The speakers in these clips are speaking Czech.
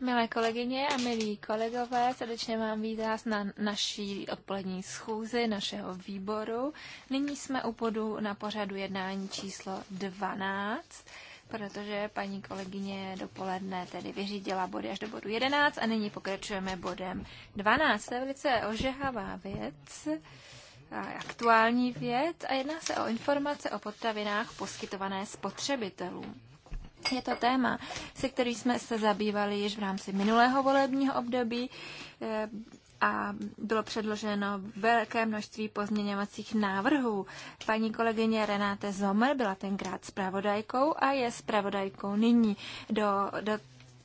Milé kolegyně a milí kolegové, srdečně vám vítám na naší odpolední schůzi našeho výboru. Nyní jsme u podu na pořadu jednání číslo 12, protože paní kolegyně dopoledne tedy vyřídila body až do bodu 11 a nyní pokračujeme bodem 12. To je velice ožehavá věc aktuální věc a jedná se o informace o potravinách poskytované spotřebitelům. Je to téma, se kterým jsme se zabývali již v rámci minulého volebního období eh, a bylo předloženo velké množství pozměňovacích návrhů. Paní kolegyně Renáte Zomer byla tenkrát zpravodajkou a je zpravodajkou nyní. Do, do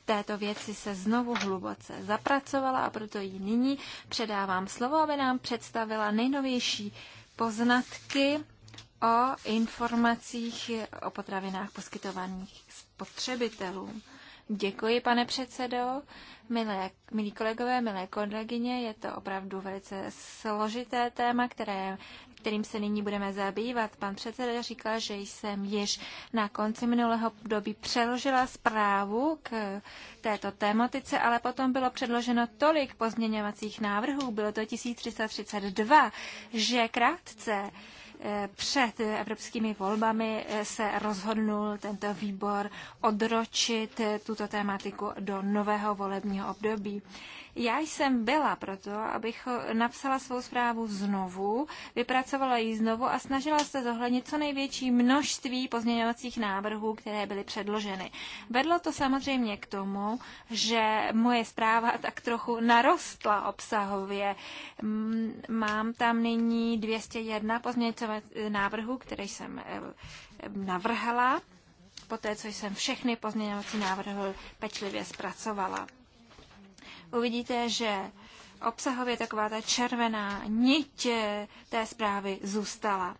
této věci se znovu hluboce zapracovala a proto jí nyní předávám slovo, aby nám představila nejnovější poznatky o informacích o potravinách poskytovaných spotřebitelům. Děkuji, pane předsedo. Milé, milí kolegové, milé kolegyně, je to opravdu velice složité téma, které, kterým se nyní budeme zabývat. Pan předseda říkal, že jsem již na konci minulého období přeložila zprávu k této tématice, ale potom bylo předloženo tolik pozměňovacích návrhů, bylo to 1332, že krátce před evropskými volbami se rozhodnul tento výbor odročit tuto tématiku do nového volebního období. Já jsem byla proto, abych napsala svou zprávu znovu, vypracovala ji znovu a snažila se zohlednit co největší množství pozměňovacích návrhů, které byly předloženy. Vedlo to samozřejmě k tomu, že moje zpráva tak trochu narostla obsahově. Mm, mám tam nyní 201 pozměňovacích návrhů, které jsem eh, navrhala, poté co jsem všechny pozměňovací návrhy pečlivě zpracovala uvidíte, že obsahově taková ta červená niť eh, té zprávy zůstala.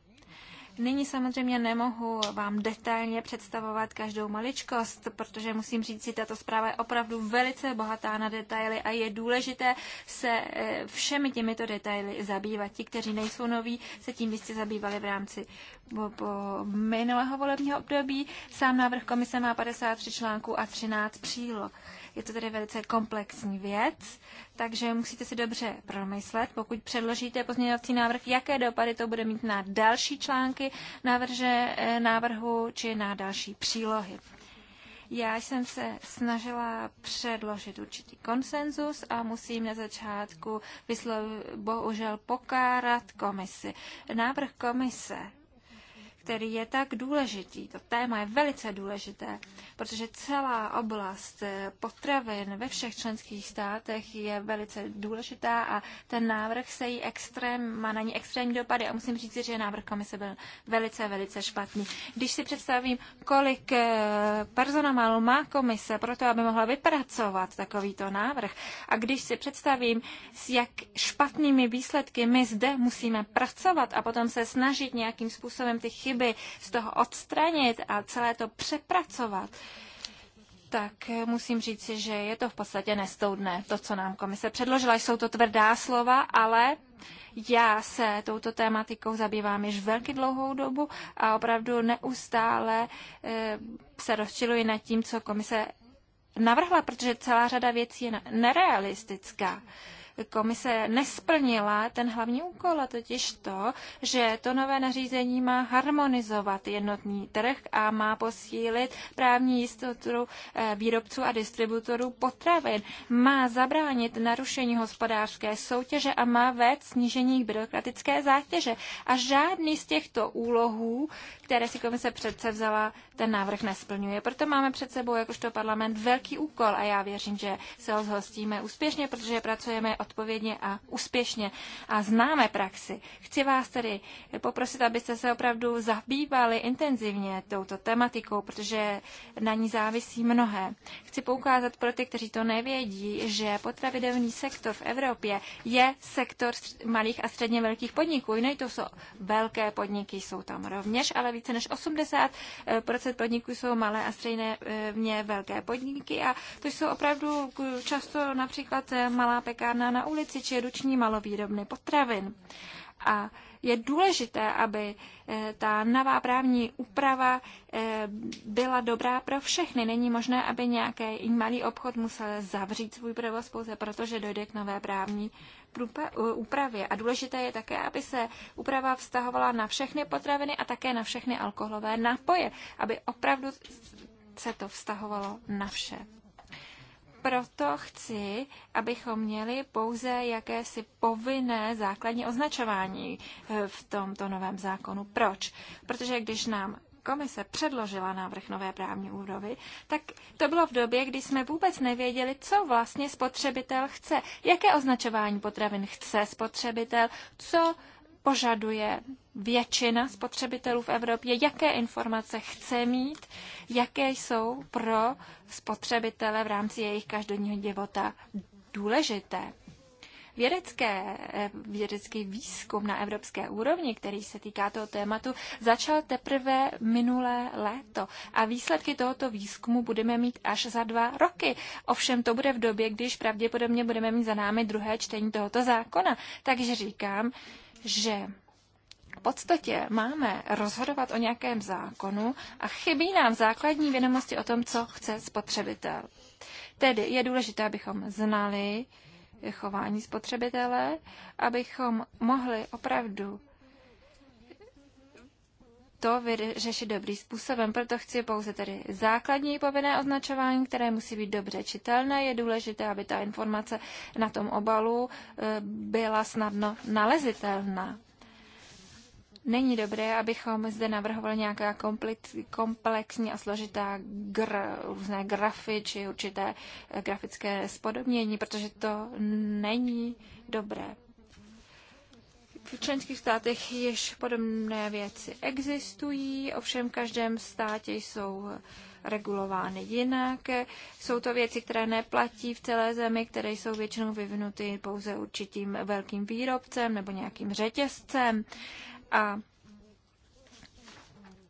Nyní samozřejmě nemohu vám detailně představovat každou maličkost, protože musím říct si, tato zpráva je opravdu velice bohatá na detaily a je důležité se eh, všemi těmito detaily zabývat. Ti, kteří nejsou noví, se tím jistě zabývali v rámci po, po minulého volebního období. Sám návrh komise má 53 článků a 13 příloh. Je to tedy velice komplexní věc, takže musíte si dobře promyslet, pokud předložíte pozměňovací návrh, jaké dopady to bude mít na další články návrže, eh, návrhu či na další přílohy. Já jsem se snažila předložit určitý konsenzus a musím na začátku vyslov, bohužel pokárat komisi. Návrh komise který je tak důležitý. To téma je velice důležité, protože celá oblast potravin ve všech členských státech je velice důležitá a ten návrh se jí extrém, má na ní extrémní dopady a musím říct, že návrh komise byl velice, velice špatný. Když si představím, kolik eh, personálu má komise pro to, aby mohla vypracovat takovýto návrh a když si představím, s jak špatnými výsledky my zde musíme pracovat a potom se snažit nějakým způsobem ty chyby chyby z toho odstranit a celé to přepracovat, tak musím říct, že je to v podstatě nestoudné, to, co nám komise předložila. Jsou to tvrdá slova, ale já se touto tématikou zabývám již velmi dlouhou dobu a opravdu neustále eh, se rozčiluji nad tím, co komise navrhla, protože celá řada věcí je nerealistická komise nesplnila ten hlavní úkol, a totiž to, že to nové nařízení má harmonizovat jednotný trh a má posílit právní jistotu eh, výrobců a distributorů potravin, má zabránit narušení hospodářské soutěže a má vést snížení byrokratické zátěže. A žádný z těchto úlohů, které si komise přece vzala, ten návrh nesplňuje. Proto máme před sebou jakožto parlament velký úkol a já věřím, že se ho zhostíme úspěšně, protože pracujeme odpovědně a úspěšně a známe praxi. Chci vás tedy poprosit, abyste se opravdu zabývali intenzivně touto tematikou, protože na ní závisí mnohé. Chci poukázat pro ty, kteří to nevědí, že potravidelný sektor v Evropě je sektor malých a středně velkých podniků. Jiné no to jsou velké podniky, jsou tam rovněž, ale více než 80 podniků jsou malé a středně eh, velké podniky a to jsou opravdu často například eh, malá pekárna na ulici či ruční malovýrobny potravin. A je důležité, aby eh, ta nová právní úprava eh, byla dobrá pro všechny. Není možné, aby nějaký malý obchod musel zavřít svůj provoz pouze proto, že dojde k nové právní eh, úpravě. A důležité je také, aby se úprava vztahovala na všechny potraviny a také na všechny alkoholové nápoje, aby opravdu se to vztahovalo na vše proto chci, abychom měli pouze jakési povinné základní označování eh, v tomto novém zákonu. Proč? Protože když nám komise předložila návrh nové právní úrovy, tak to bylo v době, kdy jsme vůbec nevěděli, co vlastně spotřebitel chce, jaké označování potravin chce spotřebitel, co požaduje většina spotřebitelů v Evropě, jaké informace chce mít, jaké jsou pro spotřebitele v rámci jejich každodenního života důležité. Vědecké, eh, vědecký výzkum na evropské úrovni, který se týká toho tématu, začal teprve minulé léto a výsledky tohoto výzkumu budeme mít až za dva roky. Ovšem to bude v době, když pravděpodobně budeme mít za námi druhé čtení tohoto zákona. Takže říkám, že v podstatě máme rozhodovat o nějakém zákonu a chybí nám základní vědomosti o tom, co chce spotřebitel. Tedy je důležité, abychom znali chování spotřebitele, abychom mohli opravdu to vyřešit dobrým způsobem. Proto chci pouze tedy základní povinné označování, které musí být dobře čitelné. Je důležité, aby ta informace na tom obalu e, byla snadno nalezitelná. Není dobré, abychom zde navrhovali nějaká komplexní a složitá gr, různé grafy či určité grafické spodobnění, protože to není dobré. V členských státech již podobné věci existují, ovšem v každém státě jsou regulovány jinak. Jsou to věci, které neplatí v celé zemi, které jsou většinou vyvinuty pouze určitým velkým výrobcem nebo nějakým řetězcem. A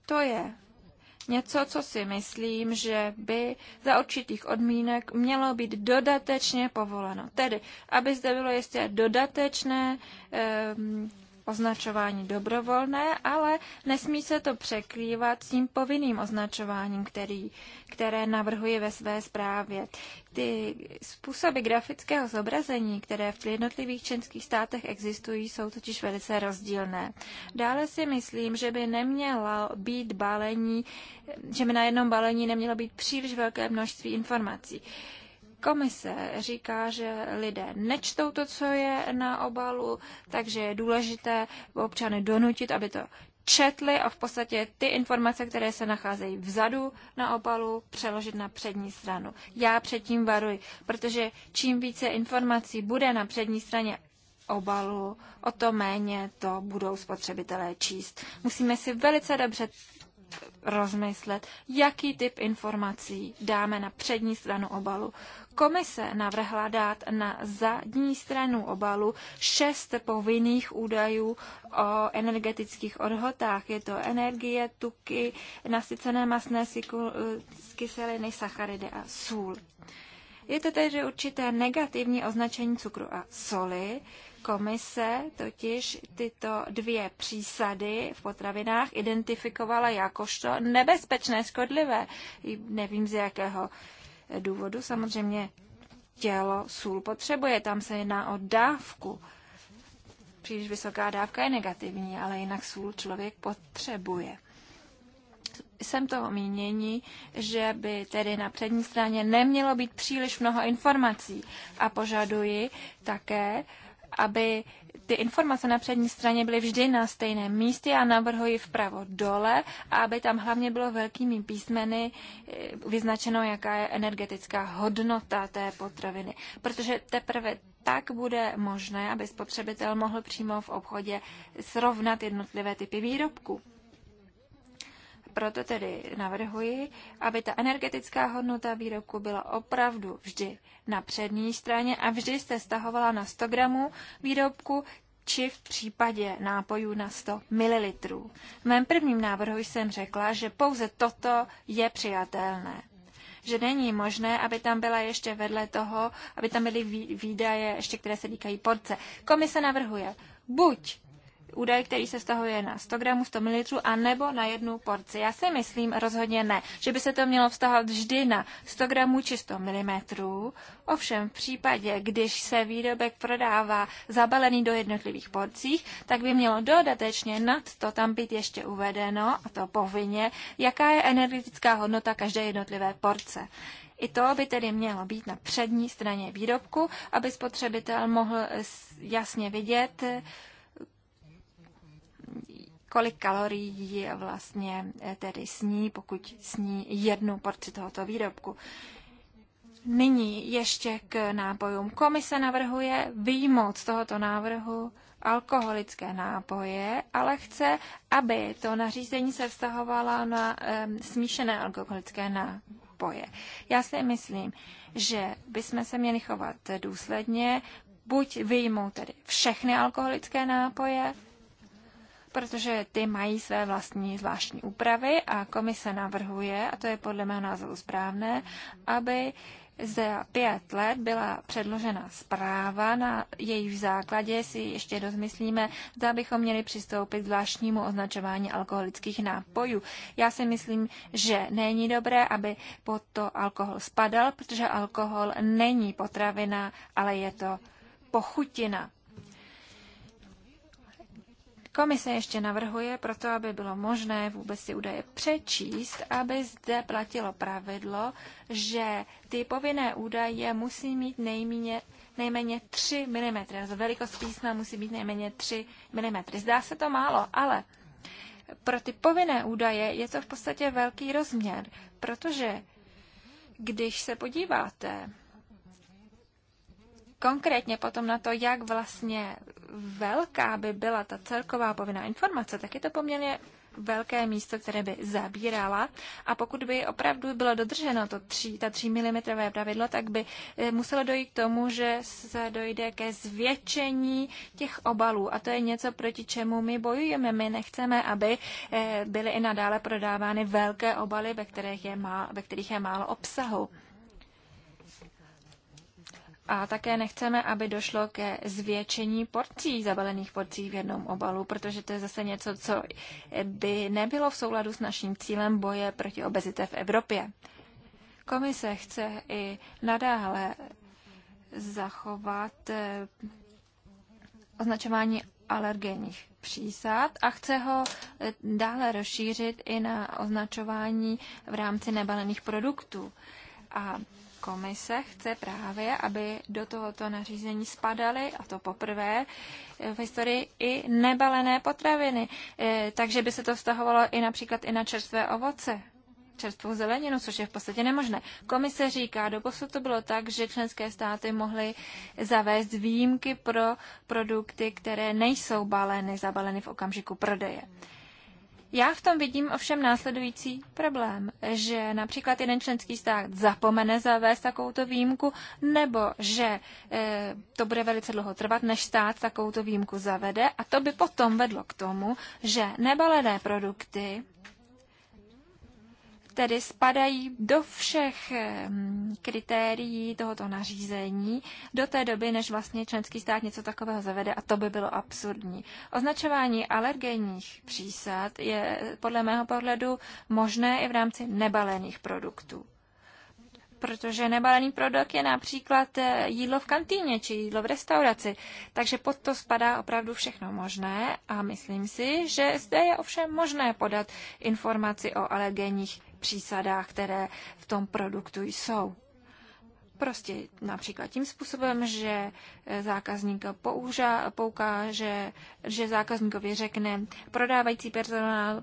to je něco, co si myslím, že by za určitých odmínek mělo být dodatečně povoleno. Tedy, aby zde bylo jistě dodatečné ehm, označování dobrovolné, ale nesmí se to překrývat s tím povinným označováním, který, které navrhuji ve své zprávě. Ty způsoby grafického zobrazení, které v jednotlivých členských státech existují, jsou totiž velice rozdílné. Dále si myslím, že by nemělo být balení, že by na jednom balení nemělo být příliš velké množství informací. Komise říká, že lidé nečtou to, co je na obalu, takže je důležité občany donutit, aby to četli a v podstatě ty informace, které se nacházejí vzadu na obalu, přeložit na přední stranu. Já předtím varuji, protože čím více informací bude na přední straně obalu, o to méně to budou spotřebitelé číst. Musíme si velice dobře rozmyslet, jaký typ informací dáme na přední stranu obalu, Komise navrhla dát na zadní stranu obalu šest povinných údajů o energetických odhotách. Je to energie, tuky, nasycené masné kyseliny, sacharidy a sůl. Je to tedy určité negativní označení cukru a soli. Komise totiž tyto dvě přísady v potravinách identifikovala jakožto nebezpečné, škodlivé. Nevím z jakého důvodu. Samozřejmě tělo sůl potřebuje, tam se jedná o dávku. Příliš vysoká dávka je negativní, ale jinak sůl člověk potřebuje. Jsem toho mínění, že by tedy na přední straně nemělo být příliš mnoho informací a požaduji také, aby ty informace na přední straně byly vždy na stejném místě a navrhuji vpravo dole, aby tam hlavně bylo velkými písmeny eh, vyznačeno, jaká je energetická hodnota té potraviny. Protože teprve tak bude možné, aby spotřebitel mohl přímo v obchodě srovnat jednotlivé typy výrobků. Proto tedy navrhuji, aby ta energetická hodnota výrobku byla opravdu vždy na přední straně a vždy se stahovala na 100 gramů výrobku, či v případě nápojů na 100 ml. V mém prvním návrhu jsem řekla, že pouze toto je přijatelné že není možné, aby tam byla ještě vedle toho, aby tam byly výdaje, ještě které se týkají porce. Komise navrhuje buď údaj, který se vztahuje na 100 gramů, 100 ml a nebo na jednu porci. Já si myslím rozhodně ne, že by se to mělo vztahovat vždy na 100 gramů či 100 mm. Ovšem v případě, když se výrobek prodává zabalený do jednotlivých porcích, tak by mělo dodatečně nad to tam být ještě uvedeno, a to povinně, jaká je energetická hodnota každé jednotlivé porce. I to by tedy mělo být na přední straně výrobku, aby spotřebitel mohl jasně vidět, kolik kalorií vlastně eh, tedy sní, pokud sní jednu porci tohoto výrobku. Nyní ještě k nápojům. Komise navrhuje výjimout z tohoto návrhu alkoholické nápoje, ale chce, aby to nařízení se vztahovalo na um, smíšené alkoholické nápoje. Já si myslím, že bychom se měli chovat důsledně, buď vyjmou tedy všechny alkoholické nápoje, protože ty mají své vlastní zvláštní úpravy a komise navrhuje, a to je podle mého názoru správné, aby za pět let byla předložena zpráva, na její základě si ještě rozmyslíme, zda bychom měli přistoupit k zvláštnímu označování alkoholických nápojů. Já si myslím, že není dobré, aby pod to alkohol spadal, protože alkohol není potravina, ale je to pochutina. Komise ještě navrhuje proto, aby bylo možné vůbec si údaje přečíst, aby zde platilo pravidlo, že ty povinné údaje musí mít nejméně, nejméně 3 mm. Velikost písma musí být nejméně 3 mm. Zdá se to málo, ale pro ty povinné údaje je to v podstatě velký rozměr, protože když se podíváte konkrétně potom na to, jak vlastně velká by byla ta celková povinná informace, tak je to poměrně velké místo, které by zabírala. A pokud by opravdu bylo dodrženo to tři, ta 3 mm pravidlo, tak by eh, muselo dojít k tomu, že se dojde ke zvětšení těch obalů. A to je něco, proti čemu my bojujeme. My nechceme, aby eh, byly i nadále prodávány velké obaly, ve kterých je, má, ve kterých je málo obsahu. A také nechceme, aby došlo ke zvětšení porcí, zabalených porcí v jednom obalu, protože to je zase něco, co by nebylo v souladu s naším cílem boje proti obezitě v Evropě. Komise chce i nadále zachovat eh, označování alergenních přísad a chce ho eh, dále rozšířit i na označování v rámci nebalených produktů. A komise chce právě, aby do tohoto nařízení spadaly, a to poprvé eh, v historii, i nebalené potraviny. Eh, takže by se to vztahovalo i například i na čerstvé ovoce čerstvou zeleninu, což je v podstatě nemožné. Komise říká, doposud to bylo tak, že členské státy mohly zavést výjimky pro produkty, které nejsou baleny, zabaleny v okamžiku prodeje. Hmm. Já v tom vidím ovšem následující problém, že například jeden členský stát zapomene zavést takovouto výjimku, nebo že e, to bude velice dlouho trvat, než stát takovouto výjimku zavede a to by potom vedlo k tomu, že nebalené produkty tedy spadají do všech kritérií tohoto nařízení do té doby, než vlastně členský stát něco takového zavede a to by bylo absurdní. Označování alergenních přísad je podle mého pohledu možné i v rámci nebalených produktů protože nebalený produkt je například eh, jídlo v kantýně či jídlo v restauraci. Takže pod to spadá opravdu všechno možné a myslím si, že zde je ovšem možné podat informaci o alergenních přísadách, které v tom produktu jsou. Prostě například tím způsobem, že eh, zákazník použa, poukáže, že zákazníkovi řekne prodávající personál,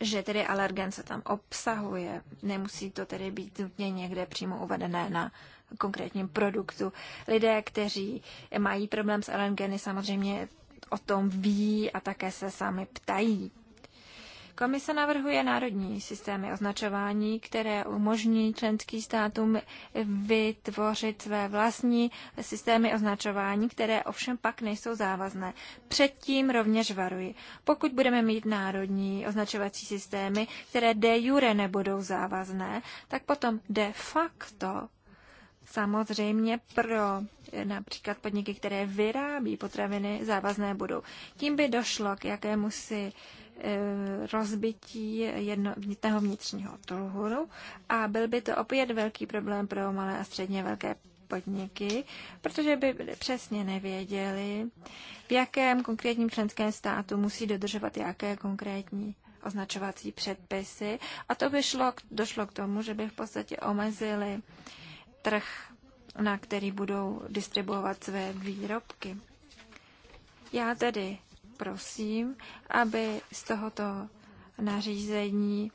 že tedy alergen se tam obsahuje. Nemusí to tedy být nutně někde přímo uvedené na konkrétním produktu. Lidé, kteří mají problém s alergeny, samozřejmě o tom ví a také se sami ptají. Komise navrhuje národní systémy označování, které umožní členským státům vytvořit své vlastní systémy označování, které ovšem pak nejsou závazné. Předtím rovněž varuji. Pokud budeme mít národní označovací systémy, které de jure nebudou závazné, tak potom de facto samozřejmě pro eh, například podniky, které vyrábí potraviny, závazné budou. Tím by došlo k jakému si Eh, rozbití jednotného vnitřního trhu a byl by to opět velký problém pro malé a středně velké podniky, protože by přesně nevěděli, v jakém konkrétním členském státu musí dodržovat jaké konkrétní označovací předpisy a to by šlo, došlo k tomu, že by v podstatě omezili trh, na který budou distribuovat své výrobky. Já tedy prosím, aby z tohoto nařízení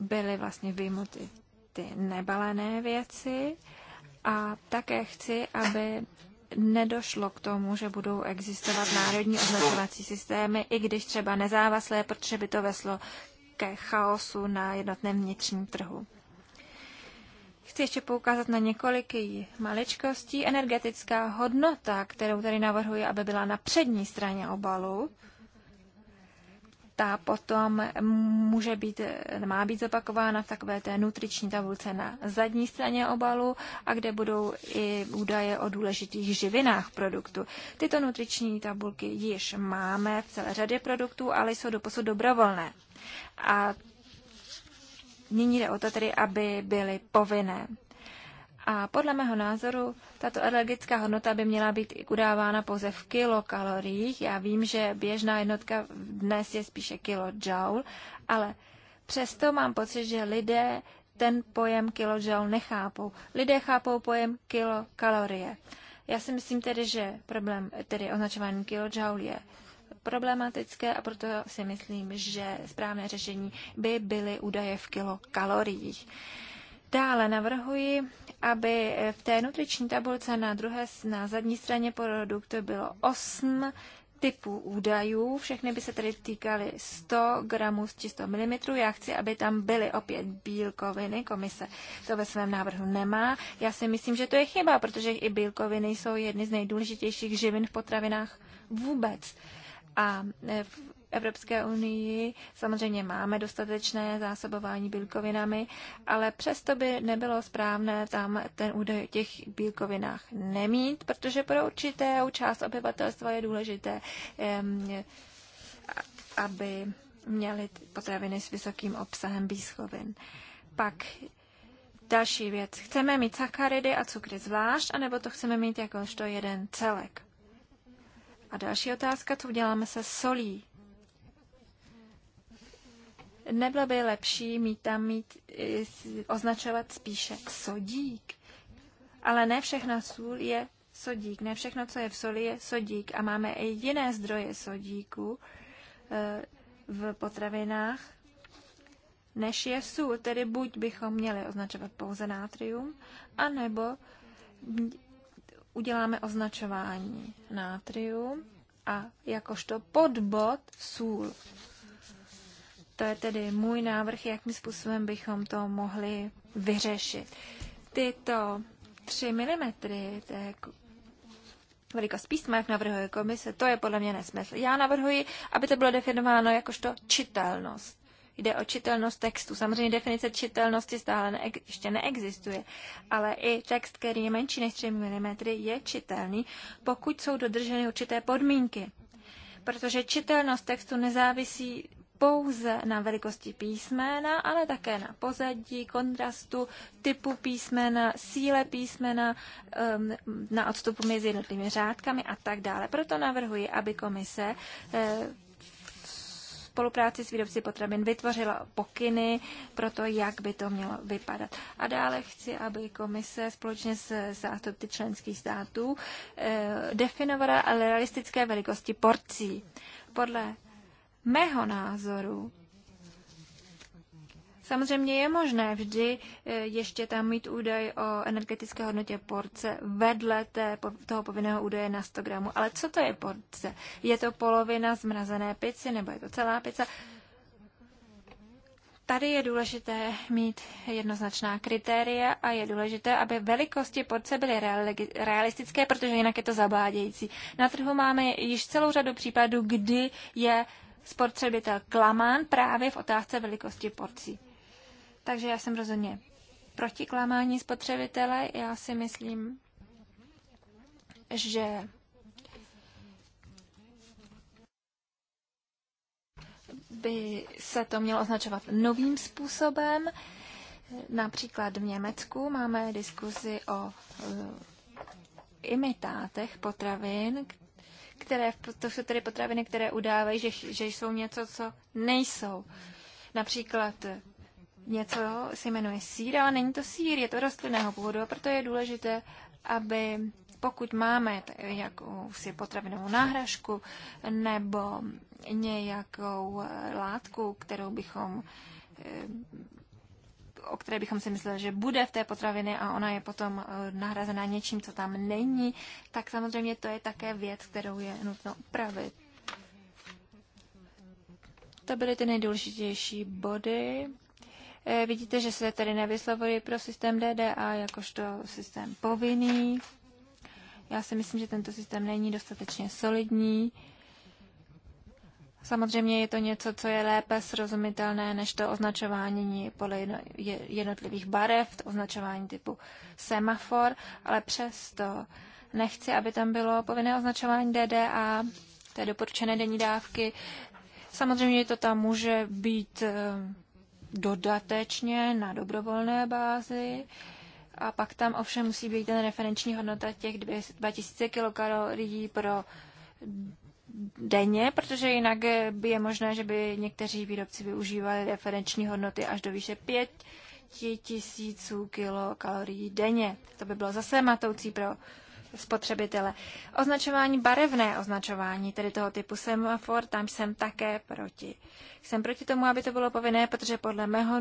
byly vlastně vyjmuty ty nebalené věci a také chci, aby nedošlo k tomu, že budou existovat národní označovací systémy, i když třeba nezávaslé, protože by to veslo ke chaosu na jednotném vnitřním trhu. Chci ještě poukázat na několik maličkostí. Energetická hodnota, kterou tady navrhuji, aby byla na přední straně obalu, ta potom může být, má být zopakována v takové té nutriční tabulce na zadní straně obalu a kde budou i údaje o důležitých živinách produktu. Tyto nutriční tabulky již máme v celé řadě produktů, ale jsou doposud dobrovolné. A Nyní jde o to tedy, aby byly povinné. A podle mého názoru tato alergická hodnota by měla být udávána pouze v kilokaloriích. Já vím, že běžná jednotka dnes je spíše kilojoule, ale přesto mám pocit, že lidé ten pojem kilojoule nechápou. Lidé chápou pojem kilokalorie. Já si myslím tedy, že problém tedy označování kilojoule je problematické a proto si myslím, že správné řešení by byly údaje v kilokaloriích. Dále navrhuji, aby v té nutriční tabulce na druhé, na zadní straně produktu bylo 8 typů údajů. Všechny by se tedy týkaly 100 gramů z 100 mm. Já chci, aby tam byly opět bílkoviny. Komise to ve svém návrhu nemá. Já si myslím, že to je chyba, protože i bílkoviny jsou jedny z nejdůležitějších živin v potravinách vůbec. A e, v Evropské unii samozřejmě máme dostatečné zásobování bílkovinami, ale přesto by nebylo správné tam ten údaj o těch bílkovinách nemít, protože pro určité část obyvatelstva je důležité, aby měli potraviny s vysokým obsahem bílkovin. Pak další věc. Chceme mít sacharidy a cukry zvlášť, anebo to chceme mít jakožto jeden celek. A další otázka, co uděláme se solí? Nebylo by lepší mít tam mít, eh, označovat spíše sodík, ale ne všechna sůl je sodík, ne všechno, co je v soli, je sodík a máme i jiné zdroje sodíku eh, v potravinách, než je sůl. Tedy buď bychom měli označovat pouze nátrium, anebo uděláme označování nátrium a jakožto podbod sůl. To je tedy můj návrh, jakým způsobem bychom to mohli vyřešit. Tyto 3 mm, to je jako velikost písma, jak navrhuje komise, to je podle mě nesmysl. Já navrhuji, aby to bylo definováno jakožto čitelnost jde o čitelnost textu. Samozřejmě definice čitelnosti stále ne, ještě neexistuje, ale i text, který je menší než 3 mm, je čitelný, pokud jsou dodrženy určité podmínky. Protože čitelnost textu nezávisí pouze na velikosti písmena, ale také na pozadí, kontrastu, typu písmena, síle písmena, na odstupu mezi jednotlivými řádkami a tak dále. Proto navrhuji, aby komise eh, spolupráci s výrobci potravin vytvořila pokyny pro to, jak by to mělo vypadat. A dále chci, aby komise společně s zástupci členských států eh, definovala realistické velikosti porcí. Podle mého názoru Samozřejmě je možné vždy eh, ještě tam mít údaj o energetické hodnotě porce vedle té, toho povinného údaje na 100 gramů. Ale co to je porce? Je to polovina zmrazené pici nebo je to celá pizza? Tady je důležité mít jednoznačná kritéria a je důležité, aby velikosti porce byly realistické, protože jinak je to zabádějící. Na trhu máme již celou řadu případů, kdy je spotřebitel klamán právě v otázce velikosti porcí. Takže já jsem rozhodně proti klamání spotřebitele. Já si myslím, že by se to mělo označovat novým způsobem. Například v Německu máme diskuzi o eh, imitátech potravin, které, to jsou tedy potraviny, které udávají, že, že jsou něco, co nejsou. Například něco se jmenuje sír, ale není to sír, je to rostlinného původu a proto je důležité, aby pokud máme jakousi potravinovou náhražku nebo nějakou látku, kterou bychom eh, o které bychom si mysleli, že bude v té potravině a ona je potom eh, nahrazena něčím, co tam není, tak samozřejmě to je také věc, kterou je nutno upravit. To byly ty nejdůležitější body. Eh, vidíte, že se tady nevyslovuje pro systém DDA jakožto systém povinný. Já si myslím, že tento systém není dostatečně solidní. Samozřejmě je to něco, co je lépe srozumitelné než to označování podle jednotlivých barev, to označování typu semafor, ale přesto nechci, aby tam bylo povinné označování DDA, té doporučené denní dávky. Samozřejmě to tam může být eh, dodatečně na dobrovolné bázi. A pak tam ovšem musí být ten referenční hodnota těch 2000 kilokalorií pro denně, protože jinak by je možné, že by někteří výrobci využívali referenční hodnoty až do výše 5 tisíců kilokalorií denně. To by bylo zase matoucí pro spotřebitele. Označování barevné označování, tedy toho typu semafor, tam jsem také proti. Jsem proti tomu, aby to bylo povinné, protože podle mého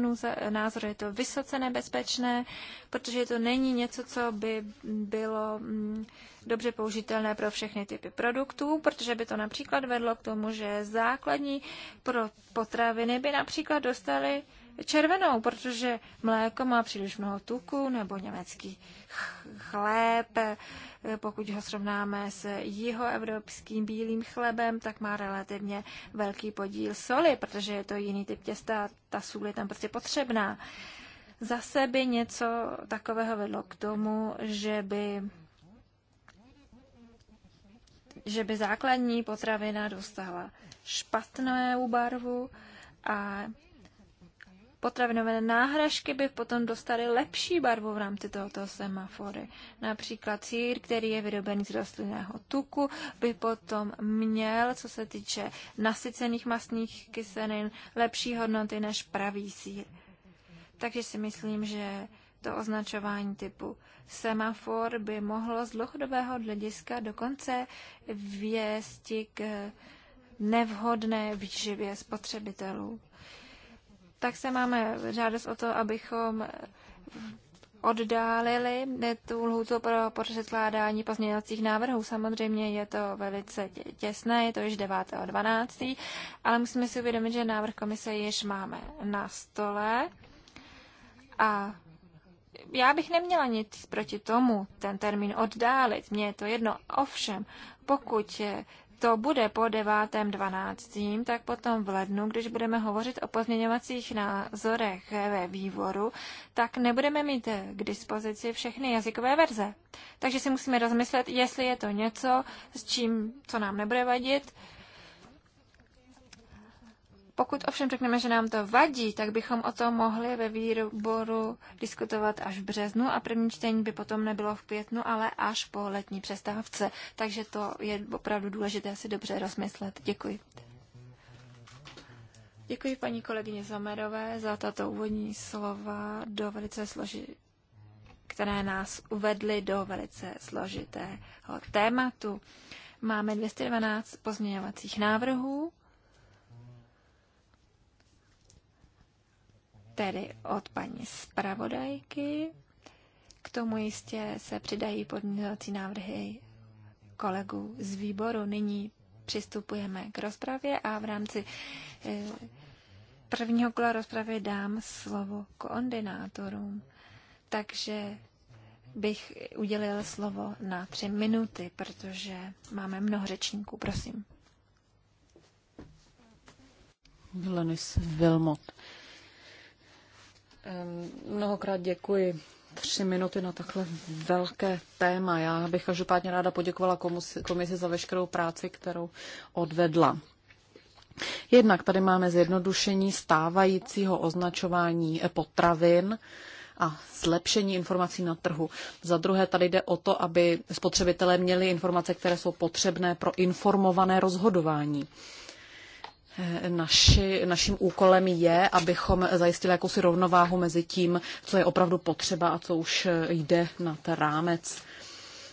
názoru je to vysoce nebezpečné, protože to není něco, co by bylo mm, dobře použitelné pro všechny typy produktů, protože by to například vedlo k tomu, že základní pro potraviny by například dostaly červenou, protože mléko má příliš mnoho tuku nebo německý chléb, pokud ho srovnáme s jihoevropským bílým chlebem, tak má relativně velký podíl soli, protože je to jiný typ těsta, ta sůl je tam prostě potřebná. Zase by něco takového vedlo k tomu, že by že by základní potravina dostala špatnou barvu a potravinové náhražky by potom dostaly lepší barvu v rámci tohoto semafory. Například sír, který je vyrobený z rostlinného tuku, by potom měl, co se týče nasycených masných kyselin, lepší hodnoty než pravý sír. Takže si myslím, že to označování typu semafor by mohlo z dlouhodobého hlediska dokonce věsti k nevhodné výživě spotřebitelů tak se máme žádost o to, abychom oddálili tu lhůtu pro předkládání pozměňovacích návrhů. Samozřejmě je to velice těsné, je to již 9.12., ale musíme si uvědomit, že návrh komise již máme na stole a já bych neměla nic proti tomu ten termín oddálit, mně je to jedno. Ovšem, pokud to bude po 9.12., tak potom v lednu, když budeme hovořit o pozměňovacích názorech ve vývoru, tak nebudeme mít k dispozici všechny jazykové verze. Takže si musíme rozmyslet, jestli je to něco, s čím, co nám nebude vadit, pokud ovšem řekneme, že nám to vadí, tak bychom o tom mohli ve výboru diskutovat až v březnu a první čtení by potom nebylo v květnu, ale až po letní přestávce. Takže to je opravdu důležité si dobře rozmyslet. Děkuji. Děkuji paní kolegyně Zamerové za tato úvodní slova do velice složi... které nás uvedly do velice složitého tématu. Máme 212 pozměňovacích návrhů. tedy od paní zpravodajky. K tomu jistě se přidají podmínovací návrhy kolegů z výboru. Nyní přistupujeme k rozpravě a v rámci eh, prvního kola rozpravy dám slovo koordinátorům. Takže bych udělil slovo na tři minuty, protože máme mnoho řečníků. Prosím. Vilenis Vilmot. Mnohokrát děkuji. Tři minuty na takhle velké téma. Já bych každopádně ráda poděkovala komisi za veškerou práci, kterou odvedla. Jednak tady máme zjednodušení stávajícího označování potravin a zlepšení informací na trhu. Za druhé tady jde o to, aby spotřebitelé měli informace, které jsou potřebné pro informované rozhodování. Naši, naším úkolem je, abychom zajistili jakousi rovnováhu mezi tím, co je opravdu potřeba a co už eh, jde na ten rámec.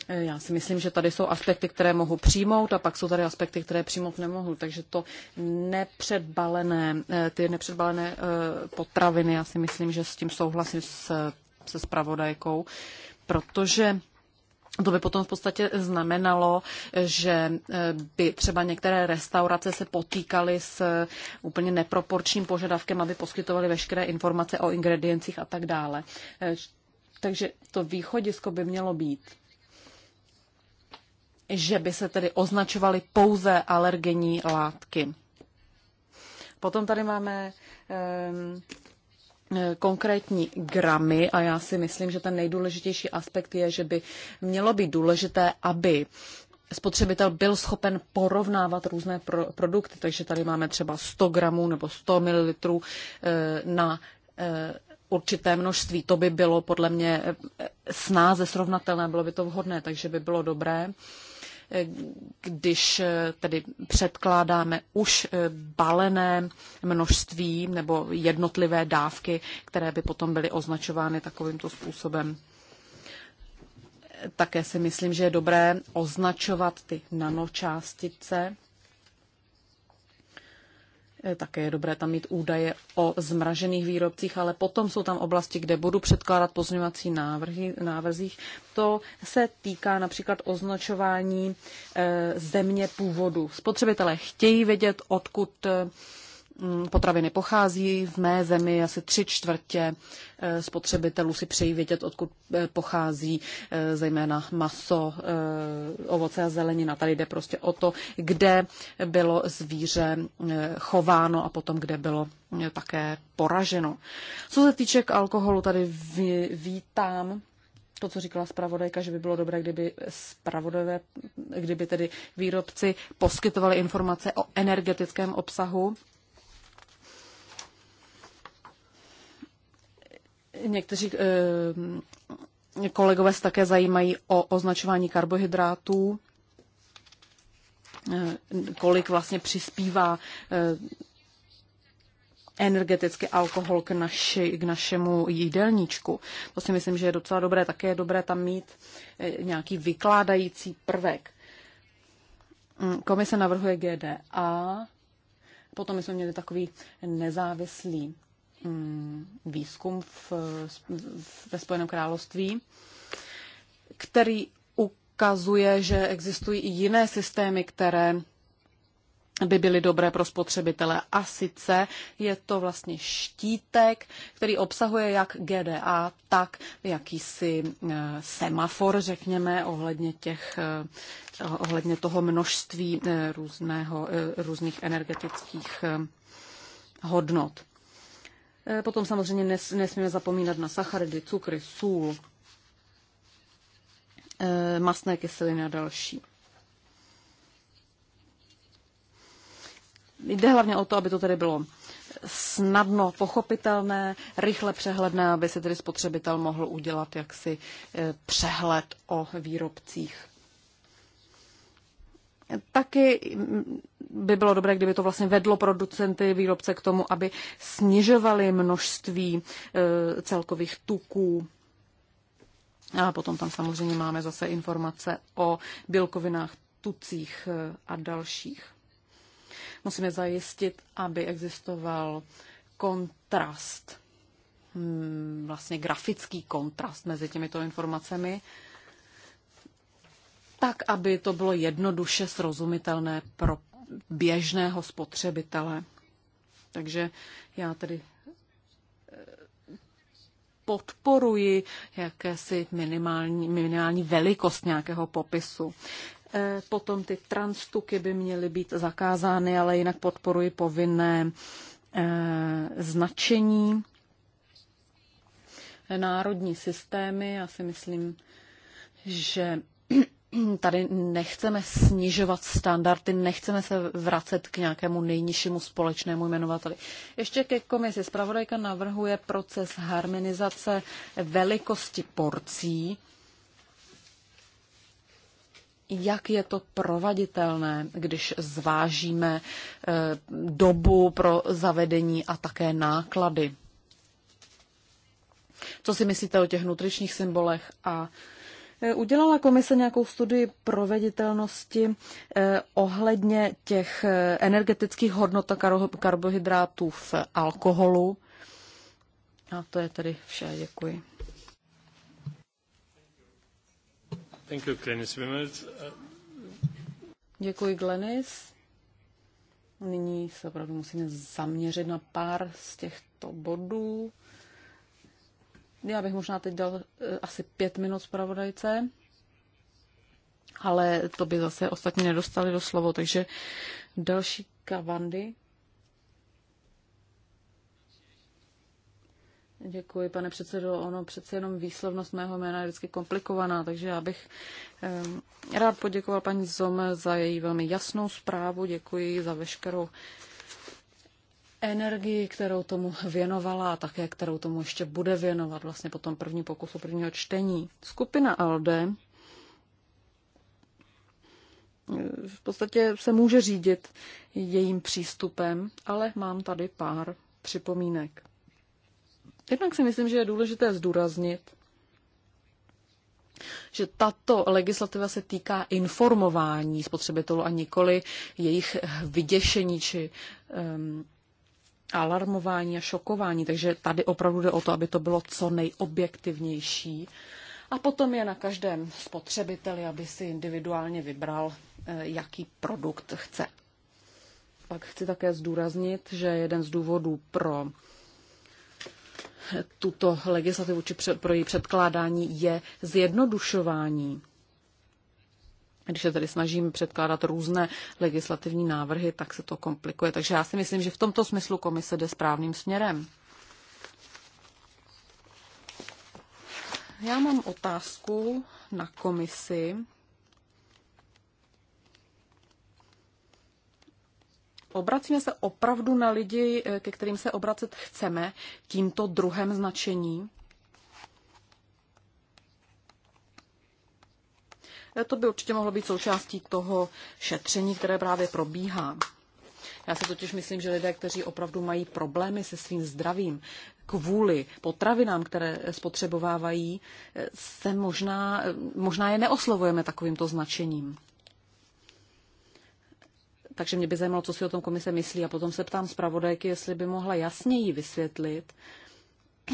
Eh, já si myslím, že tady jsou aspekty, které mohu přijmout a pak jsou tady aspekty, které přijmout nemohu. Takže to nepředbalené, eh, ty nepředbalené potraviny, já si myslím, že s tím souhlasím s, se spravodajkou, protože to by potom v podstatě znamenalo, že eh, by třeba některé restaurace se potýkaly s eh, úplně neproporčním požadavkem, aby poskytovaly veškeré informace o ingrediencích a tak dále. Eh, takže to východisko by mělo být, že by se tedy označovaly pouze alergenní látky. Potom tady máme ehm, Eh, konkrétní gramy a já si myslím, že ten nejdůležitější aspekt je, že by mělo být důležité, aby spotřebitel byl schopen porovnávat různé pro, produkty, takže tady máme třeba 100 gramů nebo 100 ml eh, na eh, určité množství. To by bylo podle mě snáze srovnatelné, bylo by to vhodné, takže by bylo dobré, když eh, tedy předkládáme už eh, balené množství nebo jednotlivé dávky, které by potom byly označovány takovýmto způsobem. Také si myslím, že je dobré označovat ty nanočástice, Eh, také je dobré tam mít údaje o zmražených výrobcích, ale potom jsou tam oblasti, kde budu předkládat pozměňovací návrhy, návrzích. To se týká například označování eh, země původu. Spotřebitelé chtějí vědět, odkud eh, Mm, potraviny pochází. V mé zemi asi tři čtvrtě eh, spotřebitelů si přejí vědět, odkud eh, pochází eh, zejména maso, ovoce a zelenina. Tady jde prostě o to, kde bylo zvíře chováno a potom kde bylo také poraženo. Co se týče k alkoholu, tady vítám to, co říkala zpravodajka, že by bylo dobré, kdyby zpravodajové, kdyby tedy výrobci poskytovali informace o energetickém obsahu Někteří eh, kolegové se také zajímají o označování karbohydrátů, eh, kolik vlastně přispívá eh, energeticky alkohol k, naši, k našemu jídelníčku. To si myslím, že je docela dobré. Také je dobré tam mít eh, nějaký vykládající prvek. Mm, komise navrhuje GDA, potom my jsme měli takový nezávislý Mm, výzkum v, ve Spojeném království, který ukazuje, že existují i jiné systémy, které by byly dobré pro spotřebitele. A sice je to vlastně štítek, který obsahuje jak GDA, tak jakýsi e, semafor, řekněme, ohledně, těch, e, ohledně toho množství e, různého, různých energetických hodnot. Eh, potom samozřejmě nes, nesmíme zapomínat na sacharidy, cukry, sůl, eh, masné kyseliny a další. Jde hlavně o to, aby to tedy bylo snadno pochopitelné, rychle přehledné, aby si tedy spotřebitel mohl udělat jaksi eh, přehled o výrobcích. Taky by bylo dobré, kdyby to vlastně vedlo producenty, výrobce k tomu, aby snižovali množství e, celkových tuků. A potom tam samozřejmě máme zase informace o bílkovinách, tucích e, a dalších. Musíme zajistit, aby existoval kontrast, hmm, vlastně grafický kontrast mezi těmito informacemi tak, aby to bylo jednoduše srozumitelné pro běžného spotřebitele. Takže já tedy eh, podporuji jakési minimální, minimální velikost nějakého popisu. Eh, potom ty transtuky by měly být zakázány, ale jinak podporuji povinné eh, značení. Národní systémy, já si myslím, že tady nechceme snižovat standardy, nechceme se vracet k nějakému nejnižšímu společnému jmenovateli. Ještě ke komisi. Spravodajka navrhuje proces harmonizace velikosti porcí. Jak je to provaditelné, když zvážíme eh, dobu pro zavedení a také náklady? Co si myslíte o těch nutričních symbolech a Eh, udělala komise nějakou studii proveditelnosti eh, ohledně těch eh, energetických hodnot a karbohydrátů v alkoholu? A to je tedy vše. Děkuji. Thank you, Glenis. Děkuji, Glenis. Nyní se opravdu musíme zaměřit na pár z těchto bodů. Já bych možná teď dal eh, asi pět minut zpravodajce, ale to by zase ostatní nedostali do slovo, takže další kavandy. Děkuji, pane předsedo. Ono přece jenom výslovnost mého jména je vždycky komplikovaná, takže já bych eh, rád poděkoval paní Zom za její velmi jasnou zprávu. Děkuji za veškerou energii, kterou tomu věnovala a také, kterou tomu ještě bude věnovat vlastně po tom prvním pokusu prvního čtení. Skupina ALDE eh, v podstatě se může řídit jejím přístupem, ale mám tady pár připomínek. Jednak si myslím, že je důležité zdůraznit, že tato legislativa se týká informování spotřebitelů a nikoli jejich vyděšení či um, alarmování a šokování, takže tady opravdu jde o to, aby to bylo co nejobjektivnější. A potom je na každém spotřebiteli, aby si individuálně vybral, eh, jaký produkt chce. Pak chci také zdůraznit, že jeden z důvodů pro tuto legislativu či pro její předkládání je zjednodušování. Když se tady snažím předkládat různé legislativní návrhy, tak se to komplikuje. Takže já si myslím, že v tomto smyslu komise jde správným směrem. Já mám otázku na komisi. Obracíme se opravdu na lidi, ke kterým se obracet chceme tímto druhem značení. Eh, to by určitě mohlo být součástí toho šetření, které právě probíhá. Já si totiž myslím, že lidé, kteří opravdu mají problémy se svým zdravím kvůli potravinám, které spotřebovávají, eh, se možná, eh, možná je neoslovujeme takovýmto značením. Takže mě by zajímalo, co si o tom komise myslí. A potom se ptám zpravodajky, jestli by mohla jasněji vysvětlit,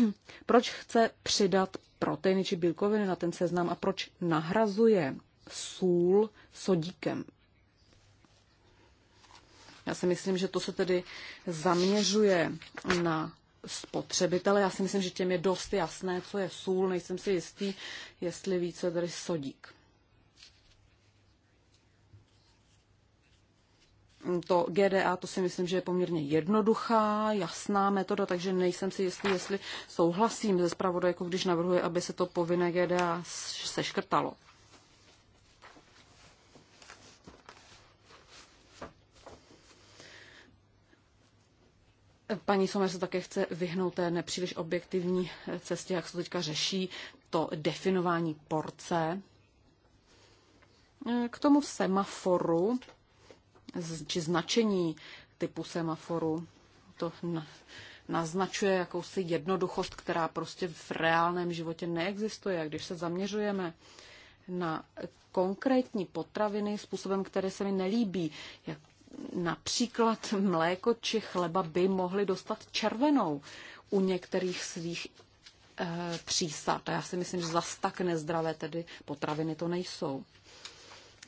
proč chce přidat proteiny či bílkoviny na ten seznam a proč nahrazuje sůl sodíkem. Já si myslím, že to se tedy zaměřuje na spotřebitele. Já si myslím, že těm je dost jasné, co je sůl. Nejsem si jistý, jestli více tady je sodík. To GDA, to si myslím, že je poměrně jednoduchá, jasná metoda, takže nejsem si jistý, jestli souhlasím ze zpravodajkou, když navrhuje, aby se to povinné GDA seškrtalo. Paní Somer se také chce vyhnout té nepříliš objektivní cestě, jak se to teďka řeší, to definování porce. K tomu semaforu, či značení typu semaforu, to naznačuje jakousi jednoduchost, která prostě v reálném životě neexistuje. Když se zaměřujeme na konkrétní potraviny způsobem, které se mi nelíbí, jak například mléko či chleba by mohly dostat červenou u některých svých e, přísad. A já si myslím, že zas tak nezdravé tedy potraviny to nejsou.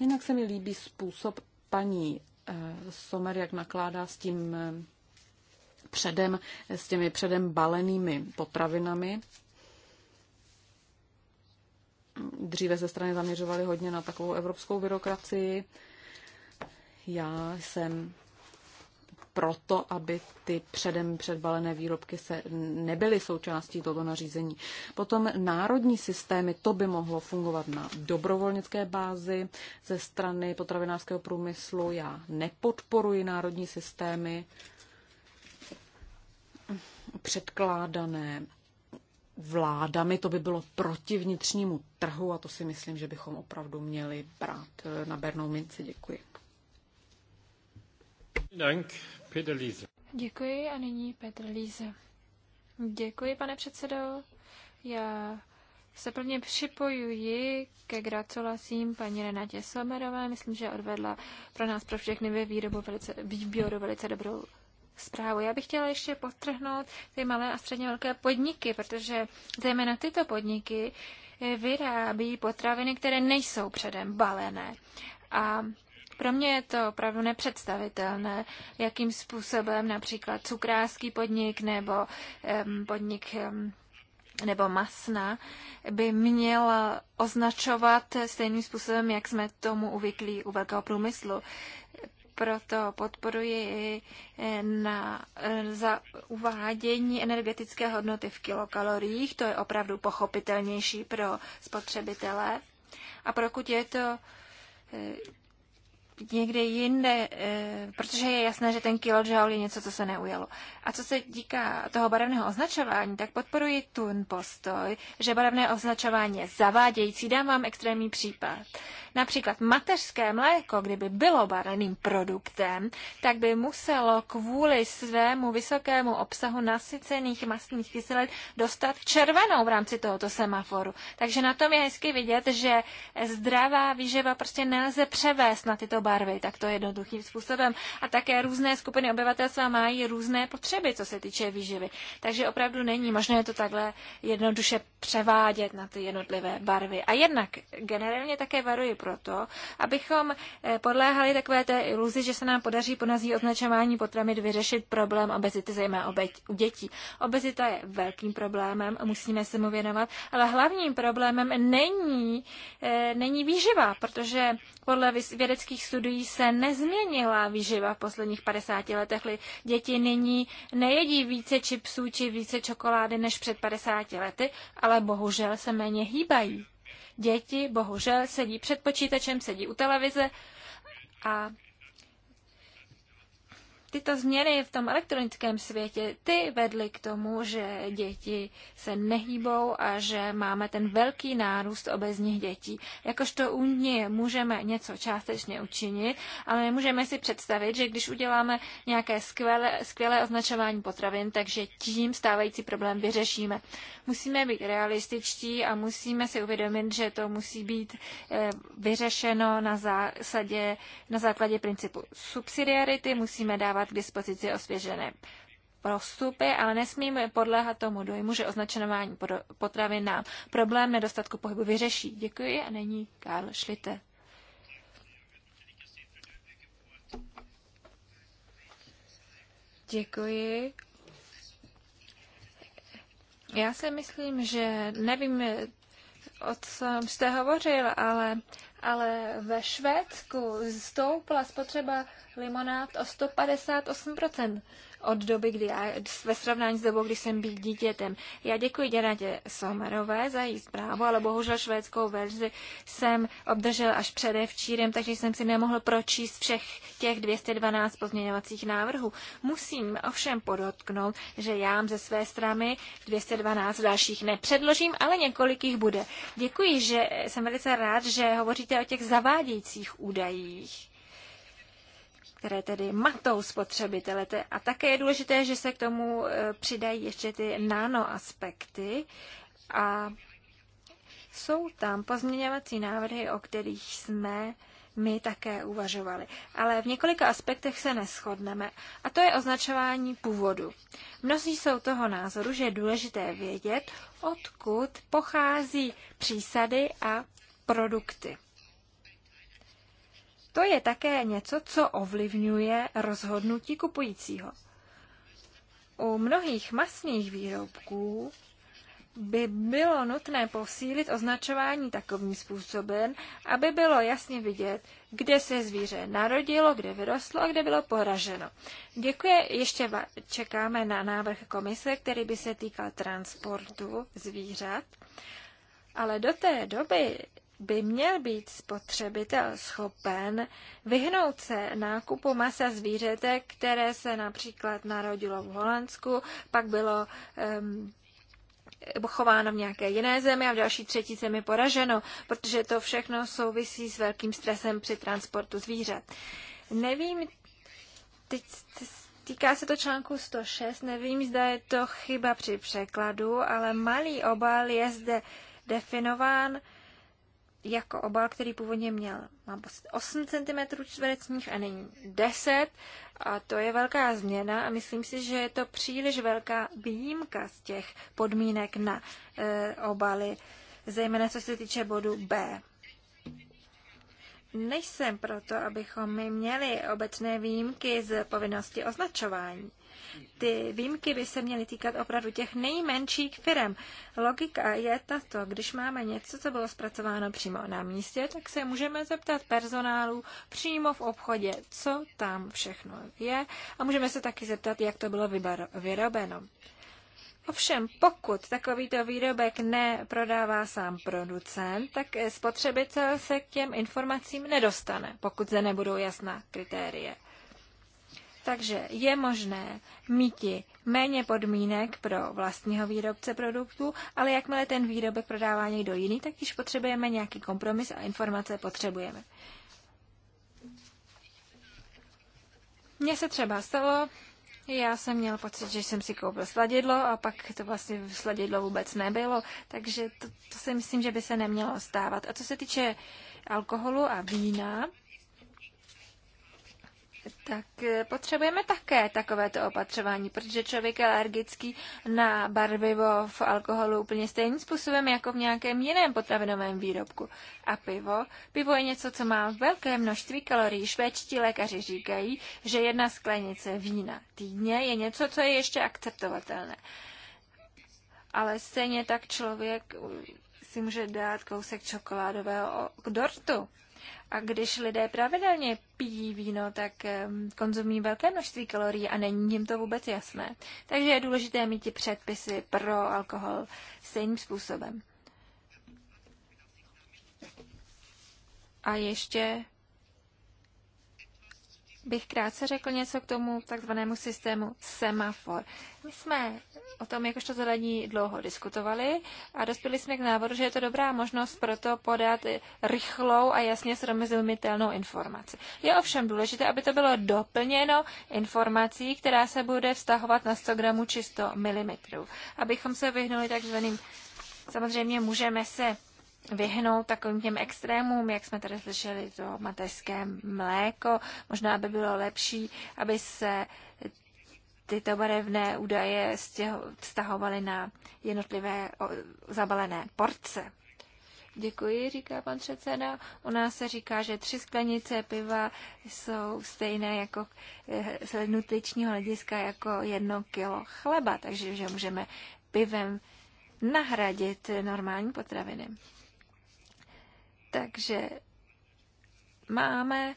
Jinak se mi líbí způsob paní e, eh, Somer, jak nakládá s tím e, předem, s těmi předem balenými potravinami. Dříve se strany zaměřovaly hodně na takovou evropskou byrokracii, já jsem proto, aby ty předem předbalené výrobky se nebyly součástí tohoto nařízení. Potom národní systémy, to by mohlo fungovat na dobrovolnické bázi ze strany potravinářského průmyslu. Já nepodporuji národní systémy předkládané vládami, to by bylo proti vnitřnímu trhu a to si myslím, že bychom opravdu měli brát na bernou minci. Děkuji. Dank, Peter Liese. Děkuji a nyní Petr Líze. Děkuji, pane předsedo. Já se plně připojuji ke gratulacím paní Renatě Somerové. Myslím, že odvedla pro nás, pro všechny ve výrobu velice, výběru velice dobrou zprávu. Já bych chtěla ještě podtrhnout ty malé a středně velké podniky, protože zejména tyto podniky eh, vyrábí potraviny, které nejsou předem balené. A pro mě je to opravdu nepředstavitelné, jakým způsobem například cukrářský podnik nebo um, podnik um, nebo masna by měla označovat stejným způsobem, jak jsme tomu uvyklí u velkého průmyslu proto podporuji e, na, e, za uvádění energetické hodnoty v kilokaloriích. To je opravdu pochopitelnější pro spotřebitele. A pokud je to e, někde jinde, eh, protože je jasné, že ten kilojoule je něco, co se neujalo. A co se týká toho barevného označování, tak podporuji tu postoj, že barevné označování je zavádějící. Dám vám extrémní případ. Například mateřské mléko, kdyby bylo barevným produktem, tak by muselo kvůli svému vysokému obsahu nasycených mastných kyselin dostat červenou v rámci tohoto semaforu. Takže na tom je hezky vidět, že zdravá výživa prostě nelze převést na tyto barvy, tak to je jednoduchým způsobem. A také různé skupiny obyvatelstva mají různé potřeby, co se týče výživy. Takže opravdu není možné to takhle jednoduše převádět na ty jednotlivé barvy. A jednak generálně také varuji proto, abychom eh, podléhali takové té iluzi, že se nám podaří po nazí označování potravin vyřešit problém obezity, zejména u dětí. Obezita je velkým problémem, musíme se mu věnovat, ale hlavním problémem není, eh, není výživa, protože podle vědeckých studií studií se nezměnila výživa v posledních 50 letech. Děti nyní nejedí více chipsů či více čokolády než před 50 lety, ale bohužel se méně hýbají. Děti bohužel sedí před počítačem, sedí u televize a tyto změny v tom elektronickém světě, ty vedly k tomu, že děti se nehýbou a že máme ten velký nárůst obezních dětí. Jakožto u ní můžeme něco částečně učinit, ale můžeme si představit, že když uděláme nějaké skvělé, skvělé označování potravin, takže tím stávající problém vyřešíme. Musíme být realističtí a musíme si uvědomit, že to musí být eh, vyřešeno na zásadě, na základě principu subsidiarity, musíme dávat dávat k dispozici osvěžené prostupy, ale nesmíme podléhat tomu dojmu, že označenování potravin nám problém nedostatku pohybu vyřeší. Děkuji a není Karl Šlite. Děkuji. Já si myslím, že nevím, o čem jste hovořil, ale, ale ve Švédsku stoupla spotřeba limonád o 158% od doby, kdy já, ve srovnání s dobou, kdy jsem byl dítětem. Já děkuji Děnatě Somerové za její zprávu, ale bohužel švédskou verzi jsem obdržel až předevčírem, takže jsem si nemohl pročíst všech těch 212 pozměňovacích návrhů. Musím ovšem podotknout, že já ze své strany 212 dalších nepředložím, ale několik jich bude. Děkuji, že jsem velice rád, že hovoříte o těch zavádějících údajích které tedy matou spotřebitele. A také je důležité, že se k tomu e, přidají ještě ty nanoaspekty a jsou tam pozměňovací návrhy, o kterých jsme my také uvažovali. Ale v několika aspektech se neschodneme, a to je označování původu. Mnozí jsou toho názoru, že je důležité vědět, odkud pochází přísady a produkty. To je také něco, co ovlivňuje rozhodnutí kupujícího. U mnohých masných výrobků by bylo nutné posílit označování takovým způsobem, aby bylo jasně vidět, kde se zvíře narodilo, kde vyrostlo a kde bylo poraženo. Děkuji, ještě čekáme na návrh komise, který by se týkal transportu zvířat, ale do té doby by měl být spotřebitel schopen vyhnout se nákupu masa zvířete, které se například narodilo v Holandsku, pak bylo um, chováno v nějaké jiné zemi a v další třetí zemi poraženo, protože to všechno souvisí s velkým stresem při transportu zvířat. Nevím, teď Týká se to článku 106, nevím, zda je to chyba při překladu, ale malý obal je zde definován jako obal, který původně měl, mám 8 cm čtverečních a není 10 a to je velká změna a myslím si, že je to příliš velká výjimka z těch podmínek na e, obaly, zejména co se týče bodu B. Nejsem proto, abychom my měli obecné výjimky z povinnosti označování. Ty výjimky by se měly týkat opravdu těch nejmenších firm. Logika je tato, když máme něco, co bylo zpracováno přímo na místě, tak se můžeme zeptat personálu přímo v obchodě, co tam všechno je a můžeme se taky zeptat, jak to bylo vyrobeno. Ovšem, pokud takovýto výrobek neprodává sám producent, tak spotřebitel se k těm informacím nedostane, pokud zde nebudou jasná kritérie. Takže je možné mít méně podmínek pro vlastního výrobce produktu, ale jakmile ten výrobek prodává někdo jiný, tak již potřebujeme nějaký kompromis a informace potřebujeme. Mně se třeba stalo, já jsem měl pocit, že jsem si koupil sladidlo a pak to vlastně sladidlo vůbec nebylo, takže to, to si myslím, že by se nemělo stávat. A co se týče alkoholu a vína, tak eh, potřebujeme také takovéto opatřování, protože člověk je alergický na barvivo v alkoholu úplně stejným způsobem jako v nějakém jiném potravinovém výrobku. A pivo? Pivo je něco, co má velké množství kalorií. Švédští lékaři říkají, že jedna sklenice vína týdně je něco, co je ještě akceptovatelné. Ale stejně tak člověk si může dát kousek čokoládového k dortu. A když lidé pravidelně pijí víno, tak konzumují velké množství kalorií a není jim to vůbec jasné. Takže je důležité mít i předpisy pro alkohol stejným způsobem. A ještě bych krátce řekl něco k tomu takzvanému systému semafor. My jsme o tom jakožto zelení dlouho diskutovali a dospěli jsme k návodu, že je to dobrá možnost proto podat rychlou a jasně srozumitelnou informaci. Je ovšem důležité, aby to bylo doplněno informací, která se bude vztahovat na 100 gramů či 100 mm, abychom se vyhnuli takzvaným Samozřejmě můžeme se vyhnout takovým těm extrémům, jak jsme tady slyšeli, to mateřské mléko. Možná by bylo lepší, aby se tyto barevné údaje vztahovaly na jednotlivé zabalené porce. Děkuji, říká pan předseda. U nás se říká, že tři sklenice piva jsou stejné jako eh, z nutričního hlediska jako jedno kilo chleba, takže že můžeme pivem nahradit normální potraviny. Takže máme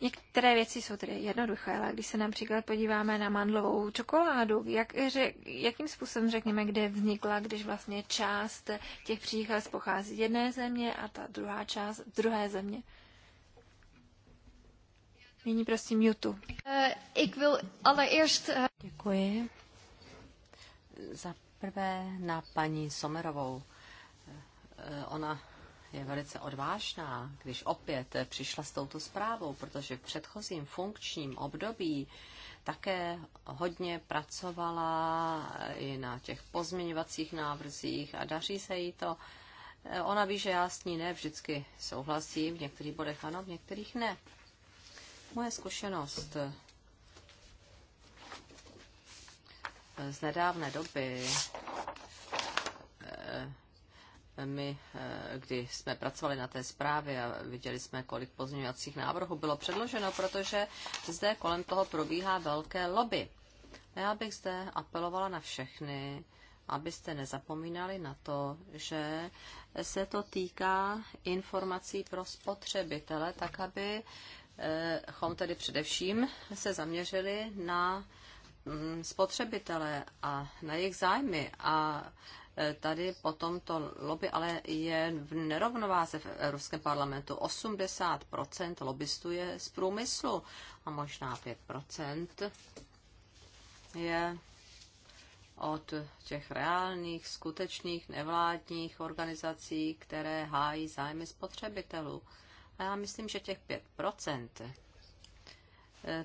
Některé věci jsou tedy jednoduché, ale když se například podíváme na mandlovou čokoládu, jak, řek, jakým způsobem řekněme, kde vznikla, když vlastně část těch příchaz pochází z jedné země a ta druhá část z druhé země? Nyní prosím Jutu. Eh, eh, Děkuji. Za prvé na paní Somerovou. Eh, ona je velice odvážná, když opět přišla s touto zprávou, protože v předchozím funkčním období také hodně pracovala i na těch pozměňovacích návrzích a daří se jí to. Ona ví, že já s ní ne vždycky souhlasím, v některých bodech ano, v některých ne. Moje zkušenost z nedávné doby my, eh, kdy jsme pracovali na té zprávě a viděli jsme, kolik pozměňovacích návrhů bylo předloženo, protože zde kolem toho probíhá velké lobby. Já bych zde apelovala na všechny, abyste nezapomínali na to, že se to týká informací pro spotřebitele, tak abychom eh, tedy především se zaměřili na mm, spotřebitele a na jejich zájmy a tady potom to lobby ale je v nerovnováze v Evropském parlamentu. 80% lobbystů je z průmyslu a možná 5% je od těch reálných, skutečných nevládních organizací, které hájí zájmy spotřebitelů. A já myslím, že těch 5%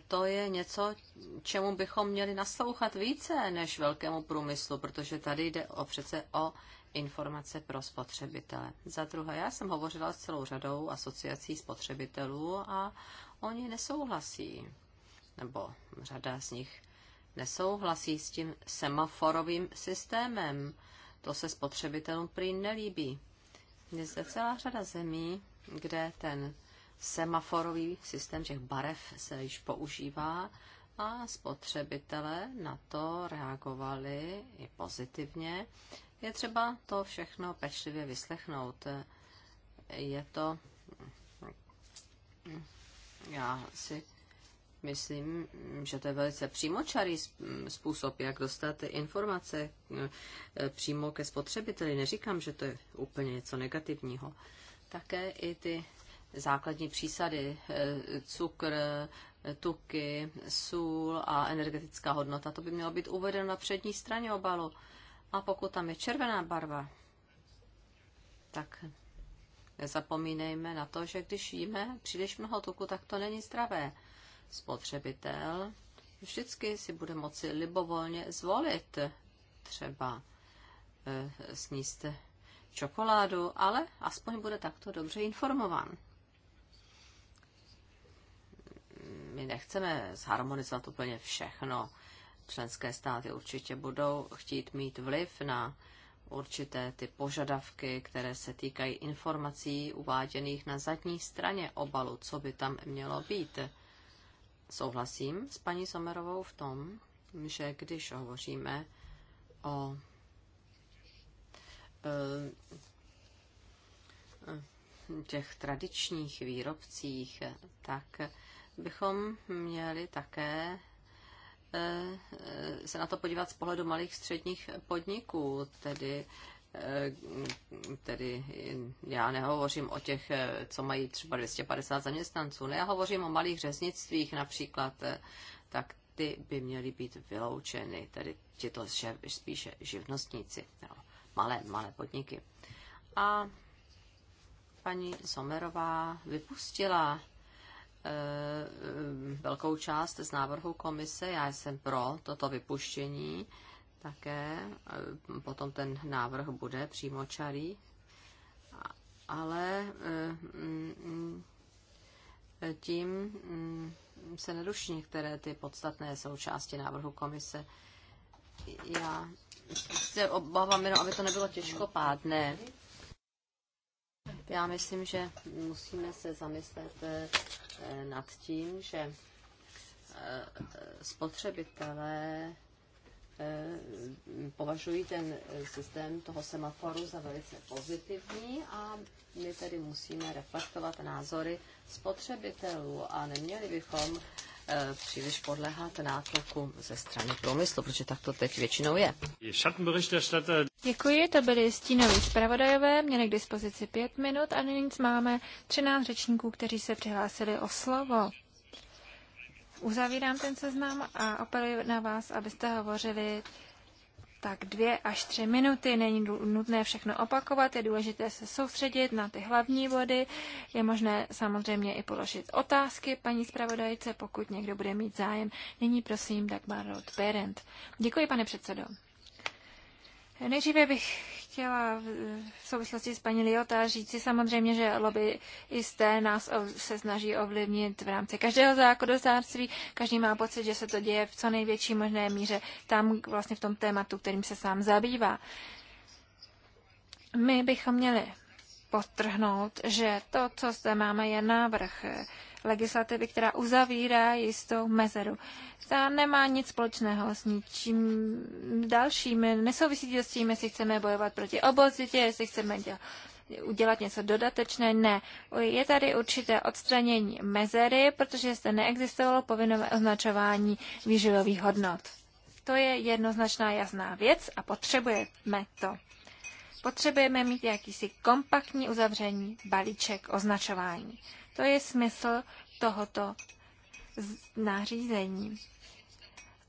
to je něco, čemu bychom měli naslouchat více než velkému průmyslu, protože tady jde o přece o informace pro spotřebitele. Za druhé, já jsem hovořila s celou řadou asociací spotřebitelů a oni nesouhlasí, nebo řada z nich nesouhlasí s tím semaforovým systémem. To se spotřebitelům prý nelíbí. Je zde celá řada zemí, kde ten semaforový systém těch barev se již používá a spotřebitelé na to reagovali i pozitivně. Je třeba to všechno pečlivě vyslechnout. Je to... Já si myslím, že to je velice přímočarý způsob, jak dostat informace eh, přímo ke spotřebiteli. Neříkám, že to je úplně něco negativního. Také i ty základní přísady, eh, cukr, eh, tuky, sůl a energetická hodnota. To by mělo být uvedeno na přední straně obalu. A pokud tam je červená barva, tak nezapomínejme na to, že když jíme příliš mnoho tuku, tak to není zdravé. Spotřebitel vždycky si bude moci libovolně zvolit třeba e, sníst čokoládu, ale aspoň bude takto dobře informován. my nechceme zharmonizovat úplně všechno. Členské státy určitě budou chtít mít vliv na určité ty požadavky, které se týkají informací uváděných na zadní straně obalu, co by tam mělo být. Souhlasím s paní Somerovou v tom, že když hovoříme o eh, eh, těch tradičních výrobcích, tak bychom měli také eh, eh, se na to podívat z pohledu malých středních podniků, tedy eh, tedy já nehovořím o těch, co mají třeba 250 zaměstnanců, ne, já hovořím o malých řeznictvích například, tak ty by měly být vyloučeny, tedy tyto spíše živnostníci, jo, malé, malé podniky. A paní Somerová vypustila Eh, velkou část z návrhu komise. Já jsem pro toto vypuštění také. Eh, potom ten návrh bude přímočarý. Ale eh, mm, tím mm, se neruší některé ty podstatné součásti návrhu komise. Já se obávám jenom, aby to nebylo těžko pádné. Já myslím, že musíme se zamyslet nad tím, že eh, spotřebitelé eh, považují ten systém toho semaforu za velice pozitivní a my tedy musíme reflektovat názory spotřebitelů a neměli bychom Eh, příliš podléhat nátlaku ze strany průmyslu, protože tak to teď většinou je. Děkuji, to byly stínoví zpravodajové, měli k dispozici pět minut a nyní máme 13 řečníků, kteří se přihlásili o slovo. Uzavírám ten seznam a apeluji na vás, abyste hovořili tak dvě až tři minuty. Není nutné všechno opakovat, je důležité se soustředit na ty hlavní body. Je možné samozřejmě i položit otázky paní zpravodajce, pokud někdo bude mít zájem. Nyní prosím Dagmar Roth-Berend. Děkuji, pane předsedo. Nejdříve bych chtěla v souvislosti s paní Liota si samozřejmě, že lobby lobbyisté nás se snaží ovlivnit v rámci každého zákonodárství. Každý má pocit, že se to děje v co největší možné míře tam vlastně v tom tématu, kterým se sám zabývá. My bychom měli potrhnout, že to, co zde máme, je návrh legislativy, která uzavírá jistou mezeru. Ta nemá nic společného s ničím dalším. Nesouvisí s tím, jestli chceme bojovat proti obozitě, jestli chceme dělat udělat něco dodatečné, ne. Je tady určité odstranění mezery, protože zde neexistovalo povinné označování výživových hodnot. To je jednoznačná jasná věc a potřebujeme to. Potřebujeme mít jakýsi kompaktní uzavření balíček označování. To je smysl tohoto nařízení.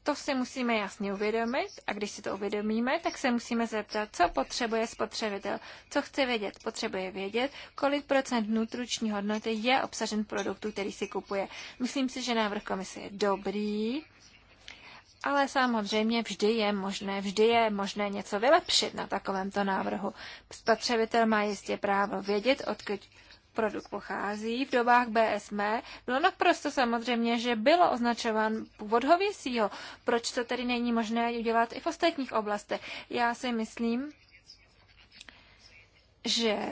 To si musíme jasně uvědomit a když si to uvědomíme, tak se musíme zeptat, co potřebuje spotřebitel, co chce vědět. Potřebuje vědět, kolik procent nutruční hodnoty je obsažen produktu, který si kupuje. Myslím si, že návrh komise je dobrý, ale samozřejmě vždy je možné, vždy je možné něco vylepšit na takovémto návrhu. Spotřebitel má jistě právo vědět, odkud produkt pochází, v dobách BSM bylo naprosto samozřejmě, že bylo označován původ hovězího. Proč to tedy není možné udělat i v ostatních oblastech? Já si myslím, že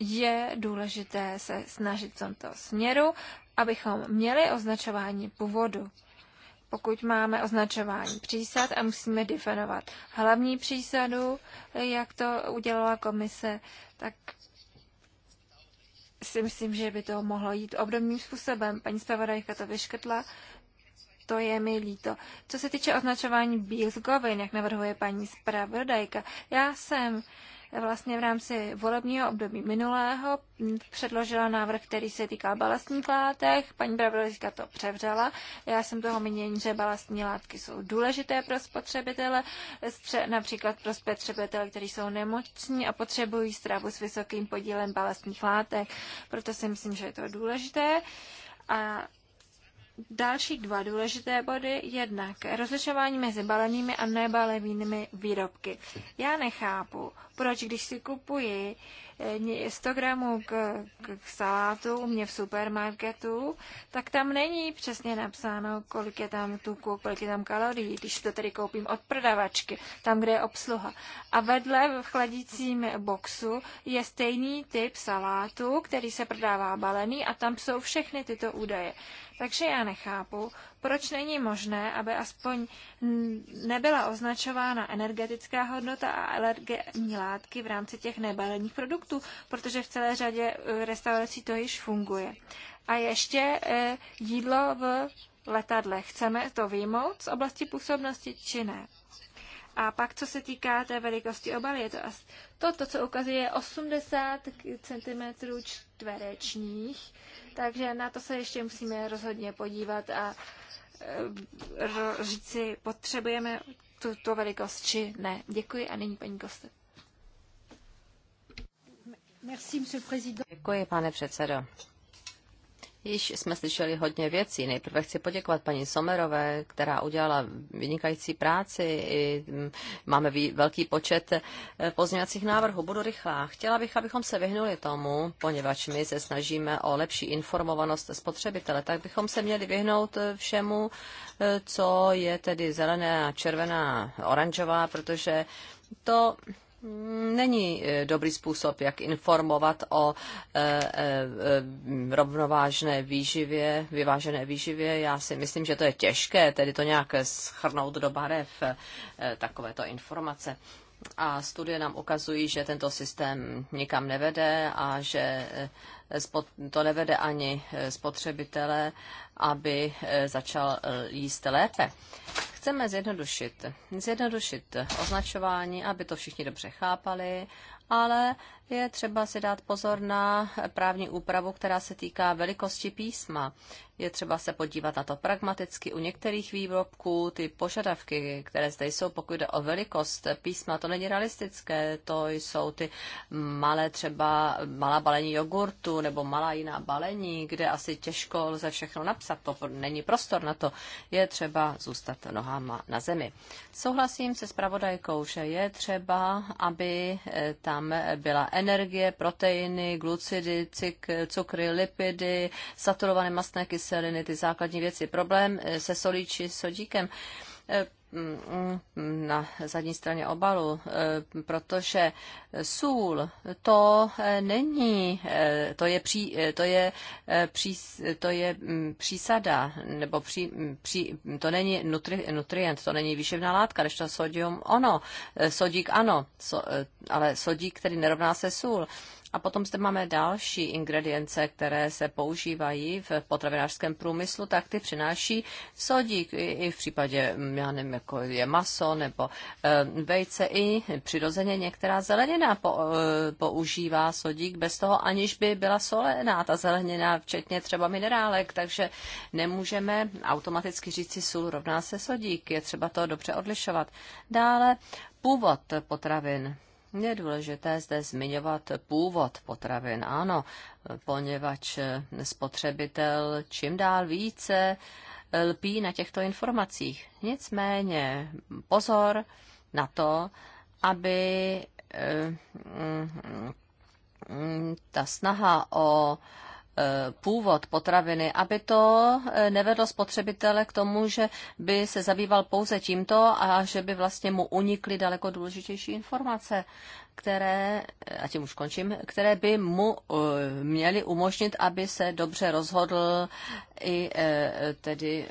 je důležité se snažit v tomto směru, abychom měli označování původu. Pokud máme označování přísad a musíme definovat hlavní přísadu, jak to udělala komise, tak si myslím, že by to mohlo jít obdobným způsobem. Paní zpravodajka to vyškrtla, to je mi líto. Co se týče označování bílkovin, jak navrhuje paní zpravodajka, já jsem uh, vlastně v rámci volebního období minulého předložila návrh, který se týká balastních látek. Paní Bravilovská to převřela. Já jsem toho mínění, že balastní látky jsou důležité pro spotřebitele, například pro spotřebitele, kteří jsou nemocní a potřebují stravu s vysokým podílem balastních látek. Proto si myslím, že je to důležité. A další dva důležité body. Jednak rozlišování mezi balenými a nebalenými výrobky. Já nechápu, proč když si kupuji 100 eh, gramů k, k, k salátu u mě v supermarketu, tak tam není přesně napsáno, kolik je tam tuku, kolik je tam kalorií, když to tedy koupím od prodavačky, tam, kde je obsluha. A vedle v chladicím boxu je stejný typ salátu, který se prodává balený a tam jsou všechny tyto údaje. Takže já nechápu, proč není možné, aby aspoň nebyla označována energetická hodnota a alergenní látky v rámci těch nebalených produktů, protože v celé řadě e, restaurací to již funguje. A ještě e, jídlo v letadle. Chceme to vyjmout z oblasti působnosti či ne? A pak, co se týká té velikosti obaly, je to to, to co ukazuje 80 cm čtverečních takže na to se ještě musíme rozhodně podívat a si, eh, potřebujeme tuto velikost či ne. Děkuji a nyní paní Koste. Děkuji, pane předsedo. Již jsme slyšeli hodně věcí. Nejprve chci poděkovat paní Somerové, která udělala vynikající práci. I mm, máme velký počet eh, pozměňovacích návrhů. Budu rychlá. Chtěla bych, abychom se vyhnuli tomu, poněvadž my se snažíme o lepší informovanost spotřebitele, tak bychom se měli vyhnout eh, všemu, eh, co je tedy zelená, červená, oranžová, protože to není e, dobrý způsob, jak informovat o e, e, rovnovážné výživě, vyvážené výživě. Já si myslím, že to je těžké, tedy to nějak schrnout do barev takovéto informace. A studie nám ukazují, že tento systém nikam nevede a že to nevede ani spotřebitele aby eh, začal eh, jíst lépe. Chceme zjednodušit, zjednodušit označování, aby to všichni dobře chápali, ale je třeba si dát pozor na právní úpravu, která se týká velikosti písma. Je třeba se podívat na to pragmaticky. U některých výrobků ty požadavky, které zde jsou, pokud jde o velikost písma, to není realistické. To jsou ty malé třeba, malá balení jogurtu nebo malá jiná balení, kde asi těžko lze všechno napsat. To není prostor na to. Je třeba zůstat nohama na zemi. Souhlasím se spravodajkou, že je třeba, aby tam byla energie, proteiny, glucidy, cik, cukry, lipidy, saturované mastné kyseliny, ty základní věci. Problém eh, se solí či sodíkem eh, na zadní straně obalu, eh, protože sůl to eh, není, eh, to je, pří, to je, pří, to je mm, přísada, nebo pří, mm, pří, mm, to není nutri, nutrient, to není výševná látka, než to sodium ono, sodík ano, so, ale sodík, který nerovná se sůl. A potom zde máme další ingredience, které se používají v potravinářském průmyslu, tak ty přináší sodík i v případě, mm, já nevím, jako je maso nebo eh, vejce, i přirozeně některá zelenina eh, používá sodík bez toho, aniž by byla solená ta zelenina, včetně třeba minerálek, takže nemůžeme automaticky říct si sůl rovná se sodík, je třeba to dobře odlišovat. Dále původ potravin je důležité zde zmiňovat původ potravin, ano, poněvadž spotřebitel čím dál více lpí na těchto informacích. Nicméně pozor na to, aby eh, mm, mm, ta snaha o Eh, původ potraviny, aby to eh, nevedlo spotřebitele k tomu, že by se zabýval pouze tímto a že by vlastně mu unikly daleko důležitější informace, které, eh, a tím už končím, které by mu měly umožnit, aby se dobře rozhodl i tedy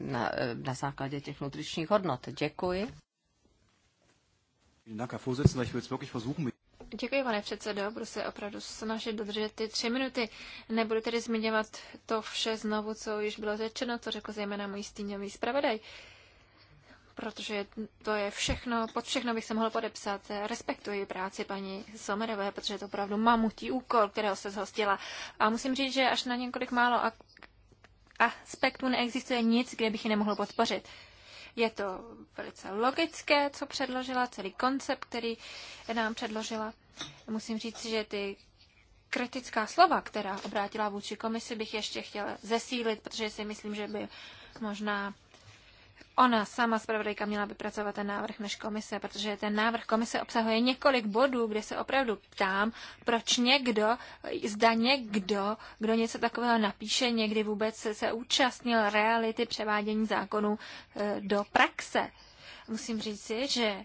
na, na základě těch nutričních hodnot. Děkuji. Děkuji, Děkuji, pane předsedo. Budu se opravdu snažit dodržet ty tři minuty. Nebudu tedy zmiňovat to vše znovu, co již bylo řečeno, co řekl zejména můj stínový zpravodaj protože to je všechno, pod všechno bych se mohl podepsat. Respektuji práci paní Somerové, protože to opravdu mamutí úkol, kterého se zhostila. A musím říct, že až na několik málo aspektů neexistuje nic, kde bych ji nemohl podpořit. Je to velice logické, co předložila, celý koncept, který nám předložila. Musím říct, že ty kritická slova, která obrátila vůči komisi, bych ještě chtěla zesílit, protože si myslím, že by možná ona sama zpravodajka měla by pracovat ten návrh než komise, protože ten návrh komise obsahuje několik bodů, kde se opravdu ptám, proč někdo, zda někdo, kdo něco takového napíše, někdy vůbec se, se účastnil reality převádění zákonů e, do praxe. Musím si, že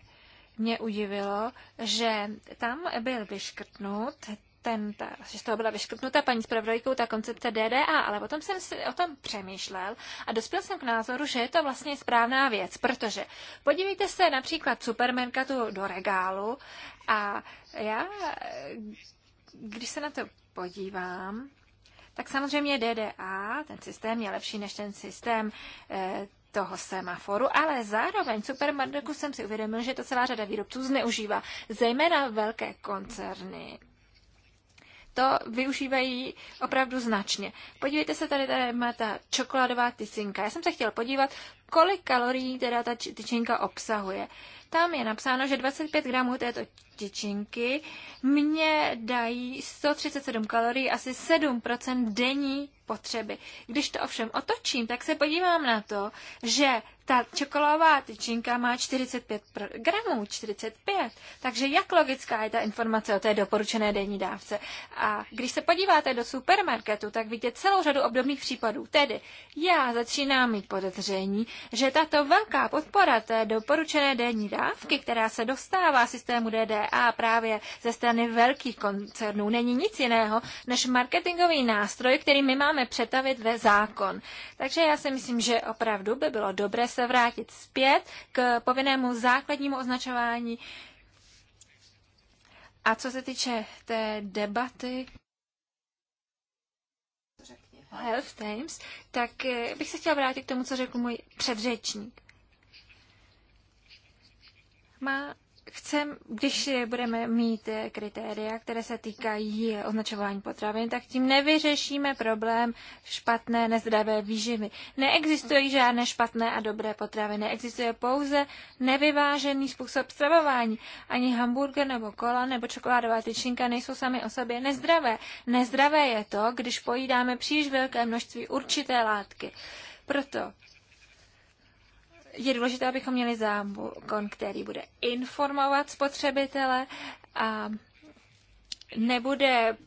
mě udivilo, že tam byl vyškrtnut ten, ta, že z toho byla vyškrtnuta paní zpravodajkou ta koncepce DDA, ale potom jsem si o tom přemýšlel a dospěl jsem k názoru, že je to vlastně správná věc, protože podívejte se například tu do regálu a já, když se na to podívám, tak samozřejmě DDA, ten systém je lepší než ten systém eh, toho semaforu, ale zároveň supermarketu jsem si uvědomil, že to celá řada výrobců zneužívá, zejména velké koncerny to využívají opravdu značně. Podívejte se, tady, tady má ta čokoládová tyčinka. Já jsem se chtěla podívat, kolik kalorií teda ta tyčinka obsahuje. Tam je napsáno, že 25 gramů této tyčinky mě dají 137 kalorií, asi 7% denní potřeby. Když to ovšem otočím, tak se podívám na to, že ta čokoládová tyčinka má 45 gramů, 45. Takže jak logická je ta informace o té doporučené denní dávce? A když se podíváte do supermarketu, tak vidíte celou řadu obdobných případů. Tedy já začínám mít podezření, že tato velká podpora té doporučené denní dávce dávky, která se dostává systému DDA právě ze strany velkých koncernů, není nic jiného než marketingový nástroj, který my máme přetavit ve zákon. Takže já si myslím, že opravdu by bylo dobré se vrátit zpět k povinnému základnímu označování. A co se týče té debaty, Health Times, tak eh, bych se chtěla vrátit k tomu, co řekl můj předřečník má chcem, když budeme mít eh, kritéria, které se týkají eh, označování potravin, tak tím nevyřešíme problém špatné nezdravé výživy. Neexistují žádné špatné a dobré potraviny, neexistuje pouze nevyvážený způsob stravování. Ani hamburger nebo kola nebo čokoládová tyčinka nejsou sami o sobě nezdravé. Nezdravé je to, když pojídáme příliš velké množství určité látky. Proto je důležité, abychom měli zákon, který bude informovat spotřebitele a nebude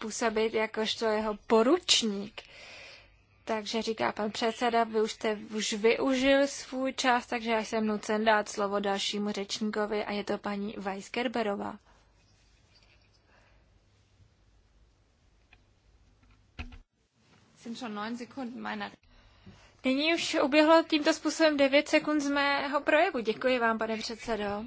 působit jakožto jeho poručník. Takže říká pan předseda, vy už jste už využil svůj čas, takže já jsem nucen dát slovo dalšímu řečníkovi a je to paní Weisgerberová. Jsem 9 sekund meiner Nyní už uběhlo tímto způsobem 9 sekund z mého projevu. Děkuji vám, pane předsedo.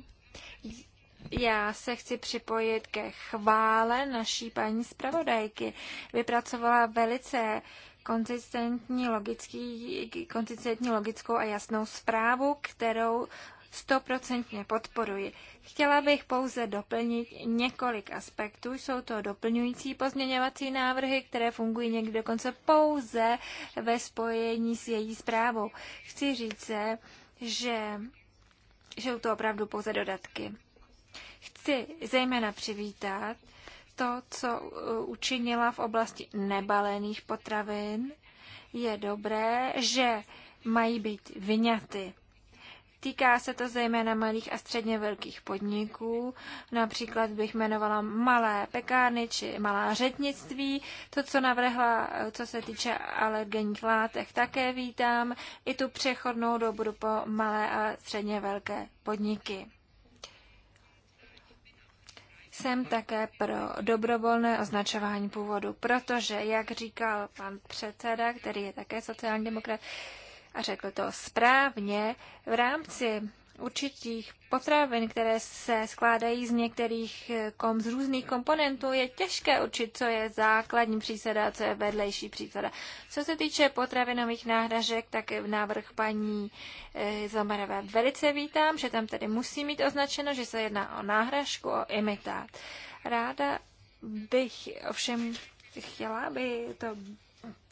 Já se chci připojit ke chvále naší paní zpravodajky. Vypracovala velice konzistentní, logický, konzistentní logickou a jasnou zprávu, kterou stoprocentně podporuji. Chtěla bych pouze doplnit několik aspektů. Jsou to doplňující pozměňovací návrhy, které fungují někdy dokonce pouze ve spojení s její zprávou. Chci říct, že jsou to opravdu pouze dodatky. Chci zejména přivítat to, co uh, učinila v oblasti nebalených potravin. Je dobré, že mají být vyňaty Týká se to zejména malých a středně velkých podniků. Například bych jmenovala malé pekárny či malá řetnictví. To, co navrhla, co se týče alergenních látek, také vítám. I tu přechodnou dobu po malé a středně velké podniky. Jsem také pro dobrovolné označování původu, protože, jak říkal pan předseda, který je také sociální demokrat, a řekl to správně, v rámci určitých potravin, které se skládají z některých eh, kom, z různých komponentů, je těžké určit, co je základní přísada a co je vedlejší přísada. Co se týče potravinových náhražek, tak v návrh paní eh, Zomarové velice vítám, že tam tedy musí mít označeno, že se jedná o náhražku, o imitát. Ráda bych ovšem chtěla, aby to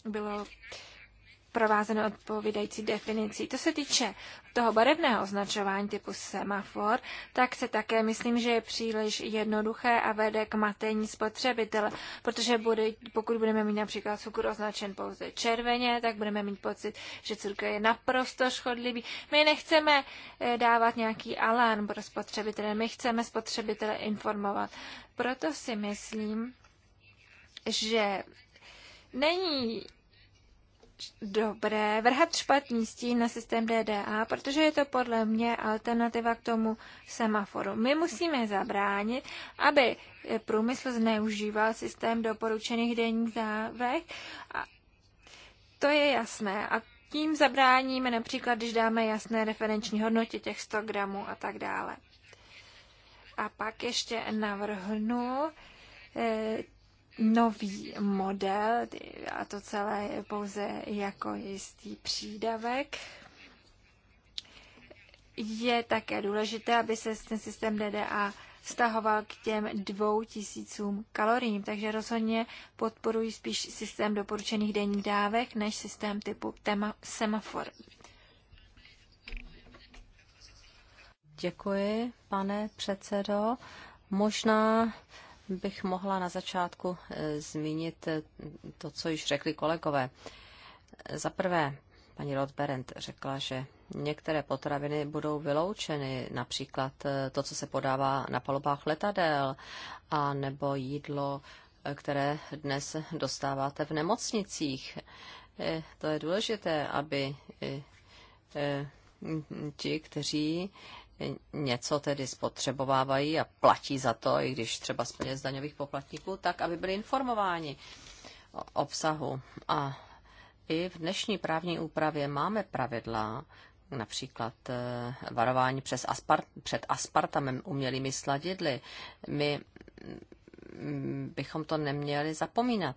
bylo provázeno odpovídající definicí. To se týče toho barevného označování typu semafor, tak se také myslím, že je příliš jednoduché a vede k matení spotřebitele, protože bude, pokud budeme mít například cukr označen pouze červeně, tak budeme mít pocit, že cukr je naprosto škodlivý. My nechceme eh, dávat nějaký alarm pro spotřebitele, my chceme spotřebitele informovat. Proto si myslím, že není dobré vrhat špatný stín na systém DDA, protože je to podle mě alternativa k tomu semaforu. My musíme zabránit, aby průmysl zneužíval systém doporučených denních dávek. A to je jasné. A tím zabráníme například, když dáme jasné referenční hodnotě těch 100 gramů a tak dále. A pak ještě navrhnu eh, nový model a to celé pouze jako jistý přídavek. Je také důležité, aby se ten systém DDA vztahoval k těm dvou tisícům kaloriím, takže rozhodně podporuji spíš systém doporučených denních dávek než systém typu tema, semafor. Děkuji, pane předsedo. Možná bych mohla na začátku eh, zmínit eh, to, co již řekli kolegové. Za prvé, paní Rothberend řekla, že některé potraviny budou vyloučeny, například eh, to, co se podává na palubách letadel, a nebo jídlo, které dnes dostáváte v nemocnicích. To je důležité, aby ti, kteří něco tedy spotřebovávají a platí za to, i když třeba z peněz daňových poplatníků, tak aby byli informováni o obsahu. A i v dnešní právní úpravě máme pravidla, například eh, varování přes aspart, před aspartamem, umělými sladidly. My mm, bychom to neměli zapomínat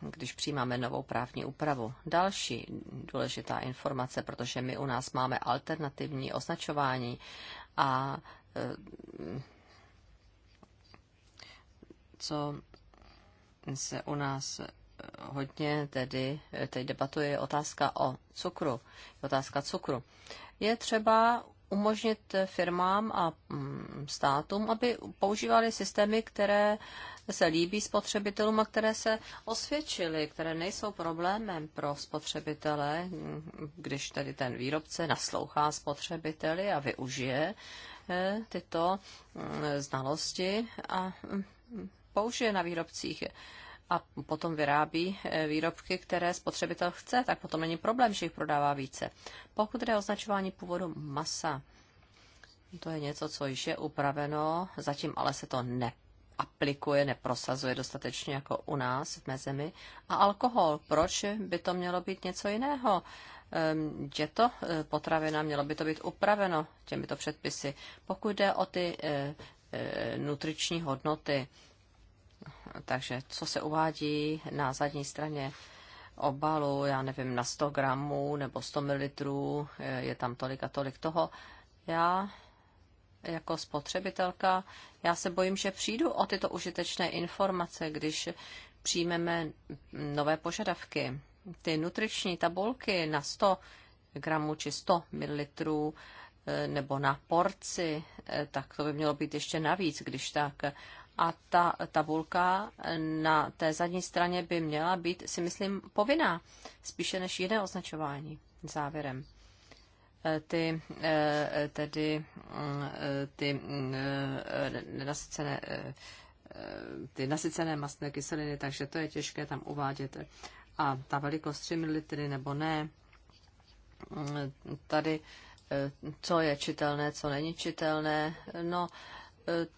když přijímáme novou právní úpravu. Další důležitá informace, protože my u nás máme alternativní označování a eh, co se u nás eh, hodně tedy eh, teď debatuje, je otázka o cukru. Otázka cukru. Je třeba umožnit firmám a mm, státům, aby používali systémy, které se líbí spotřebitelům a které se osvědčily, které nejsou problémem pro spotřebitele, když tedy ten výrobce naslouchá spotřebiteli a využije eh, tyto mm, znalosti a mm, použije na výrobcích a potom vyrábí e, výrobky, které spotřebitel chce, tak potom není problém, že jich prodává více. Pokud jde o označování původu masa, to je něco, co již je upraveno, zatím ale se to neaplikuje, neprosazuje dostatečně jako u nás v mezemi. A alkohol, proč by to mělo být něco jiného? Ehm, je to e, potravina, mělo by to být upraveno těmito předpisy. Pokud jde o ty e, nutriční hodnoty, takže co se uvádí na zadní straně obalu, já nevím, na 100 gramů nebo 100 ml, eh, je tam tolik a tolik toho. Já jako spotřebitelka, já se bojím, že přijdu o tyto užitečné informace, když přijmeme nové požadavky. Ty nutriční tabulky na 100 gramů či 100 ml eh, nebo na porci, eh, tak to by mělo být ještě navíc, když tak a ta tabulka na té zadní straně by měla být, si myslím, povinná, spíše než jiné označování závěrem. E, ty, e, tedy, mm, e, ty mm, nenasycené ty nasycené mastné kyseliny, takže to je těžké tam uvádět. A ta velikost 3 ml nebo ne, mm, tady co je čitelné, co není čitelné, no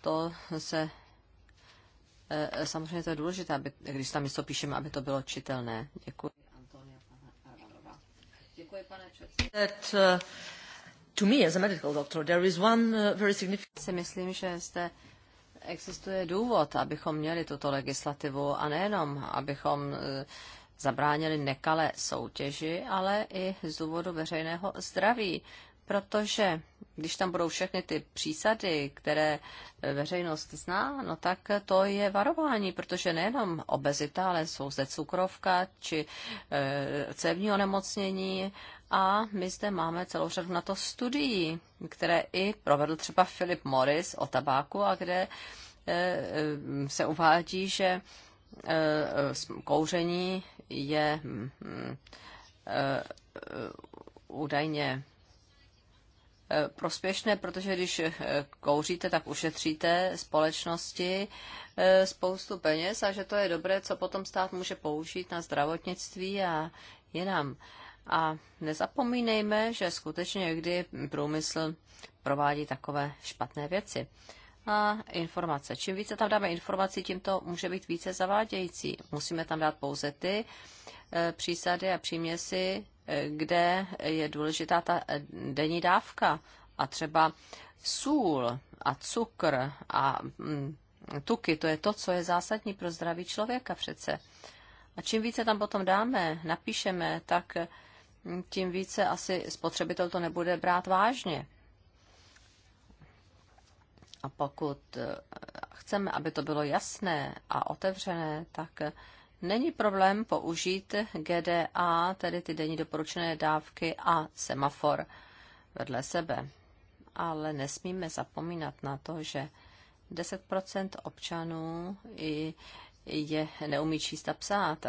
to se Eh, eh, samozřejmě to je důležité, aby, když tam něco píšeme, aby to bylo čitelné. Děkuji. Antonia Děkuji, pane eh, To me as a medical doctor, there is one very significant... Si myslím, že zde existuje důvod, abychom měli tuto legislativu a nejenom, abychom zabránili nekalé soutěži, ale i z důvodu veřejného zdraví protože když tam budou všechny ty přísady, které eh, veřejnost zná, no tak to je varování, protože nejenom obezita, ale jsou zde cukrovka či e, cévní onemocnění a my zde máme celou řadu na to studií, které i provedl třeba Philip Morris o tabáku a kde e, se uvádí, že e, kouření je e, údajně Eh, prospěšné, protože když eh, kouříte, tak ušetříte společnosti eh, spoustu peněz a že to je dobré, co potom stát může použít na zdravotnictví a jinam. A nezapomínejme, že skutečně někdy průmysl provádí takové špatné věci. A informace. Čím více tam dáme informací, tím to může být více zavádějící. Musíme tam dát pouze ty Eh, přísady a příměsi, eh, kde je důležitá ta eh, denní dávka a třeba sůl a cukr a mm, tuky, to je to, co je zásadní pro zdraví člověka přece. A čím více tam potom dáme, napíšeme, tak mm, tím více asi spotřebitel to nebude brát vážně. A pokud chceme, aby to bylo jasné a otevřené, tak není problém použít GDA, tedy ty denní doporučené dávky a semafor vedle sebe. Ale nesmíme zapomínat na to, že 10 občanů je neumí číst a psát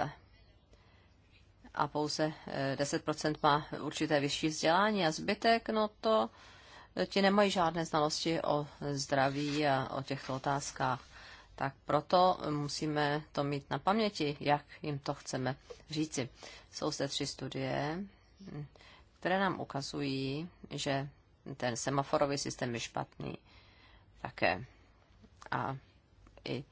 a pouze 10% eh, má určité vyšší vzdělání a zbytek, no to eh, ti nemají žádné znalosti o zdraví a o těchto otázkách tak proto musíme to mít na paměti, jak jim to chceme říci. Jsou zde tři studie, které nám ukazují, že ten semaforový systém je špatný také. A, i,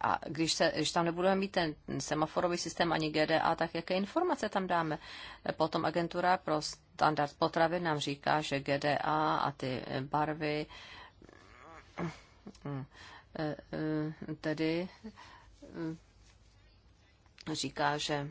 a když, se, když tam nebudeme mít ten semaforový systém ani GDA, tak jaké informace tam dáme? Potom agentura pro standard potravy nám říká, že GDA a ty barvy E, e, tedy e, říká, že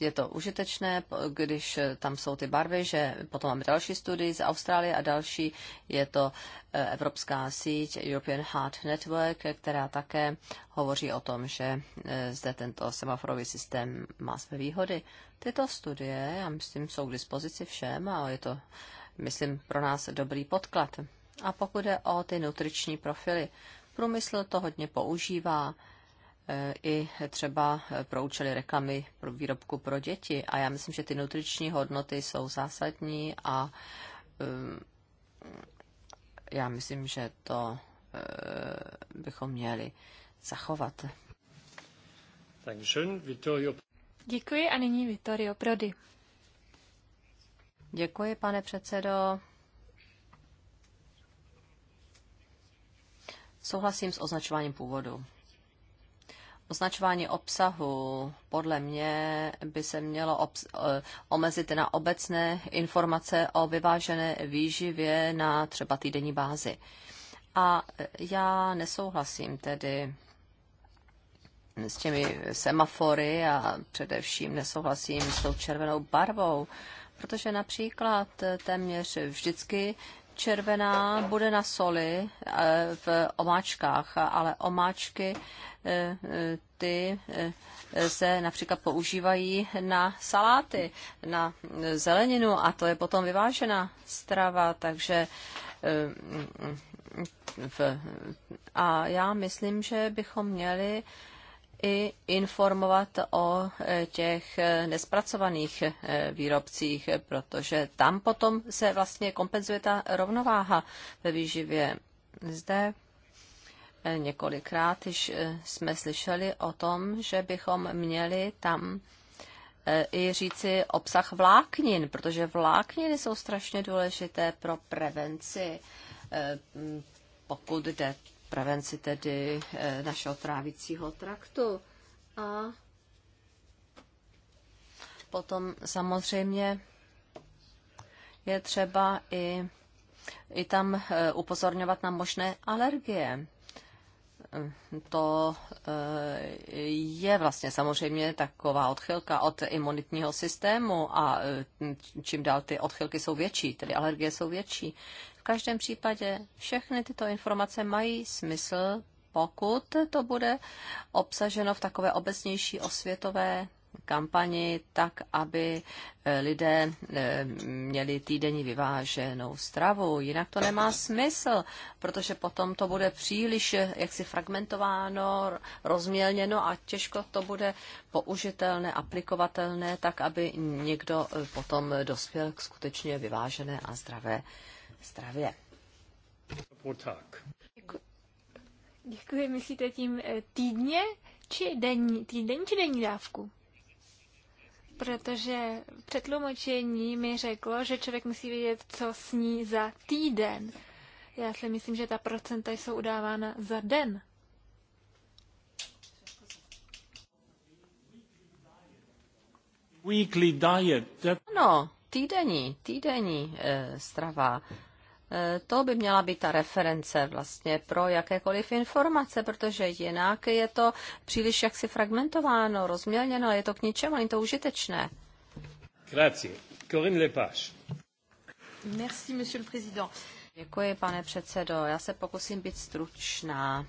je to užitečné, když tam jsou ty barvy, že potom máme další studii z Austrálie a další je to Evropská síť European Heart Network, která také hovoří o tom, že zde tento semaforový systém má své výhody. Tyto studie, já myslím, jsou k dispozici všem a je to, myslím, pro nás dobrý podklad. A pokud jde o ty nutriční profily, průmysl to hodně používá e, i třeba e, pro účely reklamy pro výrobku pro děti. A já myslím, že ty nutriční hodnoty jsou zásadní a e, já myslím, že to bychom měli zachovat. Děkuji a nyní Vittorio Prodi. Děkuji, pane předsedo. Souhlasím s označováním původu. Označování obsahu podle mě by se mělo eh, omezit na obecné informace o vyvážené výživě na třeba týdenní bázi. A já nesouhlasím tedy s těmi semafory a především nesouhlasím s tou červenou barvou, protože například téměř vždycky červená bude na soli eh, v omáčkách, ale omáčky eh, eh, ty se například používají na saláty, na zeleninu a to je potom vyvážená strava, takže a já myslím, že bychom měli i informovat o e, těch e, nespracovaných e, výrobcích, protože tam potom se vlastně kompenzuje ta rovnováha ve výživě. Zde několikrát již jsme slyšeli o tom, že bychom měli tam i říci obsah vláknin, protože vlákniny jsou strašně důležité pro prevenci, pokud jde prevenci tedy eh, našeho trávicího traktu. A potom samozřejmě je třeba i, i tam eh, upozorňovat na možné alergie to eh, je vlastně samozřejmě taková odchylka od imunitního systému a eh, čím dál ty odchylky jsou větší, tedy alergie jsou větší. V každém případě všechny tyto informace mají smysl, pokud to bude obsaženo v takové obecnější osvětové kampani tak, aby eh, lidé eh, měli týdenní vyváženou stravu. Jinak to nemá smysl, protože potom to bude příliš eh, jaksi fragmentováno, rozmělněno a těžko to bude použitelné, aplikovatelné, tak, aby někdo potom dospěl k skutečně vyvážené a zdravé stravě. Děkuji. Myslíte tím týdně či denní, týdenní či denní dávku? protože přetlumočení mi řeklo, že člověk musí vědět, co sní za týden. Já si myslím, že ta procenta jsou udávána za den. Weekly diet. That... Ano, týdenní, týdenní e, strava to by měla být ta reference vlastně pro jakékoliv informace, protože jinak je to příliš jaksi fragmentováno, rozmělněno, je to k ničemu, je to užitečné. Grazie. Corinne Lepage. Merci, monsieur le président. Děkuji, pane předsedo. Já se pokusím být stručná,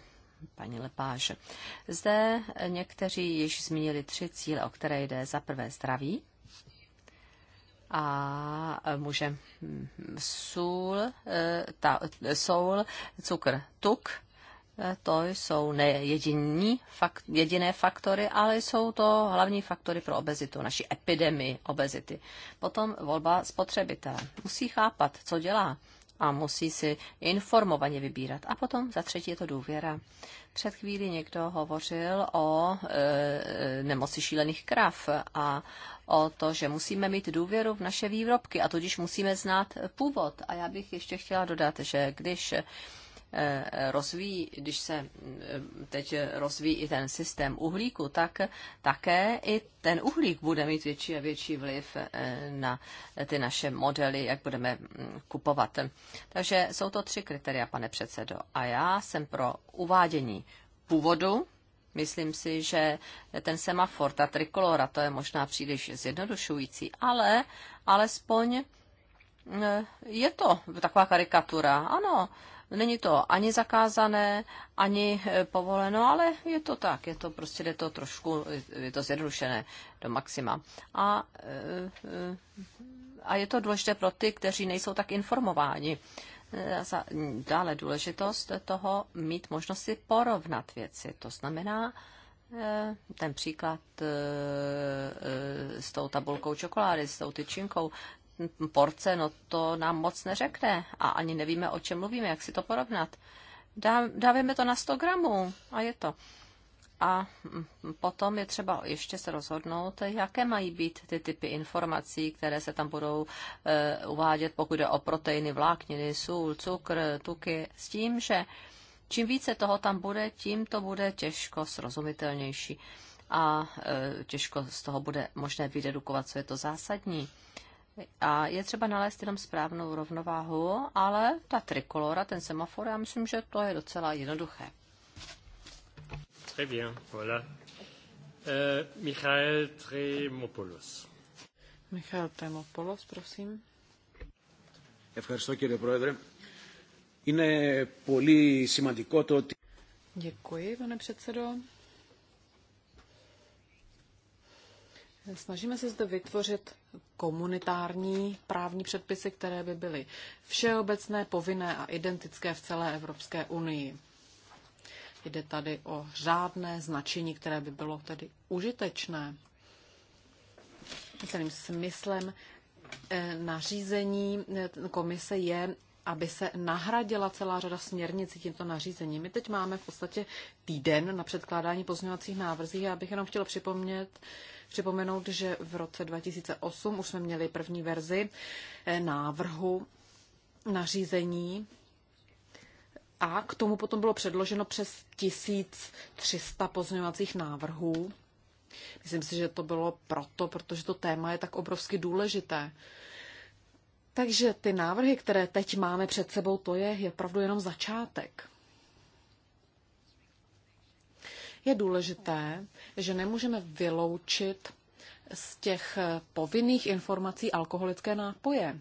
paní Lepáže. Zde někteří již zmínili tři cíle, o které jde. Za prvé zdraví, a e, může hm, sůl, e, ta, e, soul, cukr, tuk, to jsou jediní, fakt, jediné faktory, ale jsou to hlavní faktory pro obezitu, naší epidemii obezity. Potom volba spotřebitele. Musí chápat, co dělá a musí si informovaně vybírat. A potom za třetí je to důvěra. Před chvílí někdo hovořil o e, nemoci šílených krav a o to, že musíme mít důvěru v naše výrobky a tudíž musíme znát původ. A já bych ještě chtěla dodat, že když Eh, rozvíjí, když se eh, teď rozvíjí i ten systém uhlíku, tak také i ten uhlík bude mít větší a větší vliv eh, na ty naše modely, jak budeme mm, kupovat. Takže jsou to tři kritéria, pane předsedo. A já jsem pro uvádění původu, Myslím si, že ten semafor, ta trikolora, to je možná příliš zjednodušující, ale alespoň je to taková karikatura. Ano, Není to ani zakázané, ani e, povoleno, ale je to tak, je to prostě jde to trošku, je to zjednodušené do maxima. A, e, e, a je to důležité pro ty, kteří nejsou tak informováni. Dále důležitost toho mít možnost si porovnat věci. To znamená, ten příklad s tou tabulkou čokolády, s tou tyčinkou, porce, no to nám moc neřekne a ani nevíme, o čem mluvíme, jak si to porovnat. Dá, dávíme to na 100 gramů a je to. A mm, potom je třeba ještě se rozhodnout, jaké mají být ty typy informací, které se tam budou e, uvádět, pokud jde o proteiny, vlákniny, sůl, cukr, tuky, s tím, že čím více toho tam bude, tím to bude těžko srozumitelnější a e, těžko z toho bude možné vydedukovat, co je to zásadní a je třeba nalézt jenom správnou rovnováhu, ale ta trikolora, ten semafor, já myslím, že to je docela jednoduché. Très bien, voilà. Uh, Michael Tremopoulos. Michael Tremopoulos, prosím. Ευχαριστώ κύριε Πρόεδρε. Είναι πολύ σημαντικό το ότι... Děkuji, pane předsedo. Snažíme se zde vytvořit komunitární právní předpisy, které by byly všeobecné, povinné a identické v celé Evropské unii. Jde tady o řádné značení, které by bylo tedy užitečné. Celým smyslem eh, nařízení eh, komise je aby se nahradila celá řada směrnic tímto nařízením. My teď máme v podstatě týden na předkládání pozměňovacích návrzí. Já bych jenom chtěla připomnět, připomenout, že v roce 2008 už jsme měli první verzi eh, návrhu nařízení a k tomu potom bylo předloženo přes 1300 pozměňovacích návrhů. Myslím si, že to bylo proto, protože to téma je tak obrovsky důležité. Takže ty návrhy, které teď máme před sebou, to je, je opravdu jenom začátek. Je důležité, že nemůžeme vyloučit z těch povinných informací alkoholické nápoje.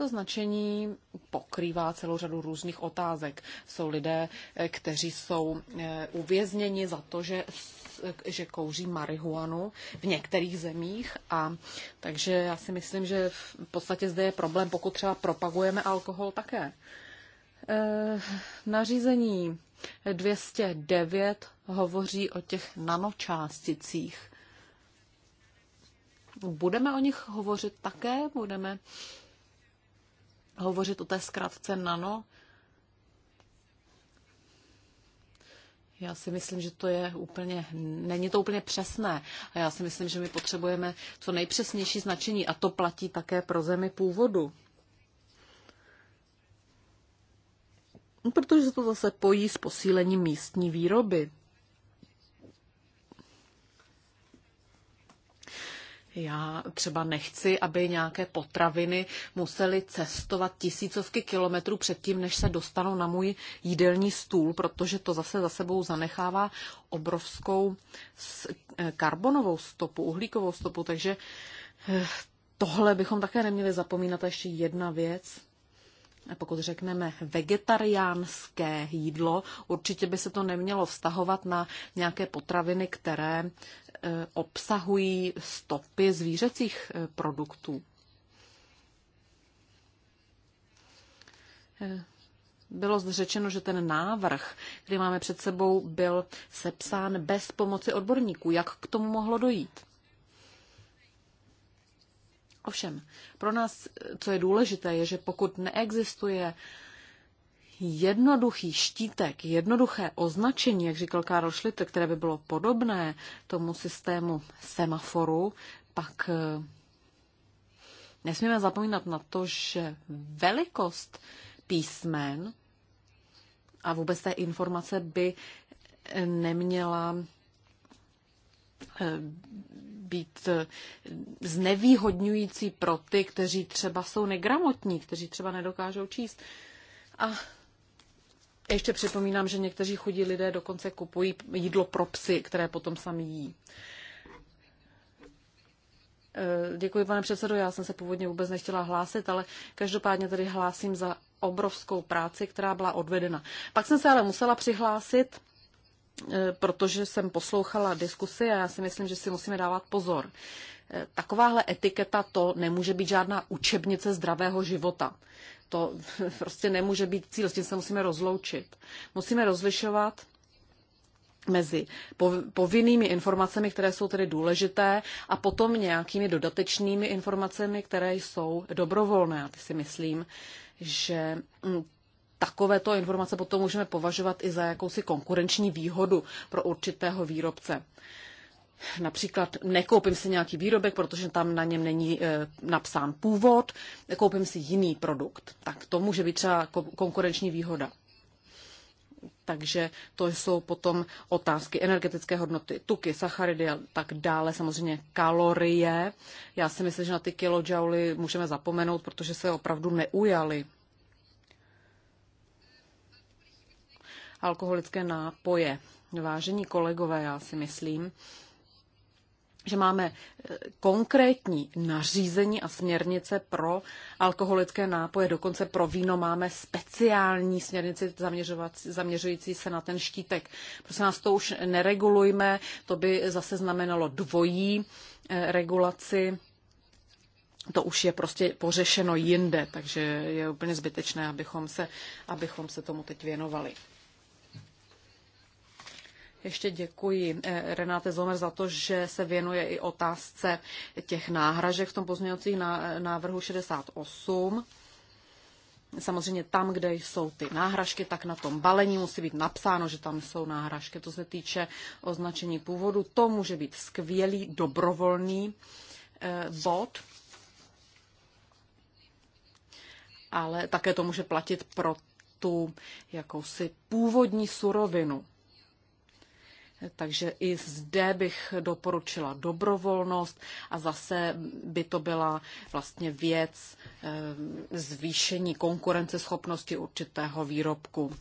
To značení pokrývá celou řadu různých otázek. Jsou lidé, eh, kteří jsou eh, uvězněni za to, že eh, že kouří marihuanu v některých zemích a takže já si myslím, že v podstatě zde je problém, pokud třeba propagujeme alkohol také. E, nařízení 209 hovoří o těch nanočásticích. Budeme o nich hovořit také, budeme hovořit o té zkratce nano. Já si myslím, že to je úplně, není to úplně přesné. A já si myslím, že my potřebujeme co nejpřesnější značení a to platí také pro zemi původu. Protože se to zase pojí s posílením místní výroby. Já třeba nechci, aby nějaké potraviny musely cestovat tisícovky kilometrů předtím, než se dostanou na můj jídelní stůl, protože to zase za sebou zanechává obrovskou eh, karbonovou stopu, uhlíkovou stopu, takže eh, tohle bychom také neměli zapomínat. A ještě jedna věc, pokud řekneme vegetariánské jídlo, určitě by se to nemělo vztahovat na nějaké potraviny, které Eh, obsahují stopy zvířecích eh, produktů. Eh, bylo řečeno, že ten návrh, který máme před sebou, byl sepsán bez pomoci odborníků. Jak k tomu mohlo dojít? Ovšem, pro nás, co je důležité, je, že pokud neexistuje jednoduchý štítek, jednoduché označení, jak říkal Karl Schlitter, které by bylo podobné tomu systému semaforu, pak eh, nesmíme zapomínat na to, že velikost písmen a vůbec té informace by eh, neměla eh, být znevýhodňující pro ty, kteří třeba jsou negramotní, kteří třeba nedokážou číst. A ještě připomínám, že někteří chudí lidé dokonce kupují jídlo pro psy, které potom sami jí. E, děkuji, pane předsedo. Já jsem se původně vůbec nechtěla hlásit, ale každopádně tady hlásím za obrovskou práci, která byla odvedena. Pak jsem se ale musela přihlásit, e, protože jsem poslouchala diskusy a já si myslím, že si musíme dávat pozor. E, takováhle etiketa to nemůže být žádná učebnice zdravého života to prostě nemůže být cíl, s tím se musíme rozloučit. Musíme rozlišovat mezi povinnými informacemi, které jsou tedy důležité, a potom nějakými dodatečnými informacemi, které jsou dobrovolné. A ty si myslím, že mm, takovéto informace potom můžeme považovat i za jakousi konkurenční výhodu pro určitého výrobce. Například nekoupím si nějaký výrobek, protože tam na něm není eh, napsán původ, koupím si jiný produkt. Tak to může být třeba konkurenční výhoda. Takže to jsou potom otázky energetické hodnoty, tuky, sacharidy a tak dále, samozřejmě kalorie. Já si myslím, že na ty kilojouly můžeme zapomenout, protože se opravdu neujali. Alkoholické nápoje. Vážení kolegové, já si myslím, že máme eh, konkrétní nařízení a směrnice pro alkoholické nápoje, dokonce pro víno máme speciální směrnici zaměřující se na ten štítek. Prosím nás, to už neregulujme, to by zase znamenalo dvojí eh, regulaci. To už je prostě pořešeno jinde, takže je úplně zbytečné, abychom se, abychom se tomu teď věnovali. Ještě děkuji eh, Renáte Zomer za to, že se věnuje i otázce těch náhražek v tom pozměňovacích návrhu 68. Samozřejmě tam, kde jsou ty náhražky, tak na tom balení musí být napsáno, že tam jsou náhražky. To se týče označení původu. To může být skvělý dobrovolný eh, bod, ale také to může platit pro tu jakousi původní surovinu. Takže i zde bych doporučila dobrovolnost a zase by to byla vlastně věc eh, zvýšení konkurenceschopnosti určitého výrobku.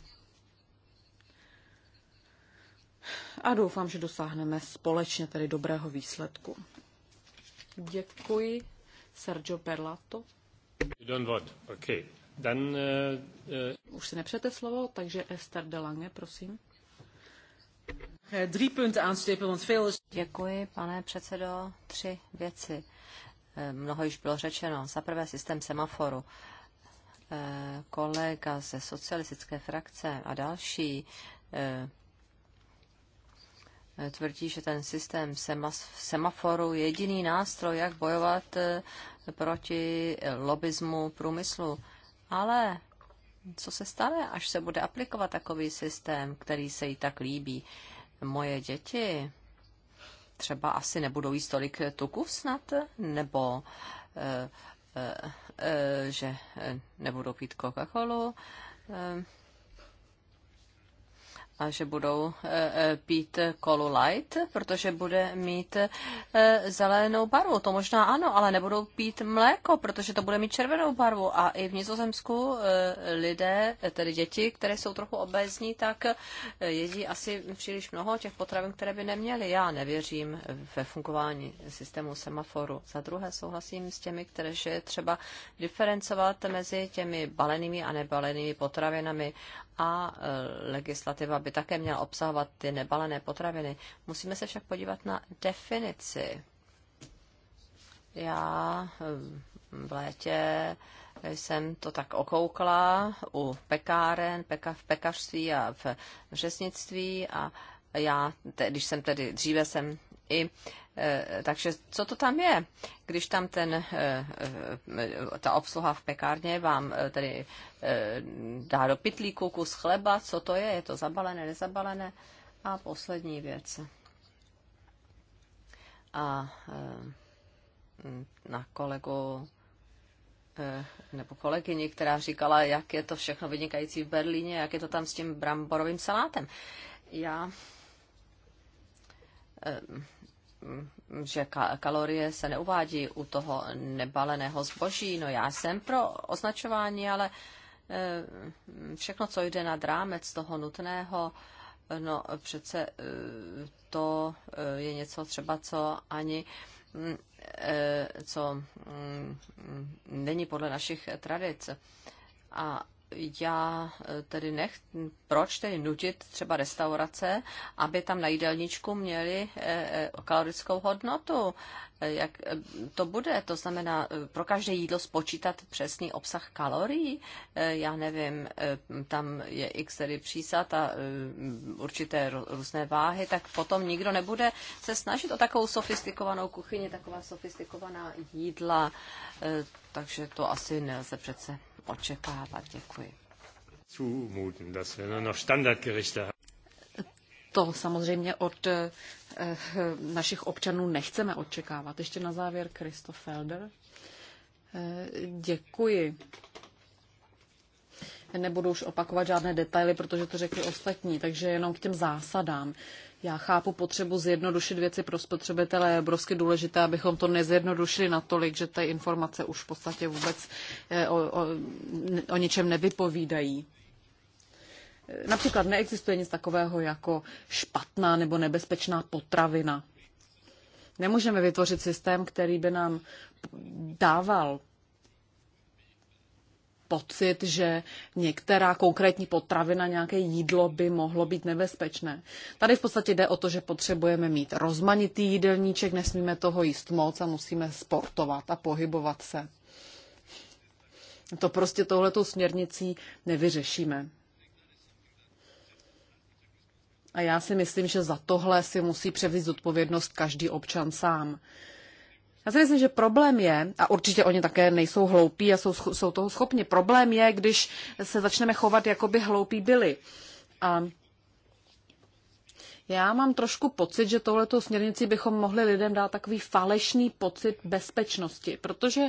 A doufám, že dosáhneme společně tedy dobrého výsledku. Děkuji. Sergio Perlato. okay. Then, uh, uh... Už si nepřete slovo, takže Esther Delange, prosím. Eh, Děkuji, pane předsedo. Tři věci. Eh, mnoho již bylo řečeno. Za prvé systém semaforu. Eh, kolega ze socialistické frakce a další tvrdí, že ten systém semaforu je jediný nástroj, jak bojovat proti lobismu průmyslu. Ale co se stane, až se bude aplikovat takový systém, který se jí tak líbí? moje děti třeba asi nebudou jíst tolik tuku snad, nebo e, e, e, že nebudou pít Coca-Colu. E, a že budou eh, eh, pít kolu light, protože bude mít eh, zelenou barvu. To možná ano, ale nebudou pít mléko, protože to bude mít červenou barvu. A i v Nizozemsku lidé, tedy děti, které jsou trochu obezní, tak jedí asi příliš mnoho těch potravin, které by neměly. Já nevěřím ve fungování systému semaforu. Za druhé souhlasím s těmi, které je třeba diferencovat mezi těmi balenými a nebalenými potravinami a e, legislativa by také měla obsahovat ty nebalené potraviny. Musíme se však podívat na definici. Já e, v létě jsem to tak okoukla u pekáren, peka, v pekařství a v řesnictví a já, te, když jsem tedy, dříve jsem i Eh, takže co to tam je? Když tam ten, eh, eh, ta obsluha v pekárně vám tedy dá do pytlíku kus chleba, co to je? Je to zabalené, nezabalené? A poslední věc. A na kolegu nebo kolegyni, která říkala, jak je to všechno vynikající v Berlíně, jak je to tam s tím bramborovým salátem. Já že kalorie se neuvádí u toho nebaleného zboží. No já jsem pro označování, ale eh, všechno, co jde nad rámec toho nutného, no přece eh, to eh, je něco třeba, co ani mm, co mm, mm, není podle našich tradic. A já e, tedy nech, proč tedy nutit třeba restaurace, aby tam na jídelníčku měli e, e, kalorickou hodnotu? Jak to bude? To znamená, pro každé jídlo spočítat přesný obsah kalorií? Já nevím, tam je x tedy přísad a určité různé váhy, tak potom nikdo nebude se snažit o takovou sofistikovanou kuchyni, taková sofistikovaná jídla, takže to asi nelze přece očekávat. Děkuji. Zumuten, To samozřejmě od eh, našich občanů nechceme očekávat. Ještě na závěr Kristof Felder. Eh, děkuji. Nebudu už opakovat žádné detaily, protože to řekli ostatní, takže jenom k těm zásadám. Já chápu potřebu zjednodušit věci pro spotřebitele. Je obrovsky důležité, abychom to nezjednodušili natolik, že ty informace už v podstatě vůbec eh, o, o, o ničem nevypovídají. Například neexistuje nic takového jako špatná nebo nebezpečná potravina. Nemůžeme vytvořit systém, který by nám dával pocit, že některá konkrétní potravina, nějaké jídlo by mohlo být nebezpečné. Tady v podstatě jde o to, že potřebujeme mít rozmanitý jídelníček, nesmíme toho jíst moc a musíme sportovat a pohybovat se. To prostě touhletou směrnicí nevyřešíme. A já si myslím, že za tohle si musí převzít odpovědnost každý občan sám. Já si myslím, že problém je, a určitě oni také nejsou hloupí a jsou, jsou toho schopni, problém je, když se začneme chovat, jako by hloupí byli. A já mám trošku pocit, že touhletou směrnici bychom mohli lidem dát takový falešný pocit bezpečnosti, protože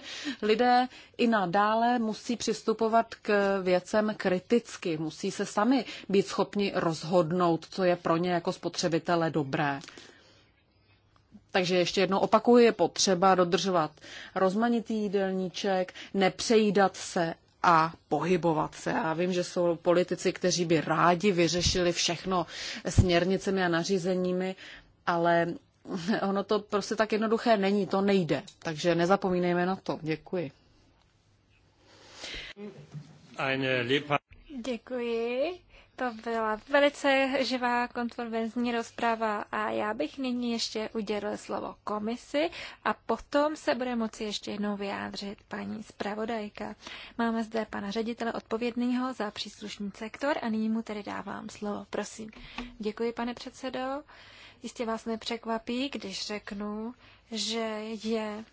lidé i nadále musí přistupovat k věcem kriticky, musí se sami být schopni rozhodnout, co je pro ně jako spotřebitele dobré. Takže ještě jednou opakuju, je potřeba dodržovat rozmanitý jídelníček, nepřejídat se a pohybovat se. Já vím, že jsou politici, kteří by rádi vyřešili všechno směrnicemi a nařízeními, ale ono to prostě tak jednoduché není, to nejde. Takže nezapomínejme na to. Děkuji. Děkuji. To byla velice živá kontroverzní rozprava a já bych nyní ještě udělil slovo komisi a potom se bude moci ještě jednou vyjádřit paní zpravodajka. Máme zde pana ředitele odpovědného za příslušný sektor a nyní mu tedy dávám slovo. Prosím. Děkuji, pane předsedo. Jistě vás nepřekvapí, když řeknu, že je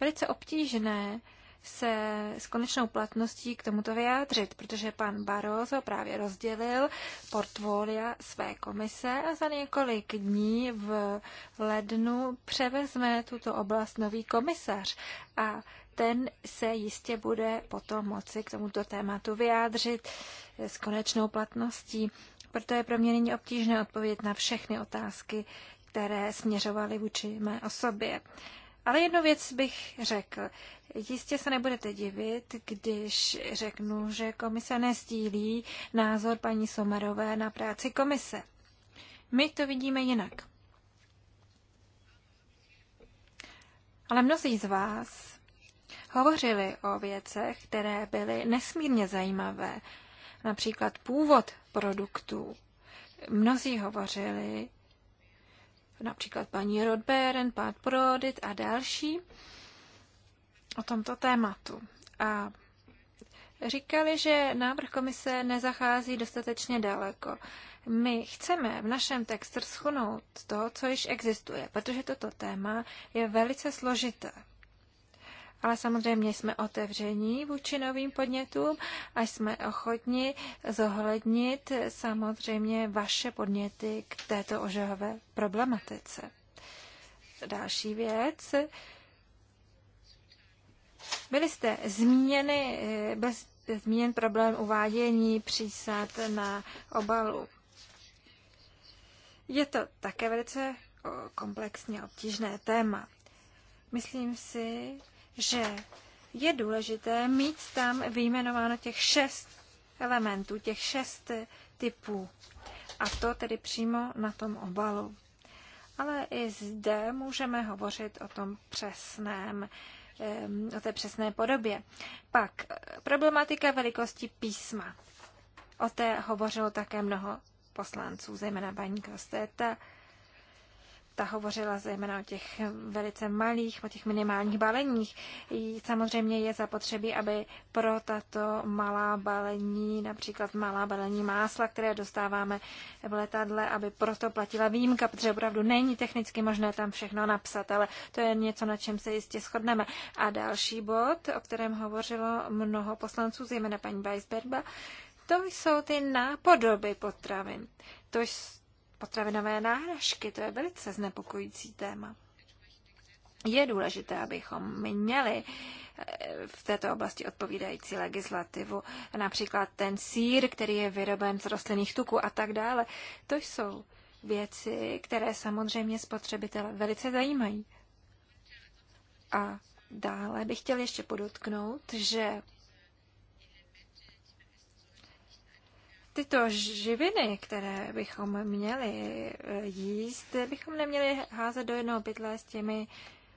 velice obtížné se s konečnou platností k tomuto vyjádřit, protože pan Barroso právě rozdělil portfolia své komise a za několik dní v lednu převezme tuto oblast nový komisař. A ten se jistě bude potom moci k tomuto tématu vyjádřit s konečnou platností. Proto je pro mě nyní obtížné odpovědět na všechny otázky, které směřovaly vůči mé osobě. Ale jednu věc bych řekl. Jistě se nebudete divit, když řeknu, že komise nestílí názor paní Somerové na práci komise. My to vidíme jinak. Ale mnozí z vás hovořili o věcech, které byly nesmírně zajímavé, například původ produktů. Mnozí hovořili například paní Rodberen, Pát Prodit a další o tomto tématu. A říkali, že návrh komise nezachází dostatečně daleko. My chceme v našem textu schunout to, co již existuje, protože toto téma je velice složité ale samozřejmě jsme otevření vůči novým podnětům a jsme ochotni zohlednit samozřejmě vaše podněty k této ožehové problematice. Další věc. Byly jste zmíněny, bez zmíněn problém uvádění přísad na obalu. Je to také velice komplexně obtížné téma. Myslím si, že je důležité mít tam vyjmenováno těch šest elementů, těch šest typů. A to tedy přímo na tom obalu. Ale i zde můžeme hovořit o tom přesném, o té přesné podobě. Pak eh, problematika velikosti písma. O té hovořilo také mnoho poslanců, zejména paní Kostéta ta hovořila zejména o těch velice malých, o těch minimálních baleních. Samozřejmě je zapotřebí, aby pro tato malá balení, například malá balení másla, které dostáváme v letadle, aby proto platila výjimka, protože opravdu není technicky možné tam všechno napsat, ale to je něco, na čem se jistě shodneme. A další bod, o kterém hovořilo mnoho poslanců, zejména paní Weisberba, to jsou ty nápodoby potravin. To jsou potravinové náhražky. To je velice znepokojící téma. Je důležité, abychom měli eh, v této oblasti odpovídající legislativu, například ten sír, který je vyroben z rostlinných tuků a tak dále. To jsou věci, které samozřejmě spotřebitele velice zajímají. A dále bych chtěl ještě podotknout, že tyto živiny, které bychom měli eh, jíst, bychom neměli házet do jednoho bytle s těmi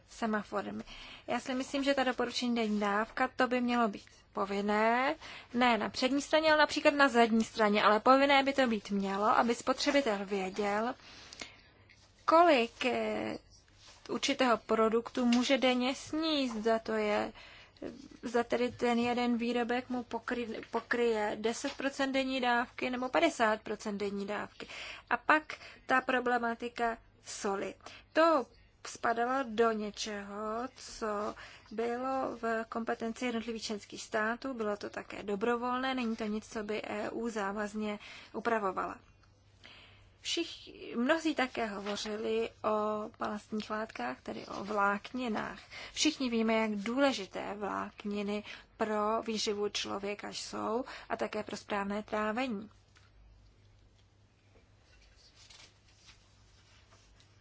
semaformy. Já si myslím, že ta doporučení denní dávka, to by mělo být povinné, ne na přední straně, ale například na zadní straně, ale povinné by to být mělo, aby spotřebitel věděl, kolik eh, určitého produktu může denně sníst, za to je za tedy ten jeden výrobek mu pokry, pokryje 10% denní dávky nebo 50% denní dávky. A pak ta problematika soli. To spadalo do něčeho, co bylo v kompetenci jednotlivých členských států, bylo to také dobrovolné, není to nic, co by EU závazně upravovala. Všich, mnozí také hovořili o balastních látkách, tedy o vlákninách. Všichni víme, jak důležité vlákniny pro výživu člověka jsou a také pro správné trávení.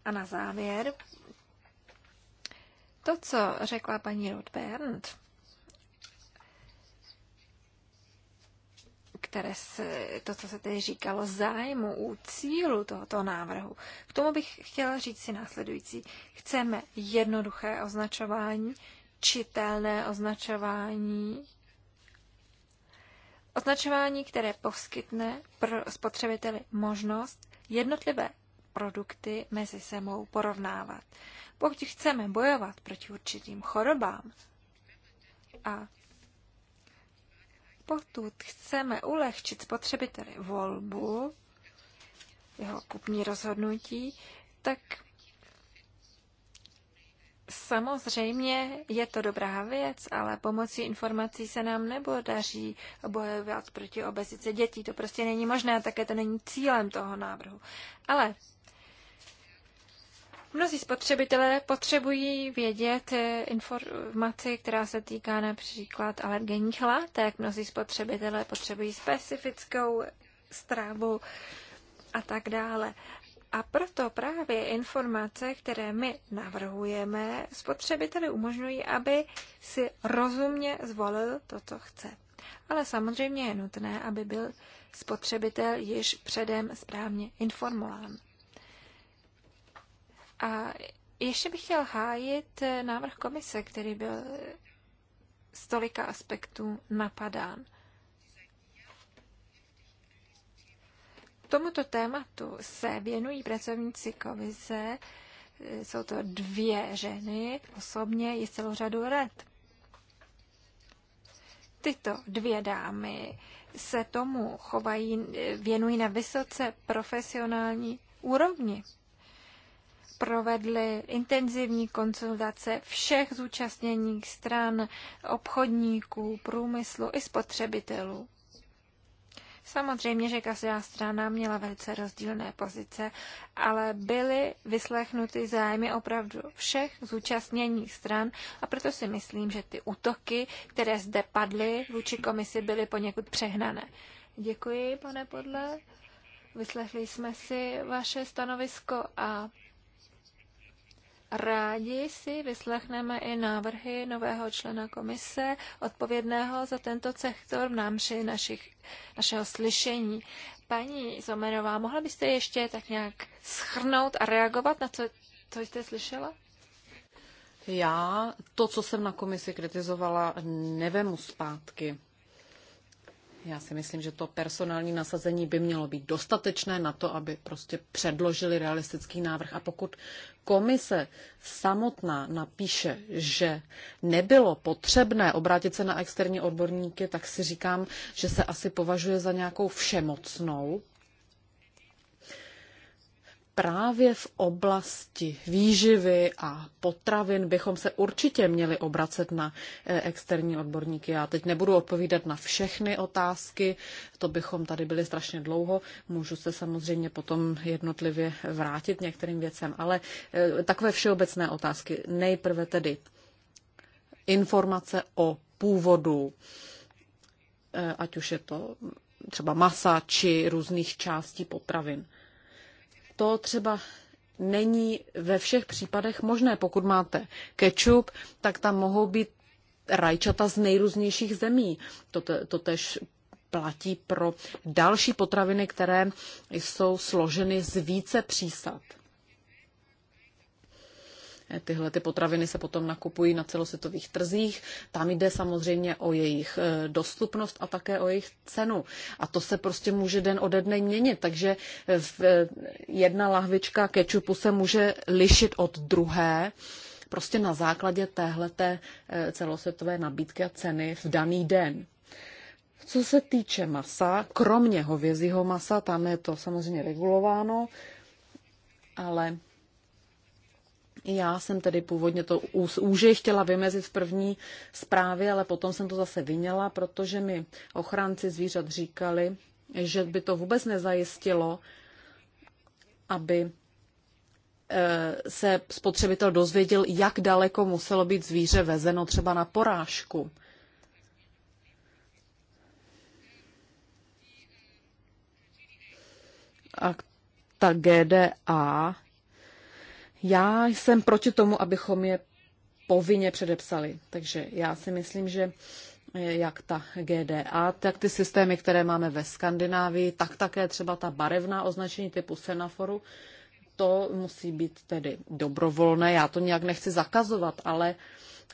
A na závěr, to, co řekla paní Berndt, které se, to, co se tedy říkalo, zájmu u cílu tohoto návrhu. K tomu bych chtěla říct si následující. Chceme jednoduché označování, čitelné označování, označování, které poskytne pro spotřebiteli možnost jednotlivé produkty mezi sebou porovnávat. Pokud chceme bojovat proti určitým chorobám a potud chceme ulehčit spotřebiteli volbu, jeho kupní rozhodnutí, tak Samozřejmě je to dobrá věc, ale pomocí informací se nám nebo daří bojovat proti obezice dětí. To prostě není možné, také to není cílem toho návrhu. Ale Mnozí spotřebitelé potřebují vědět eh, informaci, která se týká například alergenních látek. Mnozí spotřebitelé potřebují specifickou stravu a tak dále. A proto právě informace, které my navrhujeme, spotřebiteli umožňují, aby si rozumně zvolil to, co chce. Ale samozřejmě je nutné, aby byl spotřebitel již předem správně informován. A ještě bych chtěl hájit eh, návrh komise, který byl eh, z tolika aspektů napadán. Tomuto tématu se věnují pracovníci komise, eh, jsou to dvě ženy, osobně je celou řadu let. Tyto dvě dámy se tomu chovají, věnují na vysoce profesionální úrovni provedli intenzivní konzultace všech zúčastněných stran, obchodníků, průmyslu i spotřebitelů. Samozřejmě, že každá strana měla velice rozdílné pozice, ale byly vyslechnuty zájmy opravdu všech zúčastněných stran a proto si myslím, že ty útoky, které zde padly vůči komisi, byly poněkud přehnané. Děkuji, pane Podle. Vyslechli jsme si vaše stanovisko a Rádi si vyslechneme i návrhy nového člena komise, odpovědného za tento sektor v námši našich, našeho slyšení. Paní Zomerová, mohla byste ještě tak nějak schrnout a reagovat na to, co jste slyšela? Já to, co jsem na komisi kritizovala, nevemu zpátky. Já si myslím, že to personální nasazení by mělo být dostatečné na to, aby prostě předložili realistický návrh. A pokud komise samotná napíše, že nebylo potřebné obrátit se na externí odborníky, tak si říkám, že se asi považuje za nějakou všemocnou právě v oblasti výživy a potravin bychom se určitě měli obracet na eh, externí odborníky. Já teď nebudu odpovídat na všechny otázky, to bychom tady byli strašně dlouho. Můžu se samozřejmě potom jednotlivě vrátit některým věcem, ale eh, takové všeobecné otázky. Nejprve tedy informace o původu, eh, ať už je to třeba masa či různých částí potravin to třeba není ve všech případech možné. Pokud máte kečup, tak tam mohou být rajčata z nejrůznějších zemí. To tež platí pro další potraviny, které jsou složeny z více přísad. Tyhle ty potraviny se potom nakupují na celosvětových trzích. Tam jde samozřejmě o jejich e, dostupnost a také o jejich cenu. A to se prostě může den ode dne měnit. Takže e, e, jedna lahvička kečupu se může lišit od druhé prostě na základě téhleté celosvětové nabídky a ceny v daný den. Co se týče masa, kromě hovězího masa, tam je to samozřejmě regulováno, ale já jsem tedy původně to úže chtěla vymezit v první zprávě, ale potom jsem to zase vyněla, protože mi ochránci zvířat říkali, že by to vůbec nezajistilo, aby e, se spotřebitel dozvěděl, jak daleko muselo být zvíře vezeno třeba na porážku. A ta GDA já jsem proti tomu, abychom je povinně předepsali. Takže já si myslím, že eh, jak ta GDA, tak ty systémy, které máme ve Skandinávii, tak také třeba ta barevná označení typu senaforu, to musí být tedy dobrovolné. Já to nějak nechci zakazovat, ale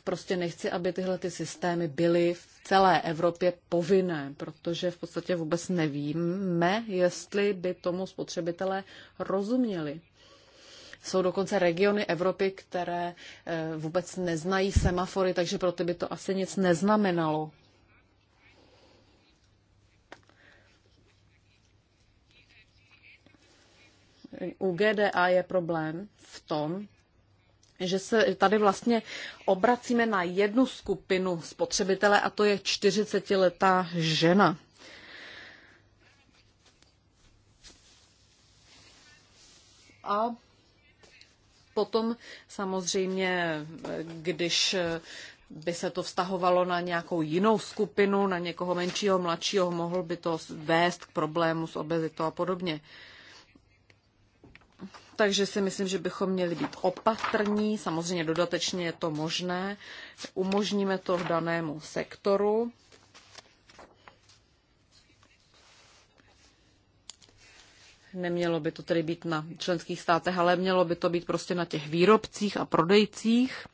prostě nechci, aby tyhle ty systémy byly v celé Evropě povinné, protože v podstatě vůbec nevíme, jestli by tomu spotřebitelé rozuměli. Jsou dokonce regiony Evropy, které eh, vůbec neznají semafory, takže pro ty by to asi nic neznamenalo. U GDA je problém v tom, že se tady vlastně obracíme na jednu skupinu spotřebitele a to je 40-letá žena. A Potom samozřejmě, když by se to vztahovalo na nějakou jinou skupinu, na někoho menšího, mladšího, mohl by to vést k problému s obezitou a podobně. Takže si myslím, že bychom měli být opatrní. Samozřejmě dodatečně je to možné. Umožníme to v danému sektoru. Nemělo by to tedy být na členských státech, ale mělo by to být prostě na těch výrobcích a prodejcích,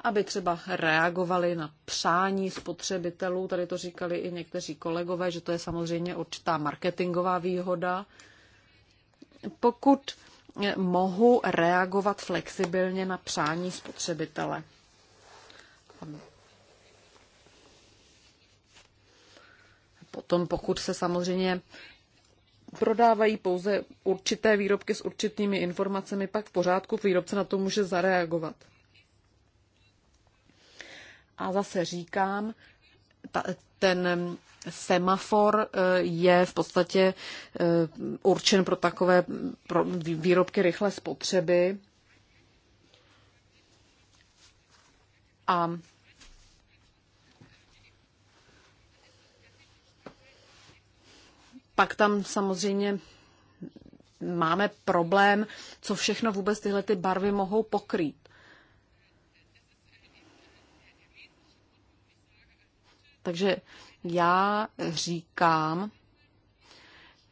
aby třeba reagovali na přání spotřebitelů. Tady to říkali i někteří kolegové, že to je samozřejmě určitá marketingová výhoda. Pokud mohu reagovat flexibilně na přání spotřebitele. Potom pokud se samozřejmě prodávají pouze určité výrobky s určitými informacemi, pak v pořádku výrobce na to může zareagovat. A zase říkám, ta, ten semafor eh, je v podstatě eh, určen pro takové pro výrobky rychlé spotřeby. A pak tam samozřejmě máme problém, co všechno vůbec tyhle ty barvy mohou pokrýt. Takže já říkám,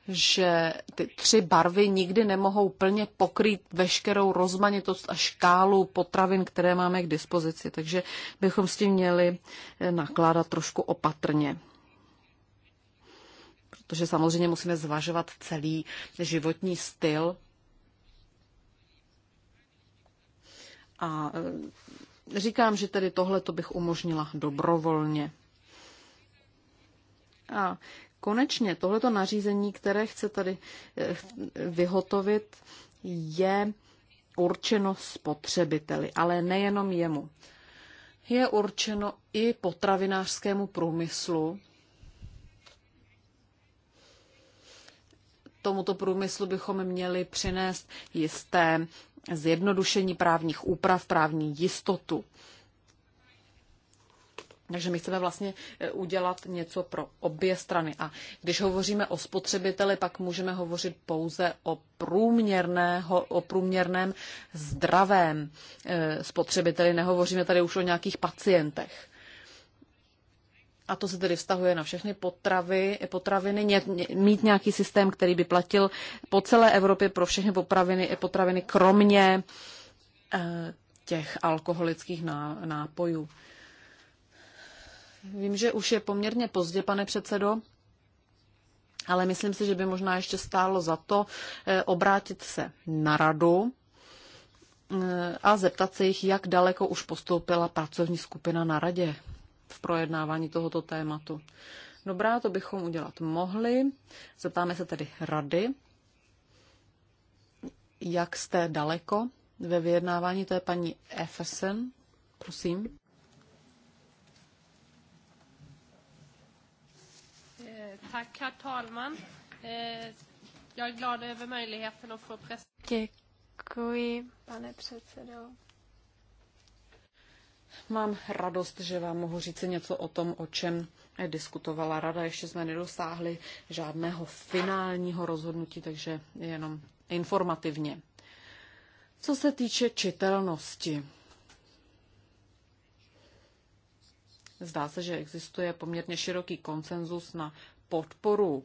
že ty tři barvy nikdy nemohou plně pokrýt veškerou rozmanitost a škálu potravin, které máme k dispozici. Takže bychom s tím měli nakládat trošku opatrně protože samozřejmě musíme zvažovat celý životní styl a e, říkám, že tedy tohle to bych umožnila dobrovolně. A konečně tohleto nařízení, které chce tady e, vyhotovit, je určeno spotřebiteli, ale nejenom jemu. Je určeno i potravinářskému průmyslu, tomuto průmyslu bychom měli přinést jisté zjednodušení právních úprav, právní jistotu. Takže my chceme vlastně e, udělat něco pro obě strany. A když hovoříme o spotřebiteli, pak můžeme hovořit pouze o, průměrného, o průměrném zdravém e, spotřebiteli. Nehovoříme tady už o nějakých pacientech a to se tedy vztahuje na všechny potravy, potraviny, mít nějaký systém, který by platil po celé Evropě pro všechny potraviny, potraviny kromě eh, těch alkoholických nápojů. Vím, že už je poměrně pozdě, pane předsedo, ale myslím si, že by možná ještě stálo za to eh, obrátit se na radu eh, a zeptat se jich, jak daleko už postoupila pracovní skupina na radě v projednávání tohoto tématu. Dobrá, to bychom udělat mohli. Zeptáme se tedy rady, jak jste daleko ve vyjednávání, to je paní Efersen, prosím. Eh, herr talman. Eh, jag är glad över möjligheten att få Děkuji, pane předsedo. Mám radost, že vám mohu říct něco o tom, o čem diskutovala rada. Ještě jsme nedosáhli žádného finálního rozhodnutí, takže jenom informativně. Co se týče čitelnosti, zdá se, že existuje poměrně široký konsenzus na podporu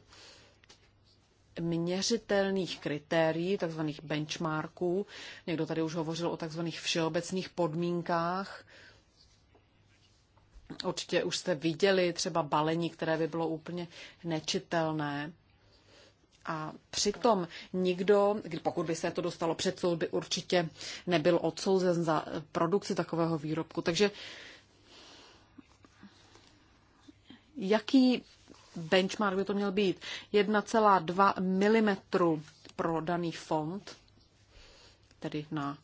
měřitelných kritérií, takzvaných benchmarků. Někdo tady už hovořil o takzvaných všeobecných podmínkách. Určitě už jste viděli třeba balení, které by bylo úplně nečitelné. A přitom nikdo, pokud by se to dostalo před soud, by určitě nebyl odsouzen za eh, produkci takového výrobku. Takže jaký benchmark by to měl být? 1,2 mm pro daný fond, tedy na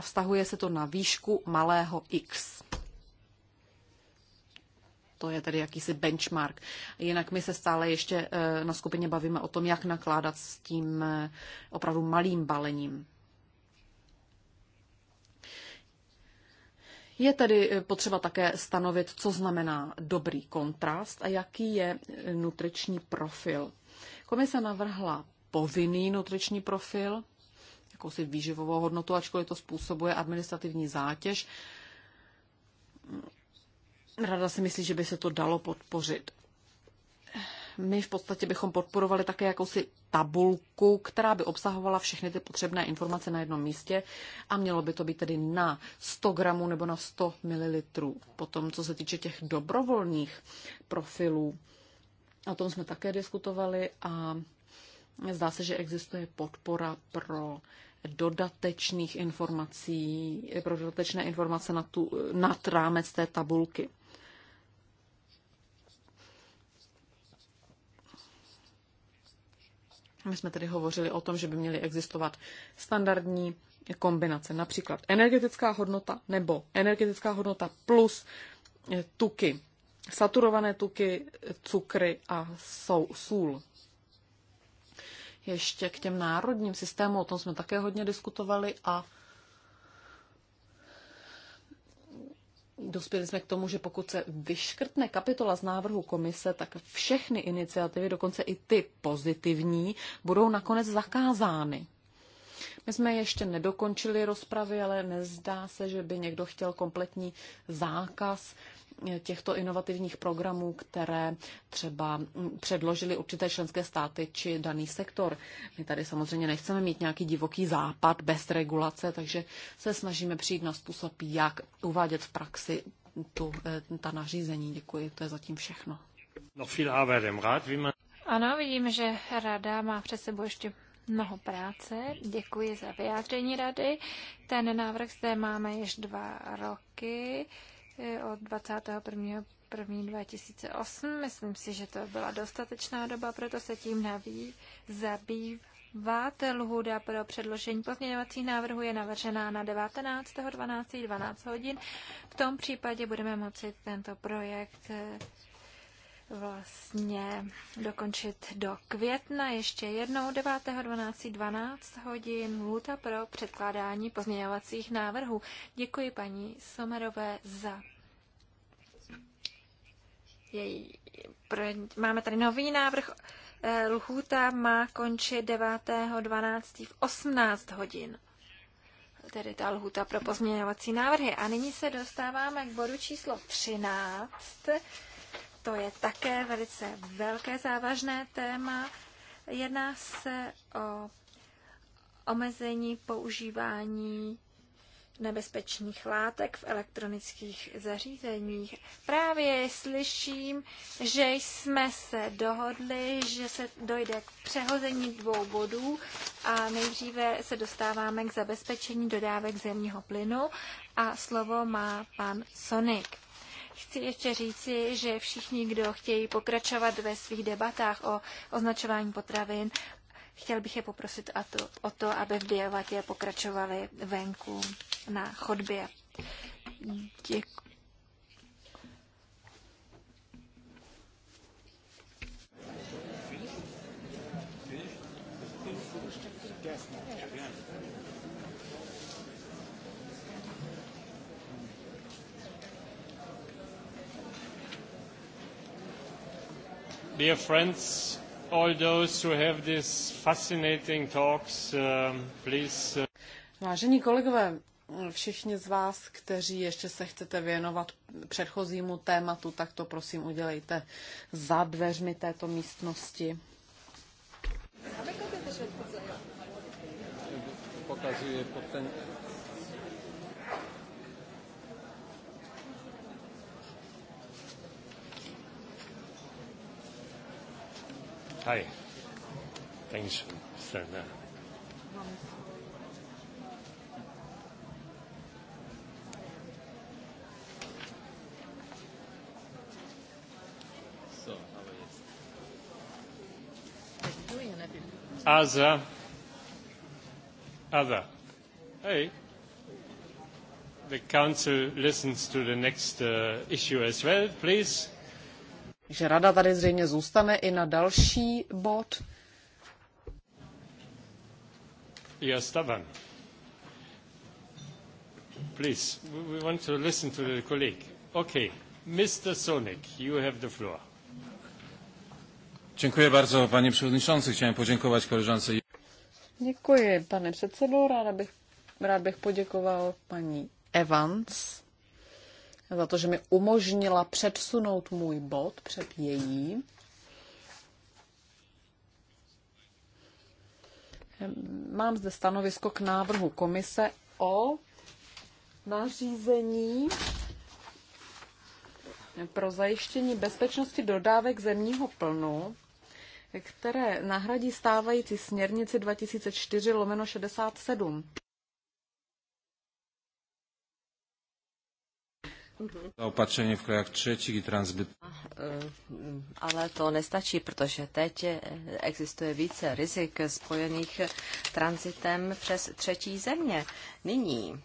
a vztahuje se to na výšku malého x. To je tedy jakýsi benchmark. Jinak my se stále ještě eh, na skupině bavíme o tom, jak nakládat s tím eh, opravdu malým balením. Je tedy eh, potřeba také stanovit, co znamená dobrý kontrast a jaký je nutriční profil. Komise navrhla povinný nutriční profil, jakousi výživovou hodnotu, ačkoliv to způsobuje administrativní zátěž. Rada si myslí, že by se to dalo podpořit. My v podstatě bychom podporovali také jakousi tabulku, která by obsahovala všechny ty potřebné informace na jednom místě a mělo by to být tedy na 100 gramů nebo na 100 ml. Potom, co se týče těch dobrovolných profilů, o tom jsme také diskutovali a zdá se, že existuje podpora pro dodatečných informací, pro dodatečné informace na tu, nad rámec té tabulky. My jsme tedy hovořili o tom, že by měly existovat standardní kombinace, například energetická hodnota nebo energetická hodnota plus eh, tuky, saturované tuky, cukry a sůl ještě k těm národním systémům, o tom jsme také hodně diskutovali a Dospěli jsme k tomu, že pokud se vyškrtne kapitola z návrhu komise, tak všechny iniciativy, dokonce i ty pozitivní, budou nakonec zakázány. My jsme ještě nedokončili rozpravy, ale nezdá se, že by někdo chtěl kompletní zákaz těchto inovativních programů, které třeba mm, předložili určité členské státy či daný sektor. My tady samozřejmě nechceme mít nějaký divoký západ bez regulace, takže se snažíme přijít na způsob, jak uvádět v praxi tu, eh, ta nařízení. Děkuji, to je zatím všechno. No, viel Arbeit im Ano, vidím, že rada má před sebou ještě mnoho práce. Děkuji za vyjádření rady. Ten návrh zde máme již dva roky od 21.1.2008. 2008. Myslím si, že to byla dostatečná doba, proto se tím naví zabývat. Lhůda pro předložení pozměňovacích návrhů je navržená na 19. 12. 12 hodin. V tom případě budeme moci tento projekt vlastně dokončit do května. Ještě jednou 9.12.12 12 hodin lůta pro předkládání pozměňovacích návrhů. Děkuji paní Somerové za její... Máme tady nový návrh. Eh, lhůta má končit 9.12. v 18 hodin. Tedy ta lhůta pro pozměňovací návrhy. A nyní se dostáváme k bodu číslo 13 to je také velice velké závažné téma. Jedná se o omezení používání nebezpečných látek v elektronických zařízeních. Právě slyším, že jsme se dohodli, že se dojde k přehození dvou bodů a nejdříve se dostáváme k zabezpečení dodávek zemního plynu a slovo má pan Sonik. Chci ještě říci, že všichni, kdo chtějí pokračovat ve svých debatách o označování potravin, chtěl bych je poprosit a to, o to, aby v debatě pokračovali venku na chodbě. Děkuji. Dear friends, all those who have these fascinating talks, um, please. Uh, Vážení kolegové, všichni z vás, kteří ještě se chcete věnovat předchozímu tématu, tak to prosím udělejte za dveřmi této místnosti. Pokazuje pod ten Hi. Thanks. for So, aber jetzt. Other. Other. Hey. The council listens to the next uh, issue as well, please že rada tady zřejmě zůstane i na další bod. Yes, Stavan. Please, we want to listen to the colleague. Okay, Mr. Sonic, you have the floor. Dziękuję bardzo, panie przewodniczący. Chciałem podziękować koleżance. Děkuji, pane předsedo. Ráda bych, rád bych poděkoval paní Evans za to, že mi umožnila předsunout můj bod před její. Mám zde stanovisko k návrhu komise o nařízení pro zajištění bezpečnosti dodávek zemního plnu, které nahradí stávající směrnici 2004 67. Mhm. Opatření v krajích třetích i transbyt. Eh, ale to nestačí, protože teď eh, existuje více rizik spojených transitem přes třetí země. Nyní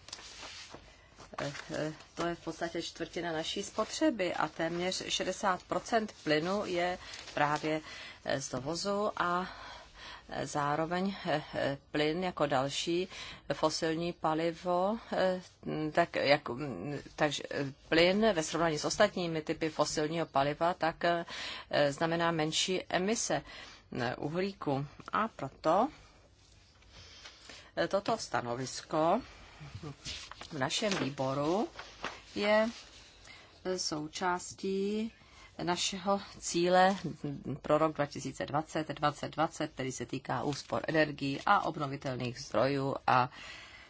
eh, to je v podstatě čtvrtina naší spotřeby a téměř 60 plynu je právě z dovozu a Zároveň eh, eh, plyn jako další fosilní palivo, eh, tak, jak, mm, takže plyn ve srovnání s ostatními typy fosilního paliva, tak znamená menší emise uhlíku. A proto toto stanovisko v našem výboru je součástí našeho cíle pro rok 2020, 2020, který se týká úspor energií a obnovitelných zdrojů a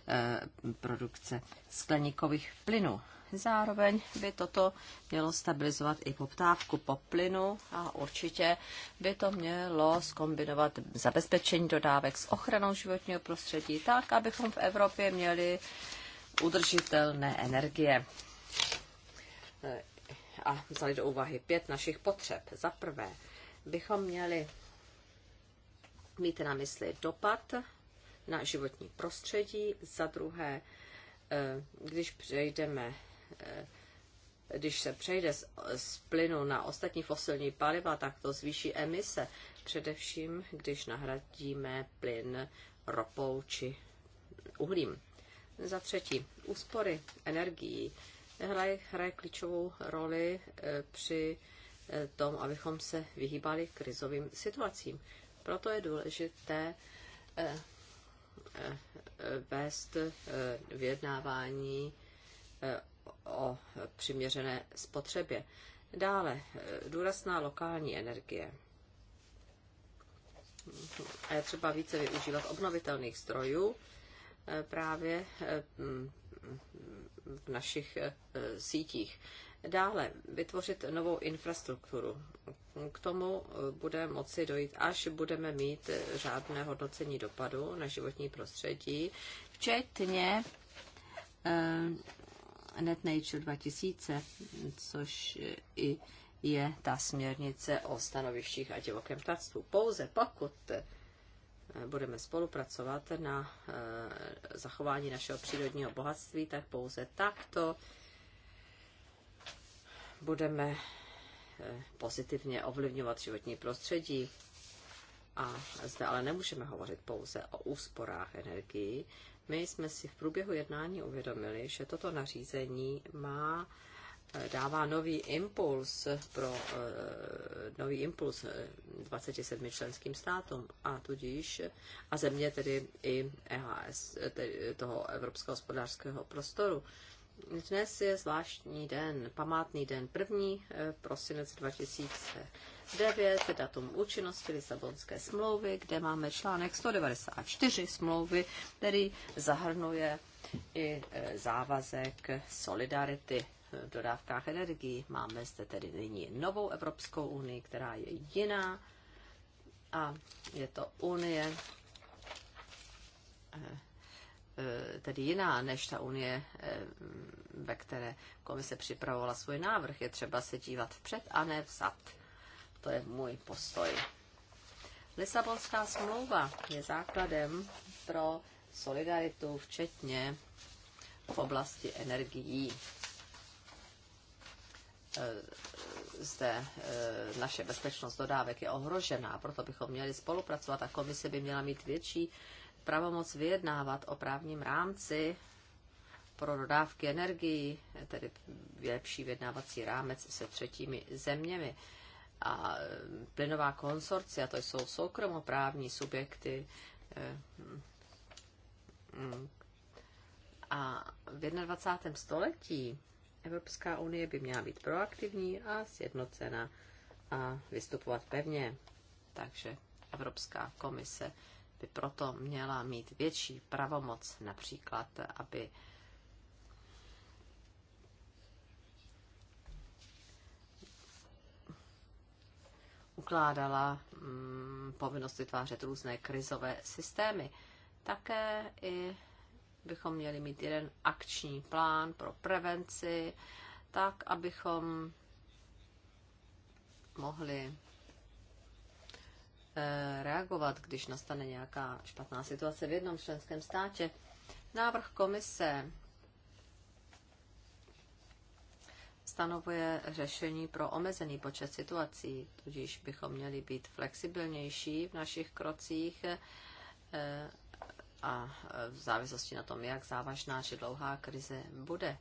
e, produkce skleníkových plynů. Zároveň by toto mělo stabilizovat i poptávku po plynu a určitě by to mělo skombinovat zabezpečení dodávek s ochranou životního prostředí, tak abychom v Evropě měli udržitelné energie a vzali do úvahy pět našich potřeb. Za prvé bychom měli mít na mysli dopad na životní prostředí, za druhé, eh, když přejdeme eh, když se přejde z, z plynu na ostatní fosilní paliva, tak to zvýší emise, především když nahradíme plyn ropou či uhlím. Za třetí, úspory energií hraje, hraje klíčovou roli e, při e, tom, abychom se vyhýbali krizovým situacím. Proto je důležité e, vést vyjednávání o přiměřené spotřebě. Dále, důrazná lokální energie. A je třeba více využívat obnovitelných strojů právě v našich eh, sítích. Dále vytvořit novou infrastrukturu. K tomu eh, bude moci dojít, až budeme mít eh, řádné hodnocení dopadu na životní prostředí, včetně Net Nature 2000, což i je ta směrnice o stanovištích a divokém ptactvu. Pouze pokud budeme spolupracovat na eh, zachování našeho přírodního bohatství, tak pouze takto budeme eh, pozitivně ovlivňovat životní prostředí. A zde ale nemůžeme hovořit pouze o úsporách energii. My jsme si v průběhu jednání uvědomili, že toto nařízení má Eh, dává nový impuls pro eh, nový impuls 27 eh, členským státům a tudíž a země tedy i e EHS, tedy toho Evropského hospodářského prostoru. Dnes je zvláštní den, památný den 1. prosinec 2009, datum účinnosti Lisabonské smlouvy, kde máme článek 194 smlouvy, který zahrnuje i závazek solidarity dodávkách energii. Máme zde tedy nyní novou Evropskou unii, která je jiná a je to unie eh, tedy jiná než ta unie, eh, ve které komise připravovala svůj návrh. Je třeba se dívat vpřed a ne vzad. To je můj postoj. Lisabonská smlouva je základem pro solidaritu, včetně v oblasti energií. Eh, zde eh, naše bezpečnost dodávek je ohrožená, proto bychom měli spolupracovat a komise by měla mít větší pravomoc vyjednávat o právním rámci pro dodávky energii, tedy lepší vyjednávací rámec se třetími zeměmi. A eh, plynová konsorcia, to jsou soukromoprávní subjekty, mm, mm. a v 21. století Evropská unie by měla být proaktivní a sjednocena a vystupovat pevně. Takže Evropská komise by proto měla mít větší pravomoc, například, aby ukládala mm, povinnost vytvářet různé krizové systémy. Také i bychom měli mít jeden akční plán pro prevenci, tak abychom mohli eh, reagovat, když nastane nějaká špatná situace v jednom členském státě. Návrh komise stanovuje řešení pro omezený počet situací, tudíž bychom měli být flexibilnější v našich krocích eh, a e, v závislosti na tom, jak závažná či dlouhá krize bude.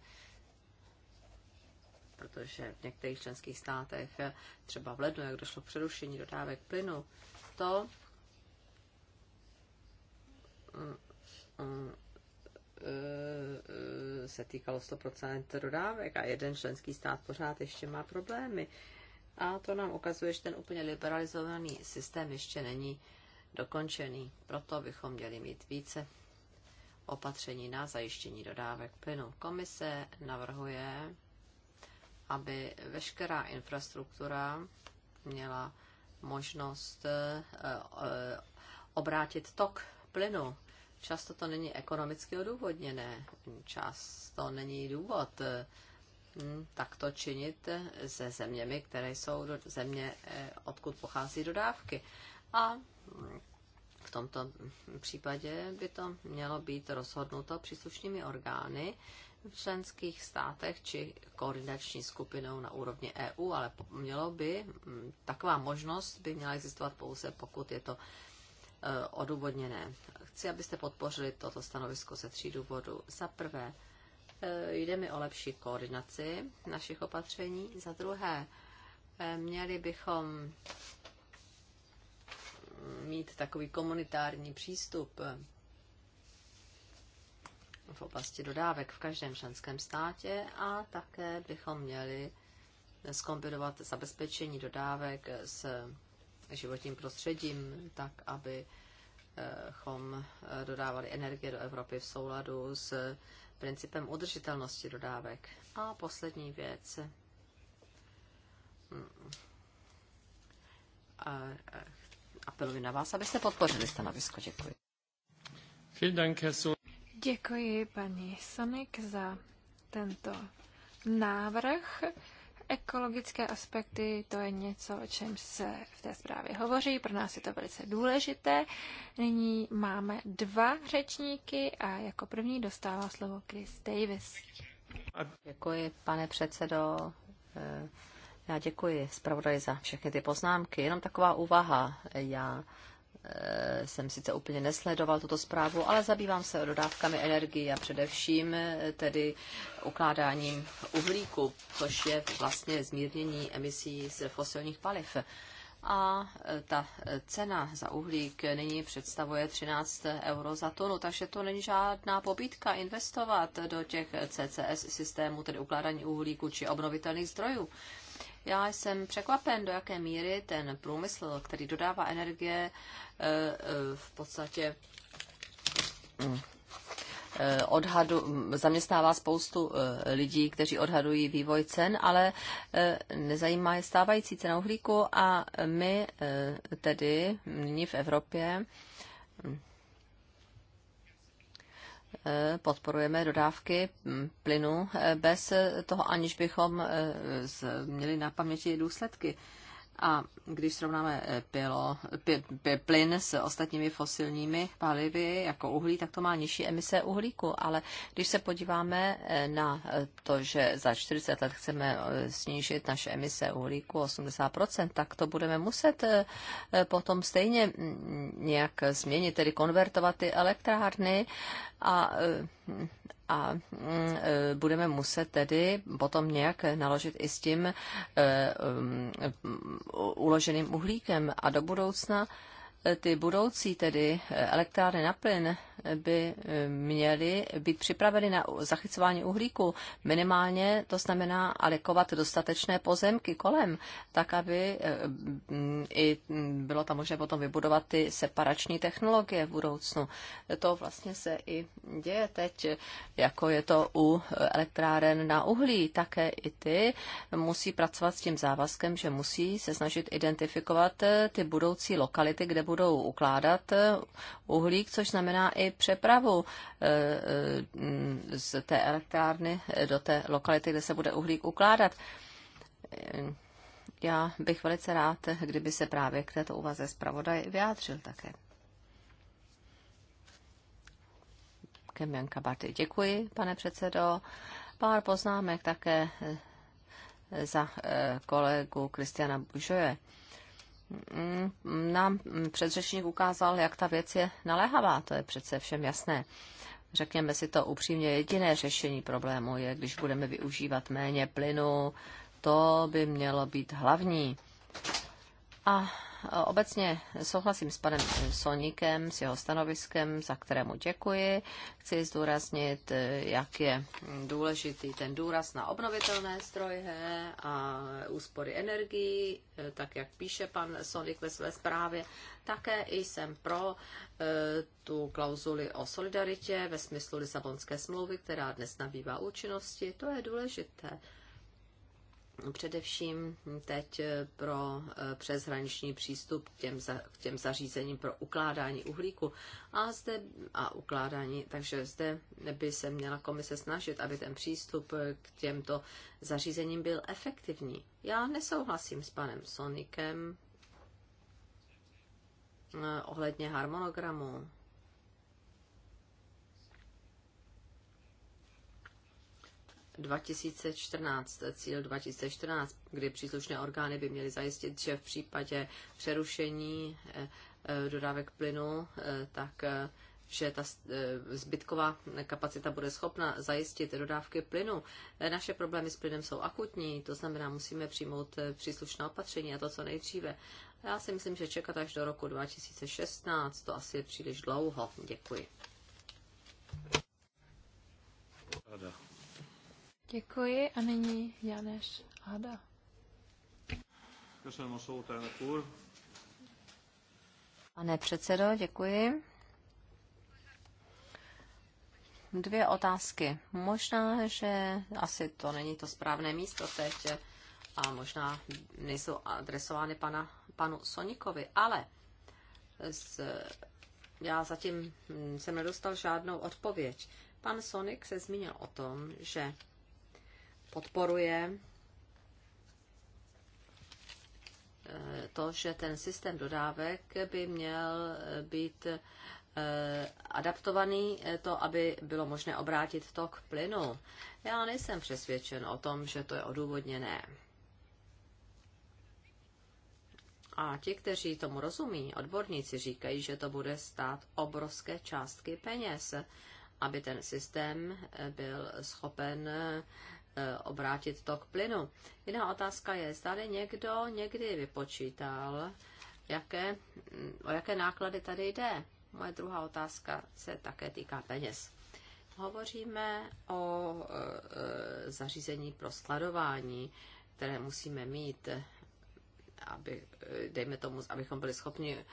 Protože v některých členských státech, e, třeba v lednu, jak došlo k přerušení dodávek plynu, to mm, mm, e, se týkalo 100% dodávek a jeden členský stát pořád ještě má problémy. A to nám ukazuje, že ten úplně liberalizovaný systém ještě není uh, dokončený. Proto bychom měli mít více opatření na zajištění dodávek plynu. Komise navrhuje, aby veškerá infrastruktura měla možnost eh, eh, obrátit tok plynu. Často to není ekonomicky odůvodněné, často není důvod eh, hm, takto činit se zeměmi, které jsou země, odkud pochází dodávky. A v tomto případě by to mělo být rozhodnuto příslušnými orgány v členských státech či koordinační skupinou na úrovni EU, ale mělo by, mm, taková možnost by měla existovat pouze, pokud je to e, odůvodněné. Chci, abyste podpořili toto stanovisko ze tří důvodů. Za prvé, e, jde mi o lepší koordinaci našich opatření. Za druhé, e, měli bychom mít takový komunitární přístup eh, v oblasti dodávek v každém členském státě a také bychom měli zkombinovat zabezpečení dodávek s životním prostředím, tak abychom eh, dodávali energie do Evropy v souladu s principem udržitelnosti dodávek. A poslední věc. Hmm. A apeluji na vás, abyste podpořili stanovisko. Děkuji. Děkuji paní Sonik za tento návrh. Ekologické aspekty, to je něco, o čem se v té zprávě hovoří. Pro nás je to velice důležité. Nyní máme dva řečníky a jako první dostává slovo Chris Davis. Děkuji, pane předsedo. Eh, já děkuji zpravodaj za všechny ty poznámky. Jenom taková úvaha. Já eh, jsem sice úplně nesledoval tuto zprávu, ale zabývám se dodávkami energie a především eh, tedy ukládáním uhlíku, což je vlastně zmírnění emisí z fosilních paliv. A eh, ta cena za uhlík nyní představuje 13 euro za tonu, takže to není žádná pobídka investovat do těch CCS systémů, tedy ukládání uhlíku či obnovitelných zdrojů. Já jsem překvapen, do jaké míry ten průmysl, který dodává energie, eh, eh, v podstatě mm, eh, odhadu, zaměstnává spoustu lidí, kteří odhadují vývoj cen, ale nezajímá je stávající cena uhlíku a my tedy nyní v Evropě mm, podporujeme dodávky mm, plynu eh, bez toho, aniž bychom eh, měli na paměti důsledky. A když srovnáme eh, pilo, p, p, plyn s ostatními fosilními palivy, jako uhlí, tak to má nižší emise uhlíku. Ale když se podíváme eh, na eh, to, že za 40 let chceme snížit naše emise uhlíku 80%, tak to budeme muset potom stejně mm, nějak změnit, tedy konvertovat ty elektrárny a a mm, e, budeme muset tedy potom nějak naložit i s tím e, um, e, uloženým uhlíkem a do budoucna ty budoucí tedy eh, elektrárny na plyn by eh, měly být připraveny na zachycování uhlíku. Minimálně to znamená alikovat dostatečné pozemky kolem, tak aby eh, mm, i mm, bylo tam možné potom vybudovat ty separační technologie v budoucnu. To vlastně se i děje teď, jako je to u elektráren na uhlí. Také i ty musí pracovat s tím závazkem, že musí se snažit identifikovat ty budoucí lokality, kde budou budou ukládat eh, uhlík, což znamená i přepravu eh, eh, z té elektrárny do té lokality, kde se bude uhlík ukládat. Já bych velice rád, kdyby se právě k této úvaze zpravodaj vyjádřil také. Kemjanka Barty. Děkuji, pane předsedo. Pár poznámek také za kolegu Kristiana Bužoje. Mm, nám předřečník ukázal, jak ta věc je naléhavá. To je přece všem jasné. Řekněme si to upřímně, jediné řešení problému je, když budeme využívat méně plynu, to by mělo být hlavní. A e, obecně souhlasím s panem Solníkem, s jeho stanoviskem, za kterému děkuji. Chci zdůraznit, e, jak je důležitý ten důraz na obnovitelné stroje a úspory energií, e, tak jak píše pan Solník ve své zprávě. Také jsem pro tu klauzuli o solidaritě ve smyslu Lisabonské smlouvy, která dnes nabývá účinnosti. To je důležité především teď eh, pro eh, přeshraniční přístup k těm, za, k těm zařízením pro ukládání uhlíku a, zde, a ukládání, takže zde by se měla komise snažit, aby ten přístup eh, k těmto zařízením byl efektivní. Já nesouhlasím s panem Sonikem ohledně harmonogramu 2014, cíl 2014, kdy příslušné orgány by měly zajistit, že v případě přerušení eh, eh, dodávek plynu, eh, tak že ta zbytková kapacita bude schopna zajistit dodávky plynu. Naše problémy s plynem jsou akutní, to znamená, musíme přijmout příslušná opatření a to co nejdříve. Já si myslím, že čekat až do roku 2016, to asi je příliš dlouho. Děkuji. Děkuji a nyní Janeš Hada. Pane předsedo, děkuji. Dvě otázky. Možná, že asi to není to správné místo teď a možná nejsou adresovány pana, panu Sonikovi, ale z, já zatím jsem nedostal žádnou odpověď. Pan Sonik se zmínil o tom, že podporuje eh, to, že ten systém dodávek by měl eh, být eh, adaptovaný to, aby bylo možné obrátit tok plynu. Já nejsem přesvědčen o tom, že to je odůvodněné. A ti, kteří tomu rozumí, odborníci říkají, že to bude stát obrovské částky peněz, aby ten systém byl schopen Eh, obrátit tok plynu. Jiná otázka je, zda někdo někdy vypočítal, jaké, mm, o jaké náklady tady jde. Moje druhá otázka se také týká peněz. Hovoříme o e, zařízení pro skladování, které musíme mít, eh, aby, dejme tomu, abychom byli schopni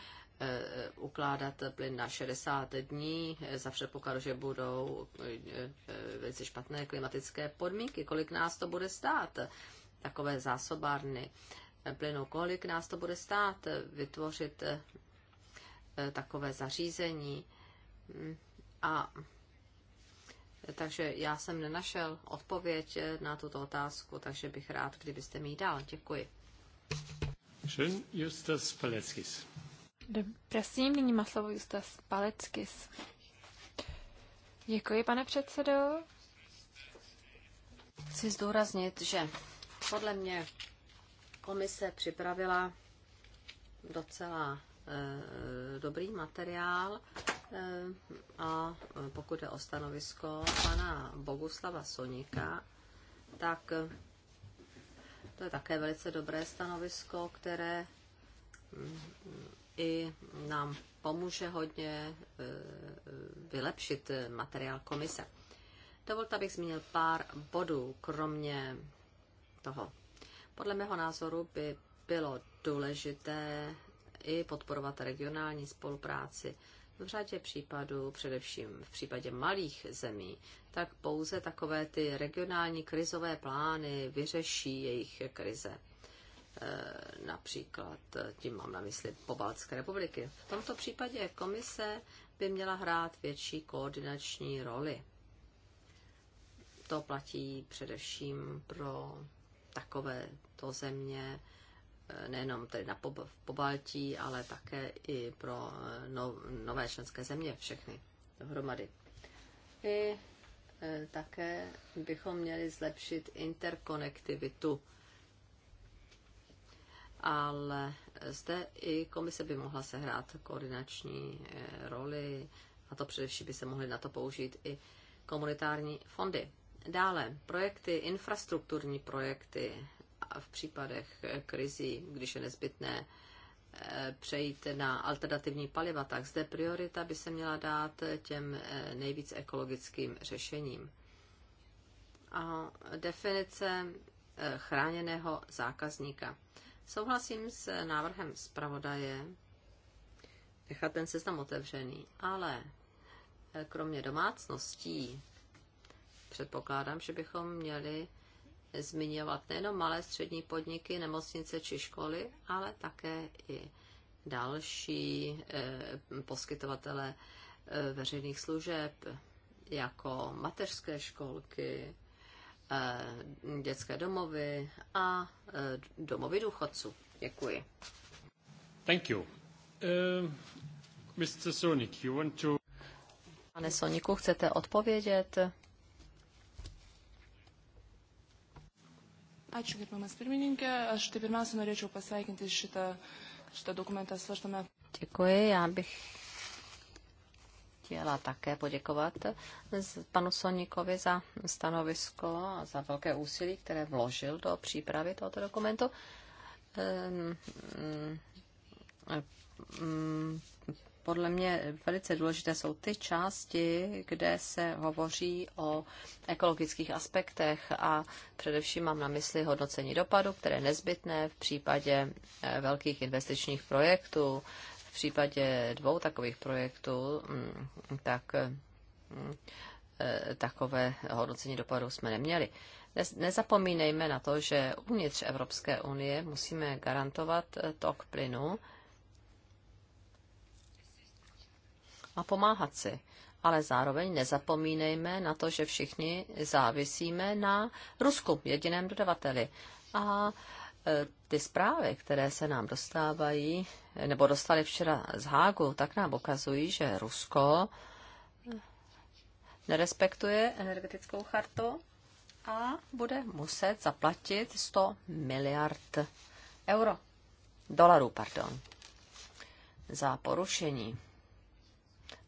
Eh, ukládat plyn na 60 dní eh, za předpokladu, že budou eh, velice špatné klimatické podmínky. Kolik nás to bude stát? Takové zásobárny plynu, kolik nás to bude stát vytvořit takové zařízení. Hmm. A takže já jsem nenašel odpověď na tuto otázku, takže bych rád, kdybyste mi ji dal. Děkuji. Schön, Justus Paleckis. Prosím, nyní má slovo Justas Paleckis. Děkuji, pane předsedo. Chci zdůraznit, že podle mě komise připravila docela e, dobrý materiál e, a pokud je o stanovisko pana Boguslava Sonika, tak to je také velice dobré stanovisko, které mm, i nám pomůže hodně e, vylepšit materiál komise. Dovolte, abych zmínil pár bodů, kromě toho. Podle mého názoru by bylo důležité i podporovat regionální spolupráci. V řadě případů, především v případě malých zemí, tak pouze takové ty regionální krizové plány vyřeší jejich krize. Eh, například, eh, tím mám na mysli Pobaltské republiky. V tomto případě komise by měla hrát větší koordinační roli. To platí především pro takové to země, eh, nejenom tedy na po, v Pobaltí, ale také i pro no, nové členské země všechny dohromady. I e, také bychom měli zlepšit interkonektivitu ale zde i komise by mohla sehrát koordinační eh, roli a to především by se mohly na to použít i komunitární fondy. Dále projekty, infrastrukturní projekty a v případech eh, krizí, když je nezbytné eh, přejít na alternativní paliva, tak zde priorita by se měla dát těm nejvíc ekologickým řešením. A definice chráněného zákazníka. Souhlasím s návrhem zpravodaje nechat ten seznam otevřený, ale eh, kromě domácností předpokládám, že bychom měli zmiňovat nejenom malé střední podniky, nemocnice či školy, ale také i další eh, poskytovatele eh, veřejných služeb, jako mateřské školky, Eh, dětské domovy a eh, domovy důchodců. Děkuji. Thank you. Uh, eh, Mr. Sonic, you want to... Pane Soniku, chcete odpovědět? Ačiū, gerbiamas pirmininkė. Aš tai pirmiausia norėčiau pasveikinti šitą, šitą dokumentą svarstame. Děkuji, já bych chtěla také poděkovat panu Soníkovi za stanovisko a za velké úsilí, které vložil do přípravy tohoto dokumentu. Ehm, ehm, ehm, podle mě velice důležité jsou ty části, kde se hovoří o ekologických aspektech a především mám na mysli hodnocení dopadu, které je nezbytné v případě eh, velkých investičních projektů v případě dvou takových projektů, mm, tak mm, eh, takové hodnocení dopadu jsme neměli. Nezapomínejme na to, že uvnitř Evropské unie musíme garantovat eh, tok plynu a pomáhat si. Ale zároveň nezapomínejme na to, že všichni závisíme na Rusku, jediném dodavateli. A E, ty zprávy, které se nám dostávají, nebo dostali včera z Hágu, tak nám ukazují, že Rusko nerespektuje energetickou chartu a bude muset zaplatit 100 miliard euro, dolarů, pardon, za porušení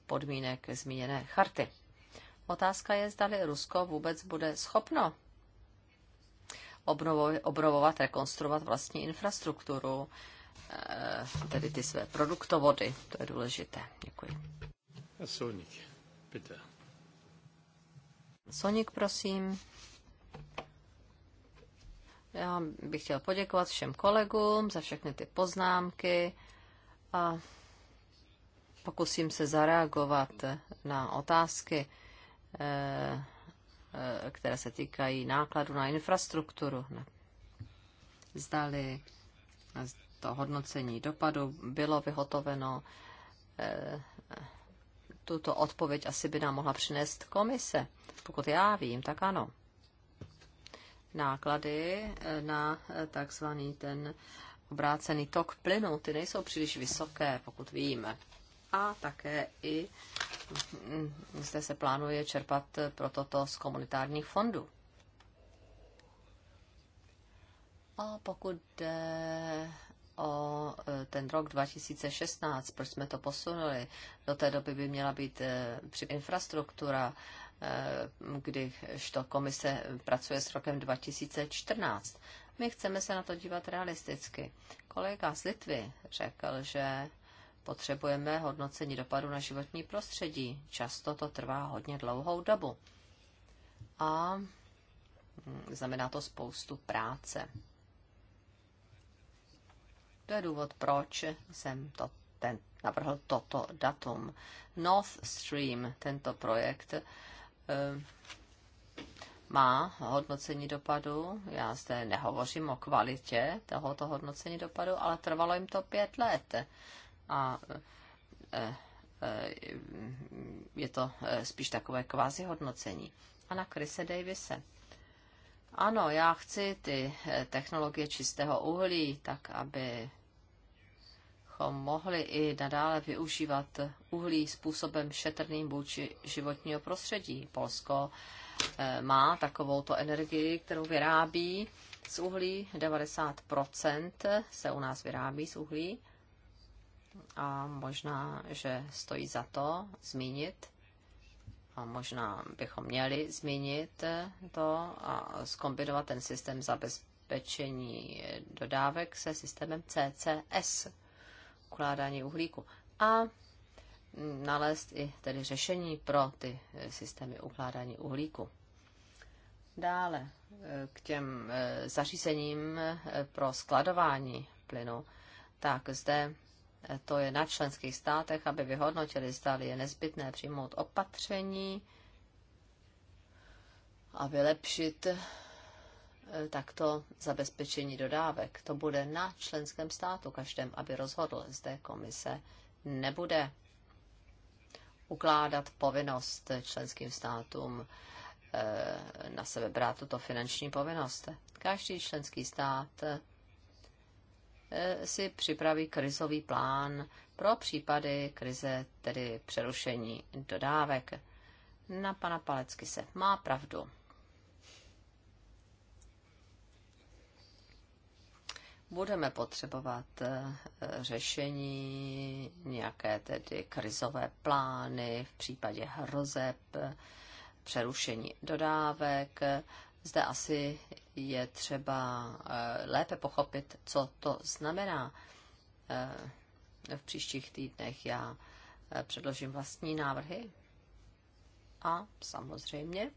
podmínek zmíněné charty. Otázka je, zdali Rusko vůbec bude schopno obnovovat, rekonstruovat vlastní infrastrukturu, eh, tedy ty své produktovody. To je důležité. Děkuji. Sonik, bitte. Sonik, prosím. Já bych chtěl poděkovat všem kolegům za všechny ty poznámky a pokusím se zareagovat na otázky, eh, Eh, které se týkají nákladu na infrastrukturu. Zdali to hodnocení dopadu bylo vyhotoveno, eh, tuto odpověď asi by nám mohla přinést komise. Pokud já vím, tak ano. Náklady eh, na takzvaný ten obrácený tok plynu, ty nejsou příliš vysoké, pokud vím. A také i zde se plánuje čerpat pro toto z komunitárních fondů. A pokud jde o e, ten rok 2016, proč jsme to posunuli, do té doby by měla být e, při infrastruktura, e, když to komise pracuje s rokem 2014. My chceme se na to dívat realisticky. Kolega z Litvy řekl, že Potřebujeme hodnocení dopadu na životní prostředí. Často to trvá hodně dlouhou dobu. A hm, znamená to spoustu práce. To je důvod, proč jsem to, ten, navrhl toto datum. North Stream, tento projekt, eh, má hodnocení dopadu. Já zde nehovořím o kvalitě tohoto hodnocení dopadu, ale trvalo jim to pět let a e, e, je to e, spíš takové kvázi hodnocení. A na Krise Davise. Ano, já chci ty technologie čistého uhlí, tak aby mohli i nadále využívat uhlí způsobem šetrným vůči životního prostředí. Polsko má takovouto energii, kterou vyrábí z uhlí. 90% se u nás vyrábí z uhlí a možná, že stojí za to zmínit, a možná bychom měli zmínit to a zkombinovat ten systém zabezpečení dodávek se systémem CCS, ukládání uhlíku. A nalézt i tedy řešení pro ty systémy ukládání uhlíku. Dále k těm e, zařízením e, pro skladování plynu. Tak zde to je na členských státech, aby vyhodnotili, zdali je nezbytné přijmout opatření a vylepšit eh, takto zabezpečení dodávek. To bude na členském státu každém, aby rozhodl. Zde komise nebude ukládat povinnost členským státům eh, na sebe brát tuto finanční povinnost. Každý členský stát Eh, si připraví krizový plán pro případy krize, tedy přerušení dodávek. Na pana Palecky se má pravdu. budeme potřebovat eh, řešení, nějaké tedy krizové plány v případě hrozeb, eh, přerušení dodávek, zde asi je třeba eh, lépe pochopit, co to znamená. Eh, v příštích týdnech já eh, předložím vlastní návrhy a samozřejmě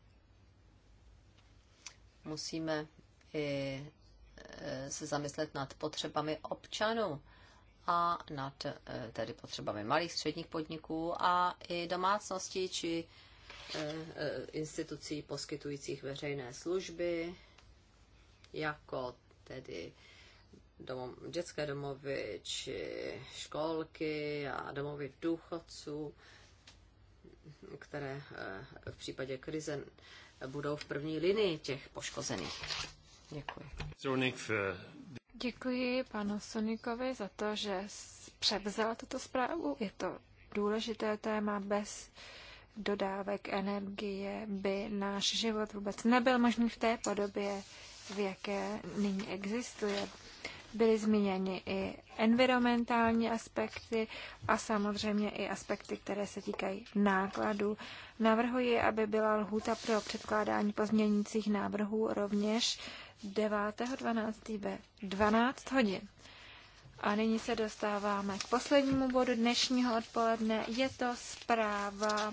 musíme i se zamyslet nad potřebami občanů a nad tedy potřebami malých středních podniků a i domácností či Eh, institucí poskytujících veřejné služby, jako tedy domov, dětské domovy, či školky a domovy důchodců, které eh, v případě krize budou v první linii těch poškozených. Děkuji. Eh, Děkuji panu Sonikovi za to, že převzal tuto zprávu. Je to důležité téma bez dodávek energie by náš život vůbec nebyl možný v té podobě, v jaké nyní existuje. Byly zmíněny i environmentální aspekty a samozřejmě i aspekty, které se týkají nákladů. Navrhuji, aby byla lhůta pro předkládání pozměnících návrhů rovněž 9.12. ve 12 hodin. A nyní se dostáváme k poslednímu bodu dnešního odpoledne. Je to zpráva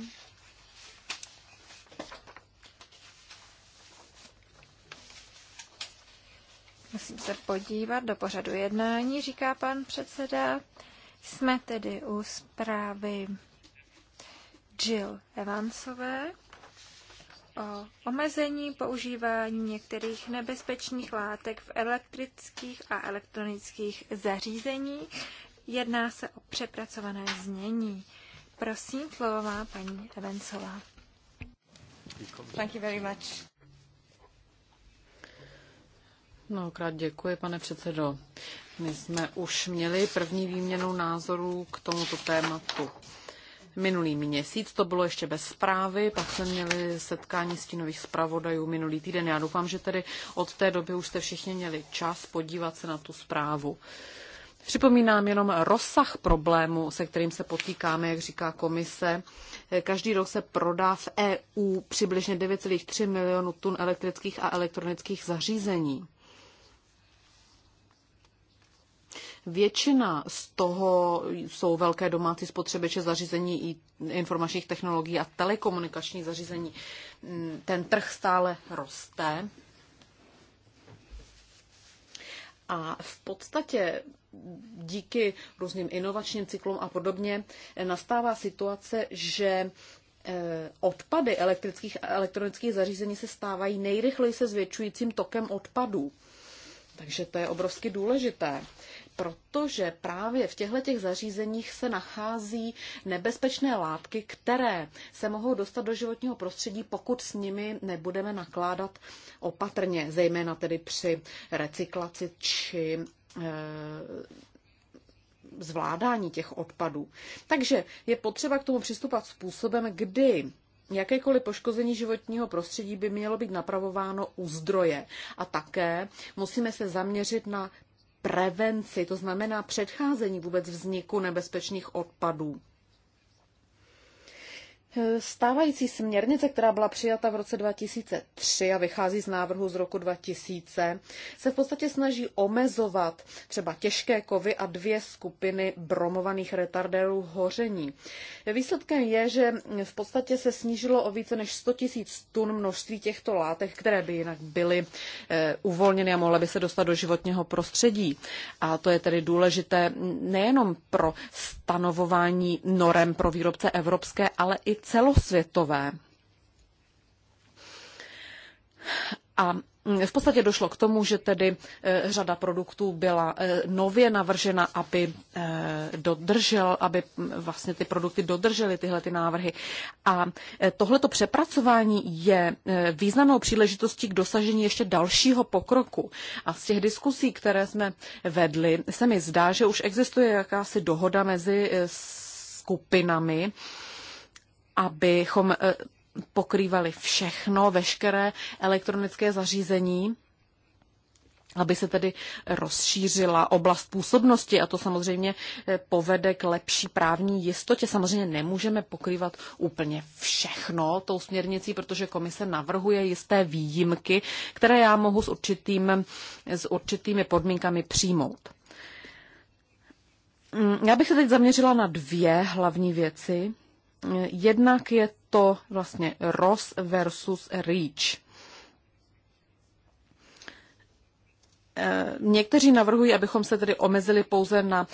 Musím se podívat do pořadu jednání, říká pan předseda. Jsme tedy u zprávy Jill Evansové o omezení používání některých nebezpečných látek v elektrických a elektronických zařízeních. Jedná se o přepracované znění. Prosím, slovo má paní Evansová. Thank you very much. Mnohokrát děkuji, pane předsedo. My jsme už měli první výměnu názorů k tomuto tématu. Minulý měsíc to bylo ještě bez zprávy, pak jsme měli setkání stínových zpravodajů minulý týden. Já doufám, že tedy od té doby už jste všichni měli čas podívat se na tu zprávu. Připomínám jenom rozsah problému, se kterým se potýkáme, jak říká komise. Každý rok se prodá v EU přibližně 9,3 milionu tun elektrických a elektronických zařízení. Většina z toho jsou velké domácí spotřebiče zařízení i informačních technologií a telekomunikační zařízení. Mm, ten trh stále roste. A v podstatě díky různým inovačním cyklům a podobně nastává situace, že eh, odpady elektrických a elektronických zařízení se stávají nejrychleji se zvětšujícím tokem odpadů. Takže to je obrovsky důležité protože právě v těchto těch zařízeních se nachází nebezpečné látky, které se mohou dostat do životního prostředí, pokud s nimi nebudeme nakládat opatrně, zejména tedy při recyklaci či eh, zvládání těch odpadů. Takže je potřeba k tomu přistupovat způsobem, kdy Jakékoliv poškození životního prostředí by mělo být napravováno u zdroje. A také musíme se zaměřit na prevenci, to znamená předcházení vůbec vzniku nebezpečných odpadů. Stávající směrnice, která byla přijata v roce 2003 a vychází z návrhu z roku 2000, se v podstatě snaží omezovat třeba těžké kovy a dvě skupiny bromovaných retardérů hoření. Výsledkem je, že v podstatě se snížilo o více než 100 000 tun množství těchto látek, které by jinak byly eh, uvolněny a mohly by se dostat do životního prostředí. A to je tedy důležité nejenom pro stanovování norem pro výrobce evropské, ale i celosvětové. A v podstatě došlo k tomu, že tedy eh, řada produktů byla eh, nově navržena, aby eh, dodržel, aby hm, vlastně ty produkty dodržely tyhle ty návrhy. A tohleto přepracování je významnou příležitostí k dosažení ještě dalšího pokroku. A z těch diskusí, které jsme vedli, se mi zdá, že už existuje jakási dohoda mezi skupinami, abychom eh, pokrývali všechno, veškeré elektronické zařízení, aby se tedy rozšířila oblast působnosti a to samozřejmě eh, povede k lepší právní jistotě. Samozřejmě nemůžeme pokrývat úplně všechno tou směrnicí, protože komise navrhuje jisté výjimky, které já mohu s, určitým, eh, s určitými podmínkami přijmout. Mm, já bych se teď zaměřila na dvě hlavní věci. Jednak je to vlastně Ross versus REACH. E, někteří navrhují, abychom se tedy omezili pouze na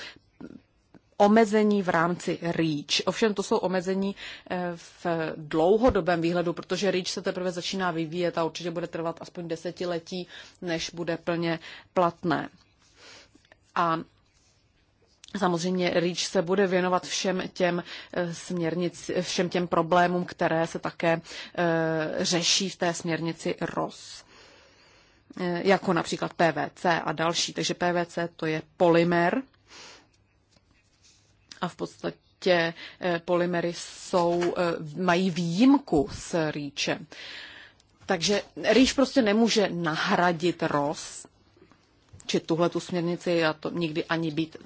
omezení v rámci REACH. Ovšem to jsou omezení e, v dlouhodobém výhledu, protože REACH se teprve začíná vyvíjet a určitě bude trvat aspoň desetiletí, než bude plně platné. A Samozřejmě REACH se bude věnovat všem těm eh, směrnic, všem těm problémům, které se také eh, řeší v té směrnici ROS eh, jako například PVC a další. Takže PVC to je polymer a v podstatě polymery jsou, mají výjimku s rýče. Takže rýč prostě nemůže nahradit roz, či tuhle tu směrnici a to nikdy ani být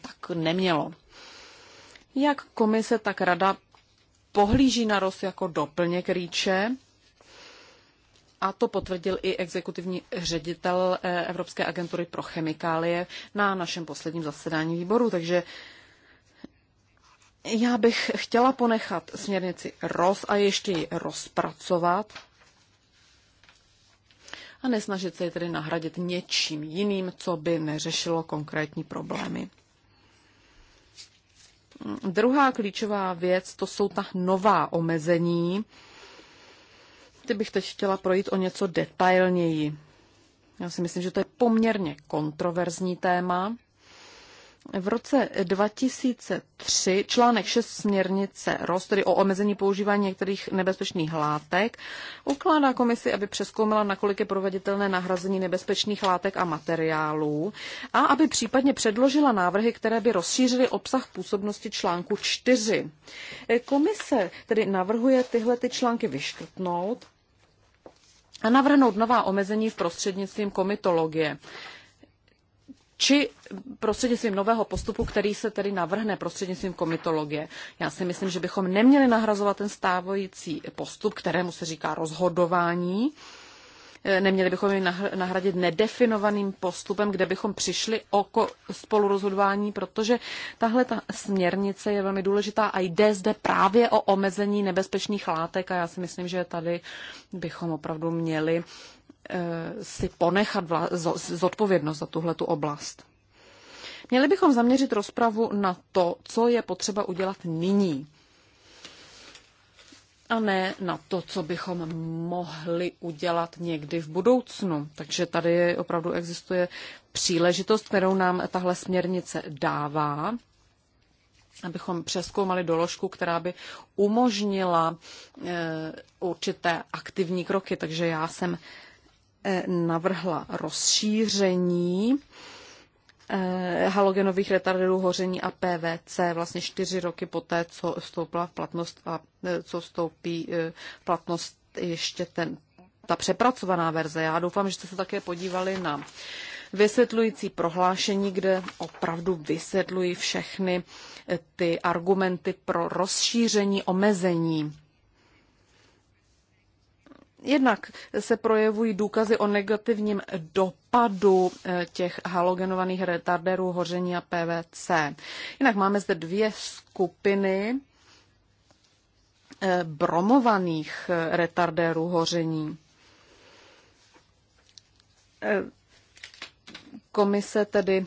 tak nemělo. Jak komise, tak rada pohlíží na ROS jako doplněk rýče, a to potvrdil i exekutivní ředitel eh, Evropské agentury pro chemikálie na našem posledním zasedání výboru. Takže já bych chtěla ponechat směrnici roz a ještě ji rozpracovat a nesnažit se ji tedy nahradit něčím jiným, co by neřešilo konkrétní problémy. Druhá klíčová věc, to jsou ta nová omezení. Ty bych teď chtěla projít o něco detailněji. Já si myslím, že to je poměrně kontroverzní téma v roce 2003 článek 6 směrnice ROS, tedy o omezení používání některých nebezpečných látek, ukládá komisi, aby přeskoumala, nakolik je proveditelné nahrazení nebezpečných látek a materiálů a aby případně předložila návrhy, které by rozšířily obsah působnosti článku 4. E, komise tedy navrhuje tyhle ty články vyškrtnout a navrhnout nová omezení v prostřednictvím komitologie či prostřednictvím nového postupu, který se tedy navrhne prostřednictvím komitologie. Já si myslím, že bychom neměli nahrazovat ten stávající postup, kterému se říká rozhodování. Eh, neměli bychom jej nahradit nedefinovaným postupem, kde bychom přišli o spolurozhodování, protože tahle ta směrnice je velmi důležitá a jde zde právě o omezení nebezpečných látek a já si myslím, že tady bychom opravdu měli Eh, si ponechat zodpovědnost za tuhle tu oblast. Měli bychom zaměřit rozpravu na to, co je potřeba udělat nyní, a ne na to, co bychom mohli udělat někdy v budoucnu. Takže tady opravdu existuje příležitost, kterou nám tahle směrnice dává, abychom přeskoumali doložku, která by umožnila eh, určité aktivní kroky. Takže já jsem Eh, navrhla rozšíření eh, halogenových retardů hoření a PVC vlastně čtyři roky poté, co vstoupila v platnost a eh, co vstoupí v platnost ještě ten, ta přepracovaná verze. Já doufám, že jste se také podívali na vysvětlující prohlášení, kde opravdu vysvětlují všechny ty argumenty pro rozšíření omezení Jednak se projevují důkazy o negativním dopadu eh, těch halogenovaných retarderů hoření a PVC. Jinak máme zde dvě skupiny eh, bromovaných eh, retardérů hoření. Komise tedy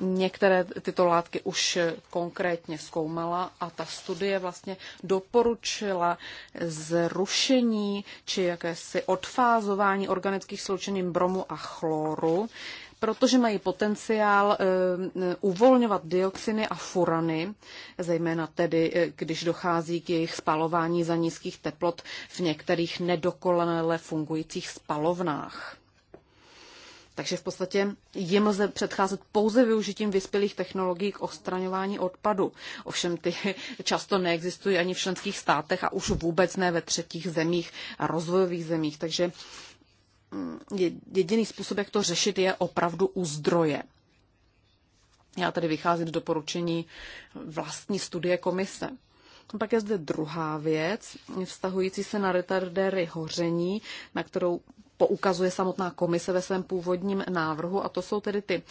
Některé tyto látky už konkrétně zkoumala a ta studie vlastně doporučila zrušení či jakési odfázování organických sloučenin bromu a chloru, protože mají potenciál eh, uvolňovat dioxiny a furany, zejména tedy, eh, když dochází k jejich spalování za nízkých teplot v některých nedokonale fungujících spalovnách. Takže v podstatě jim lze předcházet pouze využitím vyspělých technologií k odstraňování odpadu. Ovšem ty často neexistují ani v členských státech a už vůbec ne ve třetích zemích a rozvojových zemích. Takže mm, jediný způsob, jak to řešit, je opravdu u zdroje. Já tady vycházím z doporučení vlastní studie komise. Pak je zde druhá věc, vztahující se na retardéry hoření, na kterou poukazuje samotná komise ve svém původním návrhu, a to jsou tedy ty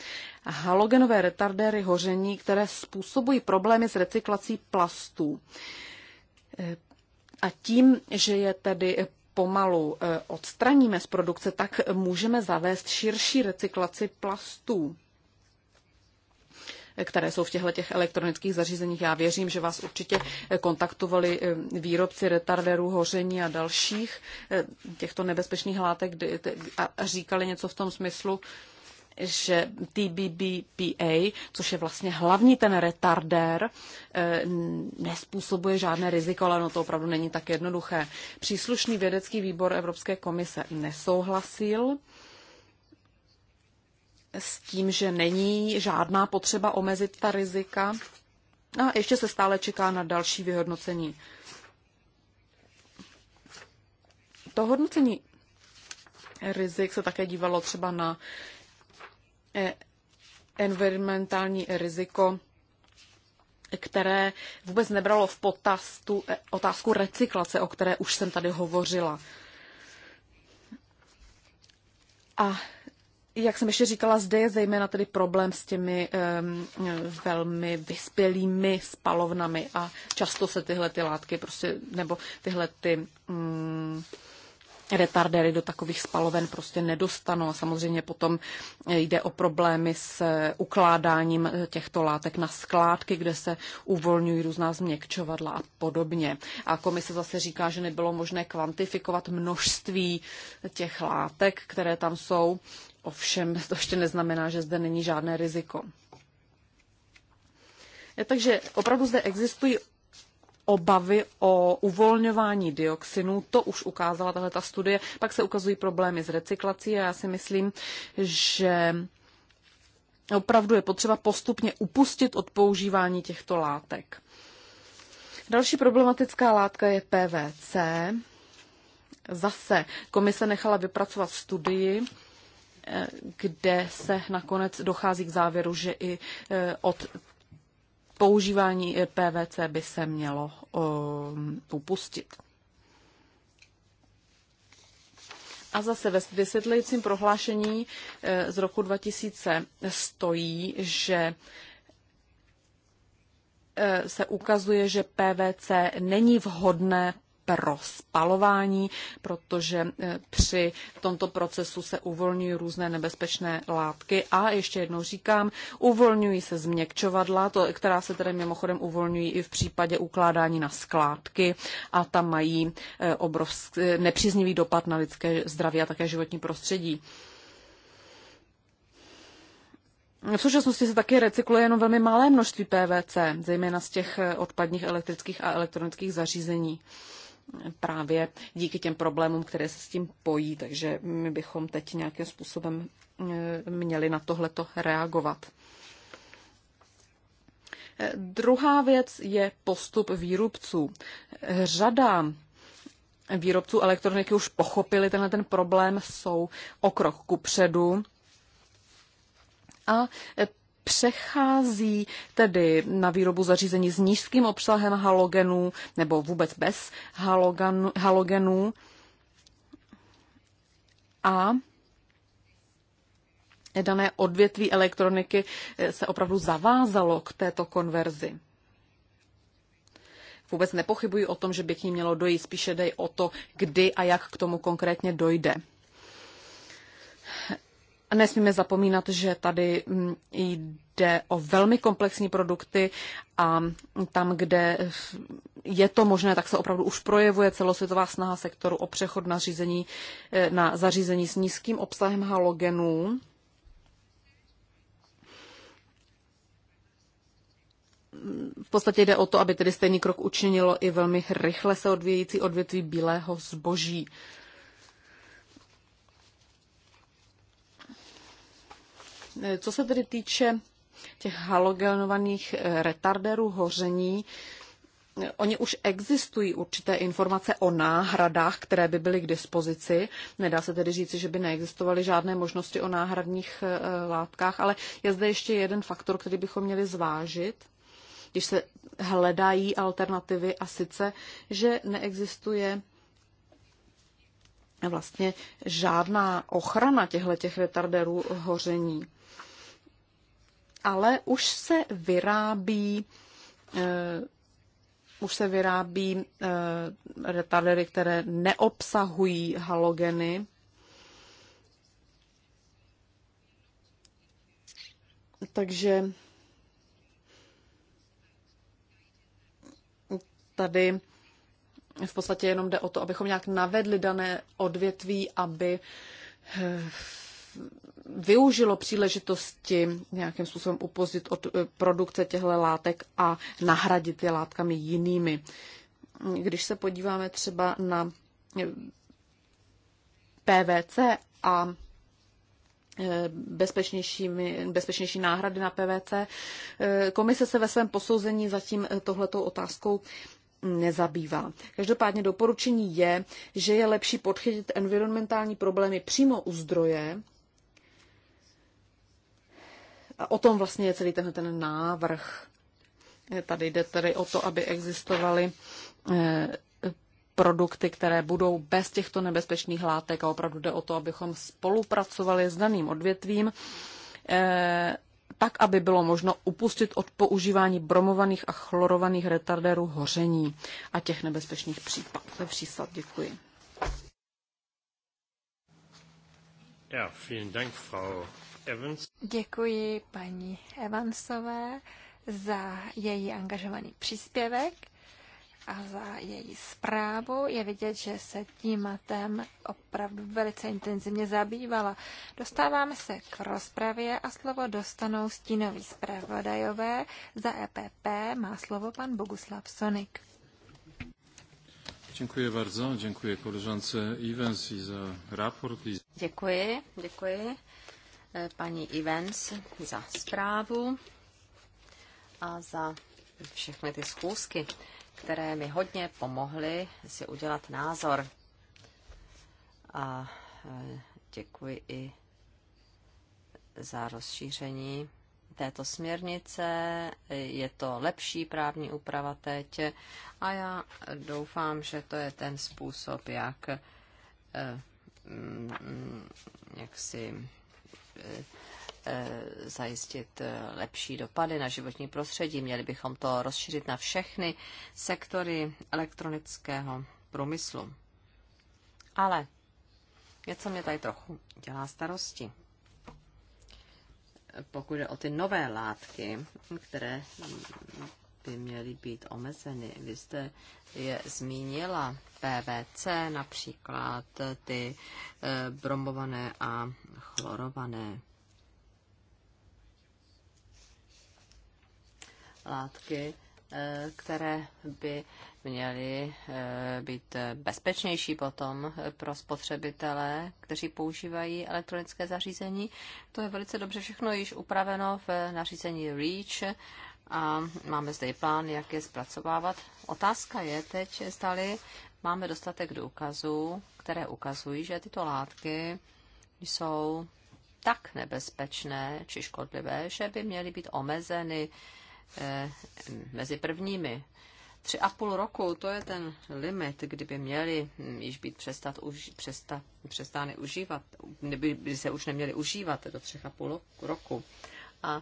halogenové retardéry hoření, které způsobují problémy s recyklací plastů. Eh, a tím, že je tedy pomalu eh, odstraníme z produkce, tak můžeme zavést širší recyklaci plastů které jsou v těchto těch elektronických zařízeních. Já věřím, že vás určitě kontaktovali eh, výrobci retarderů, hoření a dalších eh, těchto nebezpečných látek a říkali něco v tom smyslu, že TBBPA, což je vlastně hlavní ten retardér, eh, nespůsobuje žádné riziko, ale no to opravdu není tak jednoduché. Příslušný vědecký výbor Evropské komise nesouhlasil s tím, že není žádná potřeba omezit ta rizika. A ještě se stále čeká na další vyhodnocení. To hodnocení rizik se také dívalo třeba na eh, environmentální riziko, které vůbec nebralo v potaz tu eh, otázku recyklace, o které už jsem tady hovořila. A jak jsem ještě říkala, zde je zejména tedy problém s těmi um, velmi vyspělými spalovnami a často se tyhle ty látky prostě, nebo tyhle ty um, retardéry do takových spaloven prostě nedostanou. Samozřejmě potom eh, jde o problémy s eh, ukládáním eh, těchto látek na skládky, kde se uvolňují různá změkčovadla a podobně. A komise zase říká, že nebylo možné kvantifikovat množství těch látek, které tam jsou. Ovšem, to ještě neznamená, že zde není žádné riziko. Takže opravdu zde existují obavy o uvolňování dioxinů, to už ukázala tahle ta studie. Pak se ukazují problémy s recyklací a já si myslím, že opravdu je potřeba postupně upustit od používání těchto látek. Další problematická látka je PVC. Zase komise nechala vypracovat studii, eh, kde se nakonec dochází k závěru, že i eh, od používání PVC by se mělo um, upustit. A zase ve vysvětlujícím prohlášení eh, z roku 2000 stojí, že eh, se ukazuje, že PVC není vhodné pro spalování, protože eh, při tomto procesu se uvolňují různé nebezpečné látky a ještě jednou říkám, uvolňují se změkčovadla, to, která se tedy mimochodem uvolňují i v případě ukládání na skládky a tam mají eh, obrovský eh, nepříznivý dopad na lidské zdraví a také životní prostředí. V současnosti se taky recykluje jenom velmi malé množství PVC, zejména z těch odpadních elektrických a elektronických zařízení právě díky těm problémům, které se s tím pojí, takže my bychom teď nějakým způsobem eh, měli na tohleto reagovat. Druhá věc je postup výrobců. Řada výrobců elektroniky už pochopili tenhle ten problém, jsou o krok ku předu. A přechází tedy na výrobu zařízení s nízkým obsahem halogenů nebo vůbec bez halogenů. A dané odvětví elektroniky se opravdu zavázalo k této konverzi. Vůbec nepochybuji o tom, že by k ní mělo dojít, spíše dej o to, kdy a jak k tomu konkrétně dojde. Nesmíme zapomínat, že tady mm, jde o velmi komplexní produkty a tam, kde je to možné, tak se opravdu už projevuje celosvětová snaha sektoru o přechod na, řízení, eh, na zařízení s nízkým obsahem halogenů. v podstatě jde o to, aby tedy stejný krok učinilo i velmi rychle se odvíjející odvětví bílého zboží. Eh, co se tedy týče těch halogenovaných eh, retarderů hoření, eh, Oni už existují určité informace o náhradách, které by byly k dispozici. Nedá se tedy říci, že by neexistovaly žádné možnosti o náhradních látkách, ale je zde ještě jeden faktor, který bychom měli zvážit, když se hledají alternativy a sice, že neexistuje vlastně žádná ochrana těchto těch retarderů hoření ale už se vyrábí eh, už se vyrábí eh, retardery, které neobsahují halogeny. Takže tady v podstatě jenom jde o to, abychom nějak navedli dané odvětví, aby eh, využilo příležitosti nějakým způsobem upozdit od eh, produkce těchto látek a nahradit je látkami jinými. Když se podíváme třeba na eh, PVC a eh, bezpečnější, bezpečnější náhrady na PVC. Komise se ve svém posouzení zatím tohletou otázkou nezabývá. Každopádně doporučení je, že je lepší podchytit environmentální problémy přímo u zdroje, a o tom vlastně je celý tenhle ten návrh. Tady jde tedy o to, aby existovaly eh, produkty, které budou bez těchto nebezpečných látek a opravdu jde o to, abychom spolupracovali s daným odvětvím, eh, tak, aby bylo možno upustit od používání bromovaných a chlorovaných retardérů hoření a těch nebezpečných případů. případ. přísad. Děkuji. Ja, vielen Dank, Frau Evans. Děkuji paní Evansové za její angažovaný příspěvek a za její zprávu. Je vidět, že se tím matem opravdu velice intenzivně zabývala. Dostáváme se k rozpravě a slovo dostanou stínoví zpravodajové. Za EPP má slovo pan Boguslav Sonik. Děkuji bardzo. děkuji koleżance Ivens i za raport. I... děkuji paní Evans za zprávu a za všechny ty schůzky, které mi hodně pomohly si udělat názor. A e, děkuji i za rozšíření této směrnice. Je to lepší právní úprava teď a já doufám, že to je ten způsob, jak e, jak si Eh, zajistit eh, lepší dopady na životní prostředí. Měli bychom to rozšířit na všechny sektory elektronického průmyslu. Ale něco mě tady trochu dělá starosti. Pokud je o ty nové látky, které by měly být omezeny. Vy jste je zmínila PVC, například ty eh, bromované a chlorované látky, eh, které by měly eh, být bezpečnější potom pro spotřebitele, kteří používají elektronické zařízení. To je velice dobře všechno již upraveno v nařízení REACH a máme zde i plán, jak je zpracovávat. Otázka je teď, zdali máme dostatek důkazů, které ukazují, že tyto látky jsou tak nebezpečné či škodlivé, že by měly být omezeny eh, mezi prvními. Tři a půl roku, to je ten limit, kdyby měli hm, již být přestat, přestat, přestány užívat, kdyby by se už neměli užívat do třech a půl roku. A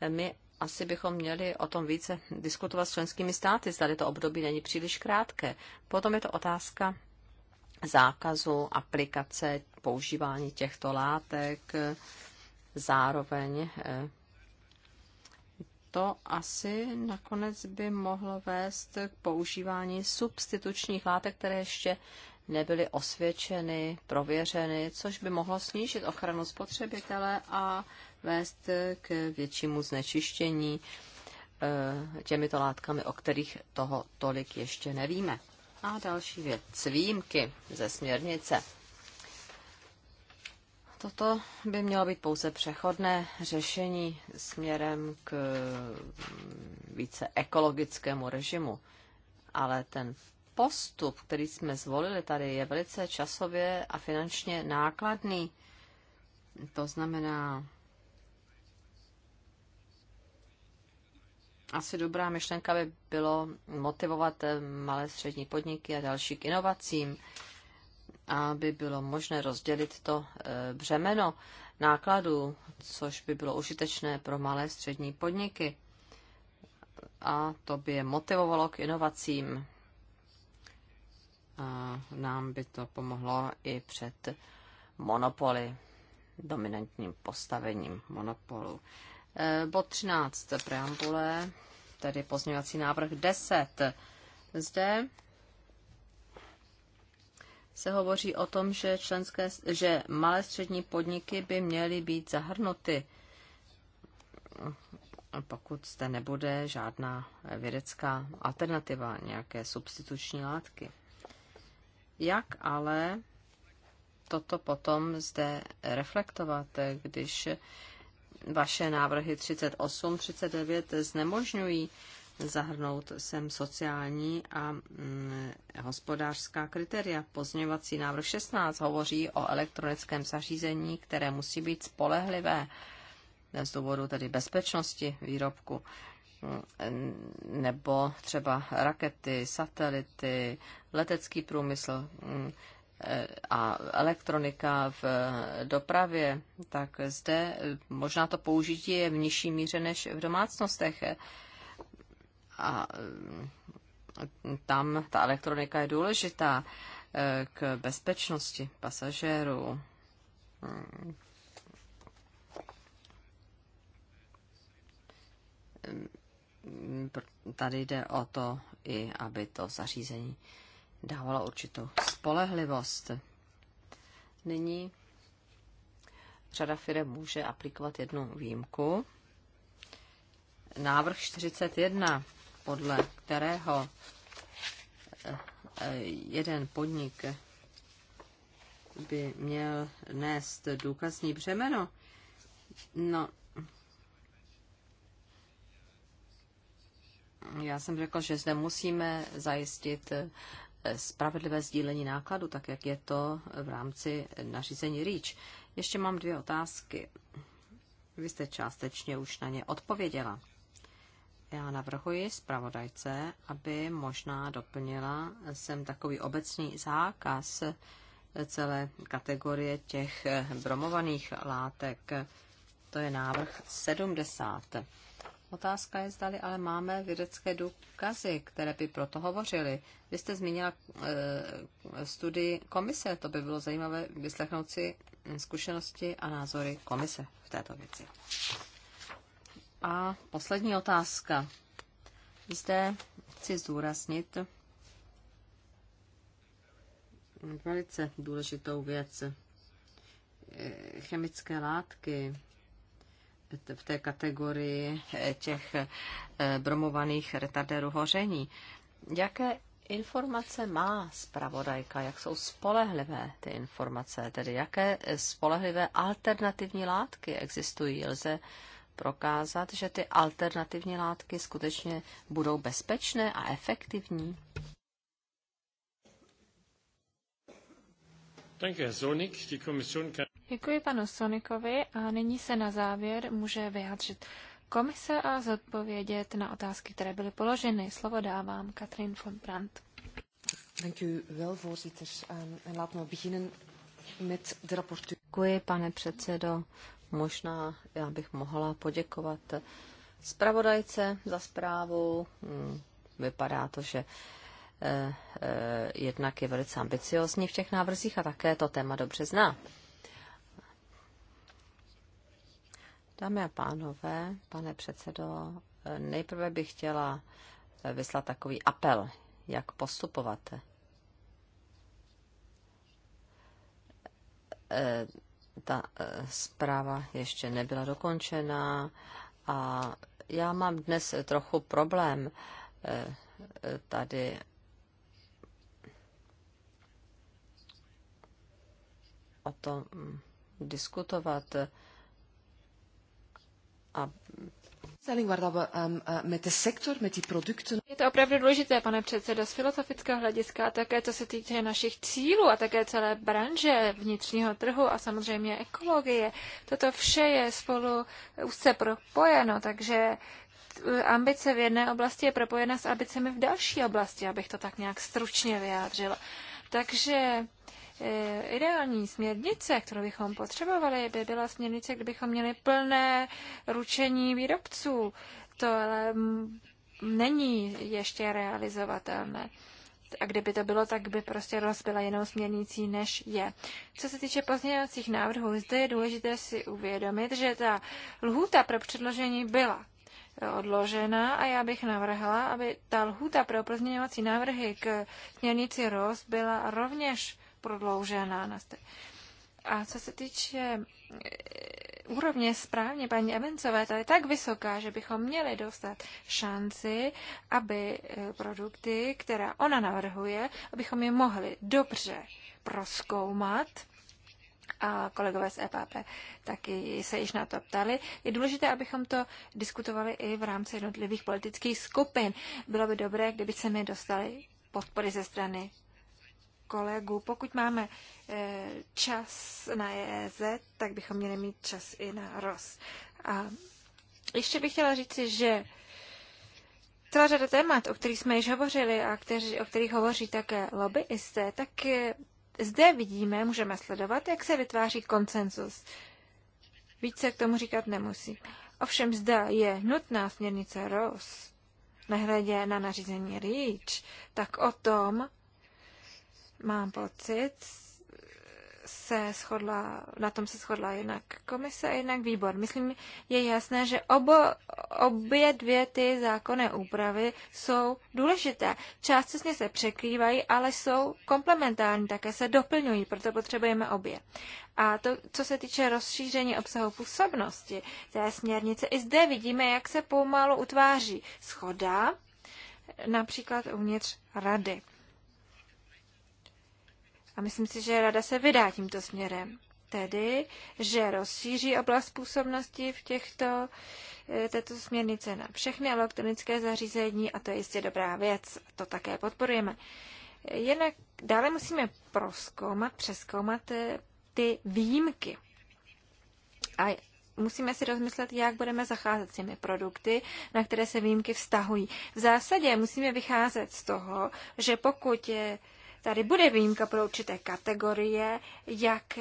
eh, my asi bychom měli o tom více diskutovat s členskými státy, zda to období není příliš krátké. Potom je to otázka zákazu aplikace používání těchto látek. Zároveň eh, to asi nakonec by mohlo vést k používání substitučních látek, které ještě nebyly osvědčeny, prověřeny, což by mohlo snížit ochranu spotřebitele a vést k většímu znečištění eh, těmito látkami, o kterých toho tolik ještě nevíme. A další věc, výjimky ze směrnice. Toto by mělo být pouze přechodné řešení směrem k více ekologickému režimu. Ale ten postup, který jsme zvolili tady, je velice časově a finančně nákladný. To znamená, asi dobrá myšlenka by bylo motivovat eh, malé střední podniky a další k inovacím, aby bylo možné rozdělit to eh, břemeno nákladů, což by bylo užitečné pro malé střední podniky. A to by je motivovalo k inovacím. A nám by to pomohlo i před monopoly, dominantním postavením monopolu. Eh, bod 13 preambule, tedy pozměňovací návrh 10. Zde se hovoří o tom, že, členské, že malé střední podniky by měly být zahrnuty, pokud zde nebude žádná vědecká alternativa, nějaké substituční látky. Jak ale toto potom zde reflektovat, když vaše návrhy 38, 39 znemožňují zahrnout sem sociální a hm, hospodářská kritéria. Pozměňovací návrh 16 hovoří o elektronickém zařízení, které musí být spolehlivé z důvodu tedy bezpečnosti výrobku nebo třeba rakety, satelity, letecký průmysl, a elektronika v dopravě, tak zde možná to použití je v nižší míře než v domácnostech. A mm, tam ta elektronika je důležitá eh, k bezpečnosti pasažérů. Hmm. Tady jde o to i, aby to zařízení dávala určitou spolehlivost. Nyní řada firm může aplikovat jednu výjimku. Návrh 41, podle kterého eh, eh, jeden podnik by měl nést důkazní břemeno. No, já jsem řekl, že zde musíme zajistit eh, spravedlivé sdílení nákladu, tak jak je to v rámci nařízení REACH. Ještě mám dvě otázky. Vy jste částečně už na ně odpověděla. Já navrhuji zpravodajce, aby možná doplnila sem takový obecný zákaz celé kategorie těch bromovaných látek. To je návrh 70. Otázka je, zdali ale máme vědecké důkazy, které by proto hovořily. Vy jste zmínila e, studii komise, to by bylo zajímavé vyslechnout si zkušenosti a názory komise v této věci. A poslední otázka. Zde chci zdůraznit velice důležitou věc. Eh, chemické látky, v té kategorii eh, těch eh, bromovaných retardérů hoření. Jaké informace má zpravodajka? Jak jsou spolehlivé ty informace? Tedy jaké eh, spolehlivé alternativní látky existují? Lze prokázat, že ty alternativní látky skutečně budou bezpečné a efektivní? Děkuji panu Sonikovi a nyní se na závěr může vyjádřit komise a zodpovědět na otázky, které byly položeny. Slovo dávám Katrin von Brandt. Ehm, Děkuji, pane předsedo. Možná já bych mohla poděkovat zpravodajce za zprávu. Hmm, vypadá to, že Eh, eh, jednak je velice ambiciozní v těch návrzích a také to téma dobře zná. Dámy a pánové, pane předsedo, eh, nejprve bych chtěla vyslat takový apel, jak postupovat. Ta zpráva ještě nebyla dokončena a já mám dnes trochu problém tady o tom diskutovat. A um, uh, Je to opravdu důležité, pane předsedo, z filozofického hlediska, také co se týče našich cílů a také celé branže vnitřního trhu a samozřejmě ekologie. Toto vše je spolu úzce propojeno, takže ambice v jedné oblasti je propojena s ambicemi v další oblasti, abych to tak nějak stručně vyjádřila. Takže Eh, ideální směrnice, kterou bychom potřebovali, by byla směrnice, kdybychom měli plné ručení výrobců. To ale není ještě realizovatelné. A kdyby to bylo, tak by prostě rozbila jinou směrnicí, než je. Co se týče pozměňovacích návrhů, zde je důležité si uvědomit, že ta lhůta pro předložení byla odložena a já bych navrhla, aby ta lhůta pro pozměňovací návrhy k směrnici ROS byla rovněž prodloužená. A co se týče e, úrovně správně paní Evencové, ta je tak vysoká, že bychom měli dostat šanci, aby e, produkty, která ona navrhuje, abychom je mohli dobře proskoumat a kolegové z EPP taky se již na to ptali. Je důležité, abychom to diskutovali i v rámci jednotlivých politických skupin. Bylo by dobré, kdyby se mi dostali podpory ze strany kolegů. Pokud máme eh, čas na EZ, e tak bychom měli mít čas i na ROS. A ještě bych chtěla říci, že celá řada témat, o kterých jsme již hovořili a o kterých hovoří také lobbyisté, tak zde vidíme, můžeme sledovat, jak se vytváří konsenzus. Více k tomu říkat nemusí. Ovšem zda je nutná směrnice ROS, nehledě na nařízení REACH, tak o tom mám pocit, se shodla, na tom se shodla jinak komise a jinak výbor. Myslím, je jasné, že obo, obě dvě ty zákonné úpravy jsou důležité. Částečně se překrývají, ale jsou komplementární, také se doplňují, proto potřebujeme obě. A to, co se týče rozšíření obsahu působnosti té směrnice, i zde vidíme, jak se pomalu utváří schoda, například uvnitř rady. A myslím si, že rada se vydá tímto směrem. Tedy, že rozšíří oblast působnosti v těchto, e, této směrnice na všechny elektronické zařízení a to je jistě dobrá věc. To také podporujeme. Jinak dále musíme proskoumat, přeskoumat e, ty výjimky. A musíme si rozmyslet, jak budeme zacházet s těmi produkty, na které se výjimky vztahují. V zásadě musíme vycházet z toho, že pokud je Tady bude výjimka pro určité kategorie, jak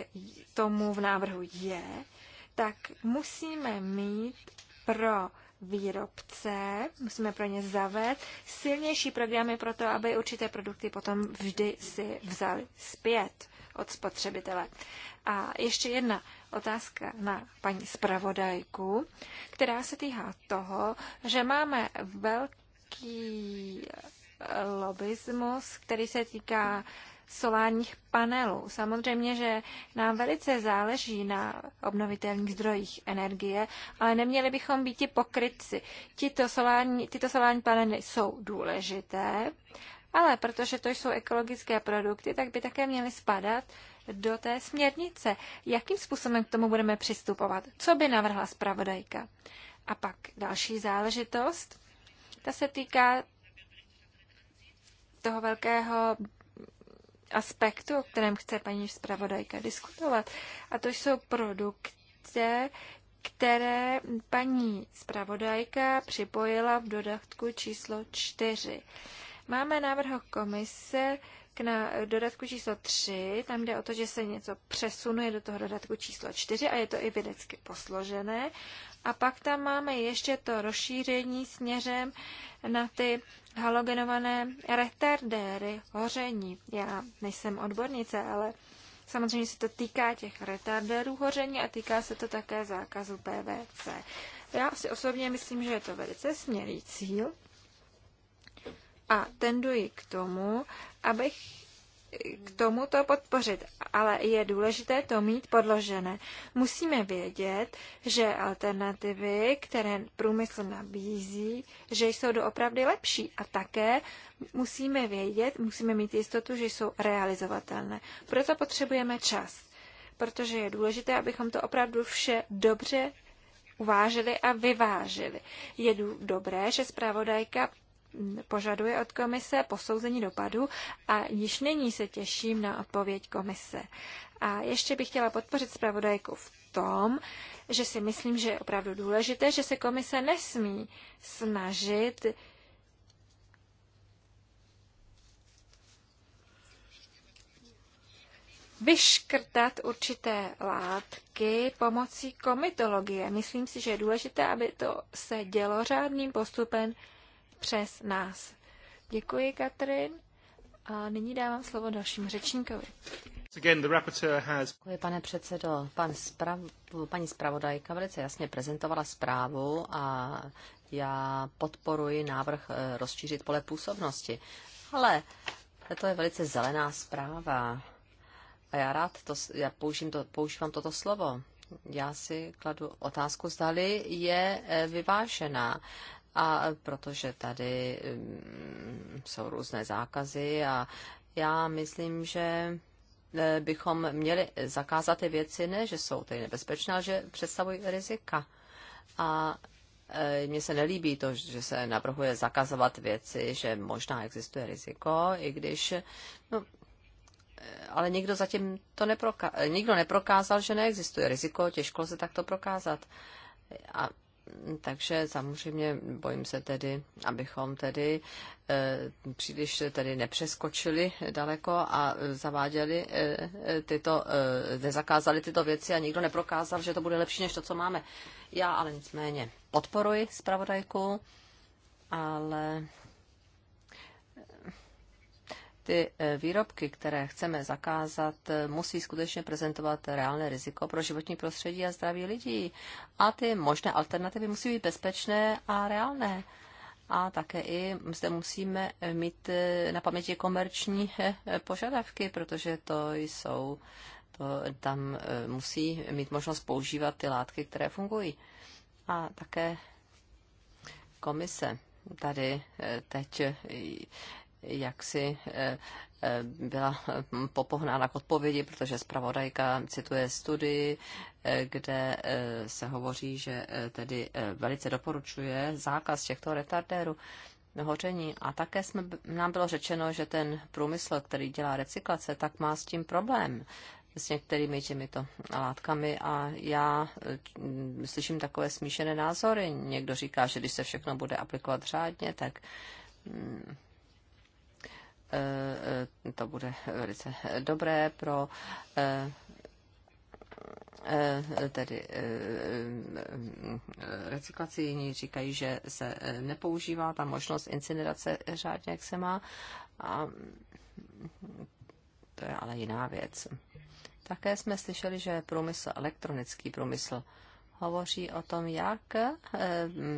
tomu v návrhu je, tak musíme mít pro výrobce, musíme pro ně zavést silnější programy pro to, aby určité produkty potom vždy si vzali zpět od spotřebitele. A ještě jedna otázka na paní zpravodajku, která se týká toho, že máme velký lobismus, který se týká solárních panelů. Samozřejmě, že nám velice záleží na obnovitelných zdrojích energie, ale neměli bychom být ti pokrytci. Tito solární, tyto solární panely jsou důležité, ale protože to jsou ekologické produkty, tak by také měly spadat do té směrnice. Jakým způsobem k tomu budeme přistupovat? Co by navrhla zpravodajka? A pak další záležitost. Ta se týká toho velkého aspektu, o kterém chce paní zpravodajka diskutovat. A to jsou produkty, které paní zpravodajka připojila v dodatku číslo 4. Máme návrh komise k na dodatku číslo 3, tam jde o to, že se něco přesunuje do toho dodatku číslo 4 a je to i vědecky posložené. A pak tam máme ještě to rozšíření směrem na ty halogenované retardéry, hoření. Já nejsem odbornice, ale samozřejmě se to týká těch retardérů hoření a týká se to také zákazu PVC. Já si osobně myslím, že je to velice směrý cíl a tenduji k tomu, abych k tomu to podpořit, ale je důležité to mít podložené. Musíme vědět, že alternativy, které průmysl nabízí, že jsou doopravdy lepší a také musíme vědět, musíme mít jistotu, že jsou realizovatelné. Proto potřebujeme čas, protože je důležité, abychom to opravdu vše dobře uvážili a vyvážili. Je dobré, že zpravodajka požaduje od komise posouzení dopadu a již nyní se těším na odpověď komise. A ještě bych chtěla podpořit zpravodajku v tom, že si myslím, že je opravdu důležité, že se komise nesmí snažit vyškrtat určité látky pomocí komitologie. Myslím si, že je důležité, aby to se dělo řádným postupem přes nás. Děkuji, Katrin. A nyní dávám slovo dalšímu řečníkovi. Děkuji, pane předsedo. Pan sprav, paní zpravodajka velice jasně prezentovala zprávu a já podporuji návrh eh, rozšířit pole působnosti. Ale to je velice zelená zpráva. A já rád to, já použím to, používám toto slovo. Já si kladu otázku, zdali je eh, vyvážená a protože tady mm, jsou různé zákazy a já myslím, že e, bychom měli zakázat ty věci, ne, že jsou tady nebezpečné, ale že představují rizika. A e, mně se nelíbí to, že se navrhuje zakazovat věci, že možná existuje riziko, i když, no, e, ale nikdo zatím to neproka- nikdo neprokázal, že neexistuje riziko, těžko se takto prokázat. A takže samozřejmě bojím se tedy, abychom tedy eh, příliš tedy nepřeskočili daleko a zaváděli eh, eh, tyto, nezakázali tyto věci a nikdo neprokázal, že to bude lepší než to, co máme. Já ale nicméně podporuji zpravodajku, ale ty eh, výrobky, které chceme zakázat, eh, musí skutečně prezentovat reálné riziko pro životní prostředí a zdraví lidí. A ty možné alternativy musí být bezpečné a reálné. A také i zde musíme eh, mít na paměti komerční požadavky, protože to jsou, to tam musí mít možnost používat ty látky, které fungují. A také komise tady teď jak si eh, eh, byla hm, popohnána k odpovědi, protože zpravodajka cituje studii, eh, kde se hovoří, že tedy velice doporučuje zákaz těchto retardérů hoření. A také jsme, nám bylo řečeno, že ten průmysl, který dělá recyklace, tak má s tím problém s některými těmito látkami a já hm, slyším takové smíšené názory. Někdo říká, že když se všechno bude aplikovat řádně, tak hm, to bude velice dobré pro eh, eh, tedy eh, recyklaci, jiní říkají, že se nepoužívá ta možnost incinerace řádně, jak se má. A to je ale jiná věc. Také jsme slyšeli, že průmysl, elektronický průmysl, hovoří o tom, jak eh,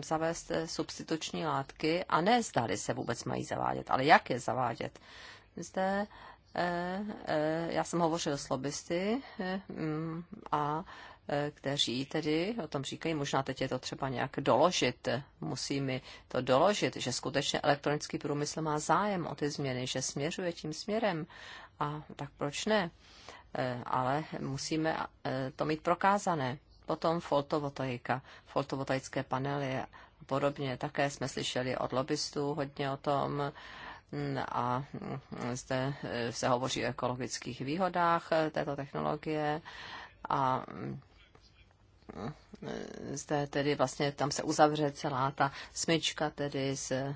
zavést eh, substituční látky a ne zdali se vůbec mají zavádět, ale jak je zavádět. Zde eh, já jsem hovořil s lobbysty mm, a kteří tedy o tom říkají, možná teď je to třeba nějak doložit, musí mi to doložit, že skutečně elektronický průmysl má zájem o ty změny, že směřuje tím směrem a tak proč ne? Ale musíme to mít prokázané. Potom fotovoltaika, fotovoltaické panely a podobně. Také jsme slyšeli od lobbystů hodně o tom mm, a mm, zde e, se hovoří o ekologických výhodách e, této technologie a mm, e, zde tedy vlastně tam se uzavře celá ta smyčka tedy s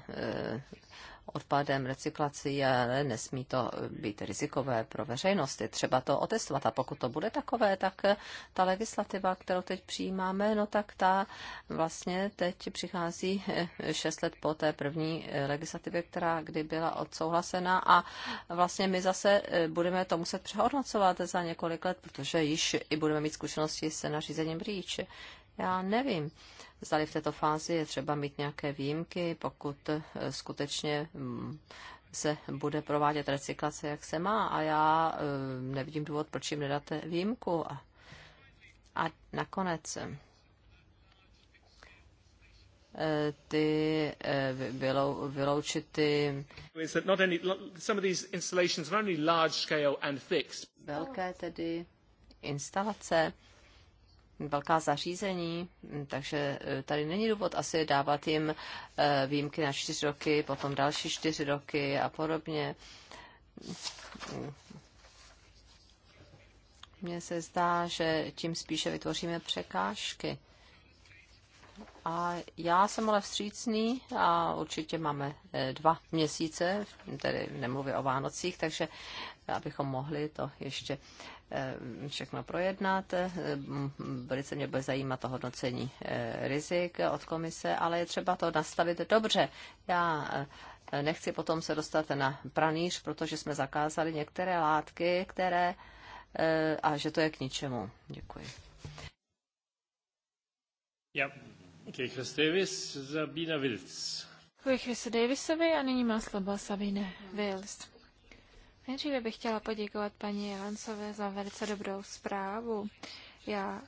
odpadem, recyklací, ale nesmí to být rizikové pro veřejnost. Je třeba to otestovat a pokud to bude takové, tak ta legislativa, kterou teď přijímáme, no tak ta vlastně teď přichází šest let po té první legislativě, která kdy byla odsouhlasena a vlastně my zase budeme to muset přehodnocovat za několik let, protože již i budeme mít zkušenosti se nařízením rýče. Já nevím Zdali v této fázi je třeba mít nějaké výjimky, pokud eh, skutečně mm, se bude provádět recyklace, jak se má. A já eh, nevidím důvod, proč jim nedáte výjimku. A, a nakonec eh, ty vyloučit ty velké tedy instalace velká zařízení, mm, takže e, tady není důvod asi dávat jim e, výjimky na čtyři roky, potom další čtyři roky a podobně. Mně se zdá, že tím spíše vytvoříme překážky. A já jsem ale vstřícný a určitě máme e, dva měsíce, tedy nemluvím o Vánocích, takže abychom mohli to ještě Eh, všechno projednat. Eh, velice mě bude zajímat to hodnocení eh, rizik od komise, ale je třeba to nastavit dobře. Já nechci potom se dostat na pranýř, protože jsme zakázali některé látky, které a že to je k ničemu. Děkuji. Ja. Okay, Davis, Sabina Wills. Děkuji Chris Davisovi a nyní má slovo Sabine Wills. Nejdříve bych chtěla poděkovat paní Jelancové za velice dobrou zprávu. Já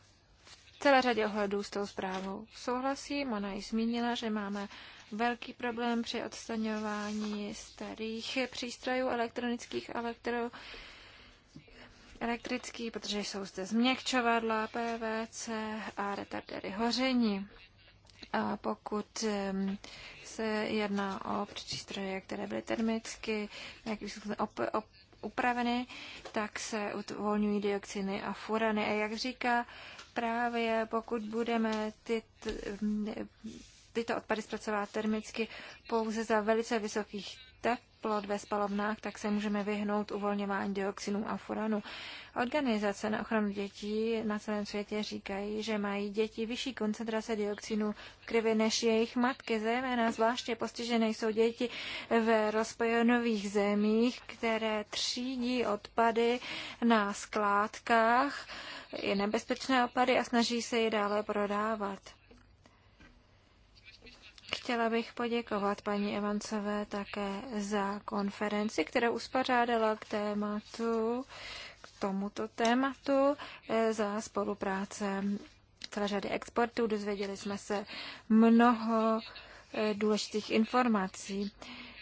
v celé řadě ohledů s tou zprávou souhlasím. Ona ji zmínila, že máme velký problém při odstaňování starých přístrojů elektronických a elektro elektrický, protože jsou zde změkčovadla, PVC a retardery hoření. A pokud se jedná o přístroje, které byly termicky nějakým způsobem op, op, upraveny, tak se uvolňují dioxiny a furany. A jak říká, právě pokud budeme ty, tyto odpady zpracovat termicky pouze za velice vysokých teplot ve spalovnách, tak se můžeme vyhnout uvolňování dioxinů a furanu. Organizace na ochranu dětí na celém světě říkají, že mají děti vyšší koncentrace dioxinů v krvi než jejich matky, zejména zvláště postižené jsou děti v rozpojenových zemích, které třídí odpady na skládkách, i nebezpečné odpady a snaží se je dále prodávat. Chtěla bych poděkovat paní Evancové také za konferenci, kterou uspořádala k tématu, k tomuto tématu, eh, za spolupráce celé řady exportů. Dozvěděli jsme se mnoho eh, důležitých informací.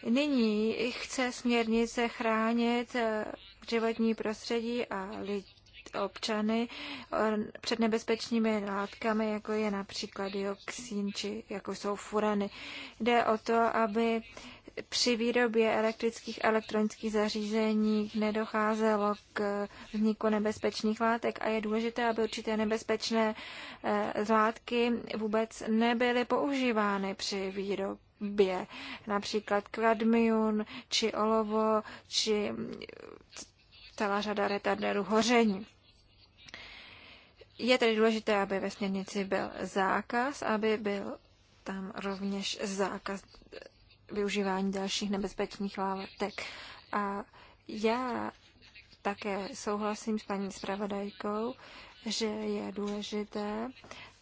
Nyní chce směrnice chránit eh, životní prostředí a lidi občany eh, před nebezpečnými látkami, jako je například dioxín či jako jsou furany. Jde o to, aby při výrobě elektrických elektronických zařízení nedocházelo k eh, vzniku nebezpečných látek a je důležité, aby určité nebezpečné eh, látky vůbec nebyly používány při výrobě. Například kadmium, či olovo, či celá řada retarderů hoření. Je tedy důležité, aby ve směrnici byl zákaz, aby byl tam rovněž zákaz eh, využívání dalších nebezpečných látek. A já také souhlasím s paní zpravodajkou, že je důležité,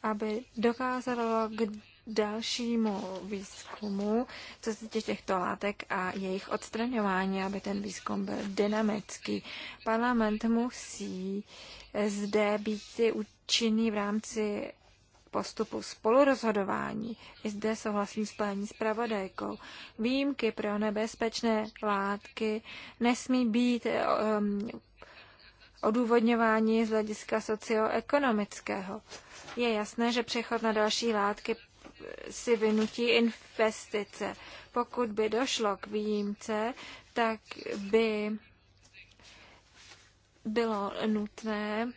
aby dokázalo dalšímu výzkumu, co se týče těchto látek a jejich odstraňování, aby ten výzkum byl dynamický. Parlament musí eh, zde být účinný v rámci postupu spolurozhodování. I zde souhlasím s paní zpravodajkou. Výjimky pro nebezpečné látky nesmí být eh, um, odůvodňování z hlediska socioekonomického. Je jasné, že přechod na další látky si vynutí investice. Pokud by došlo k výjimce, tak by bylo nutné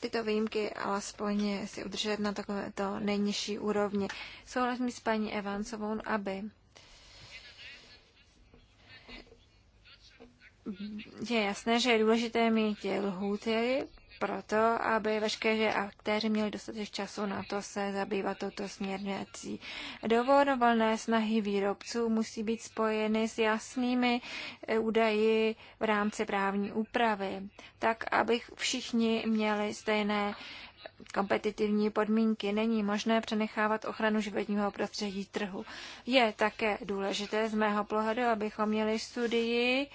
tyto výjimky alespoň si udržet na takovéto nejnižší úrovni. Souhlasím s paní Evansovou, aby je jasné, že je důležité mít lhůty proto, aby veškeré aktéři měli dostatek času na to se zabývat touto směrnicí. Dovolnovolné snahy výrobců musí být spojeny s jasnými eh, údaji v rámci právní úpravy, tak aby všichni měli stejné kompetitivní podmínky není možné přenechávat ochranu životního prostředí trhu. Je také důležité z mého pohledu, abychom měli studii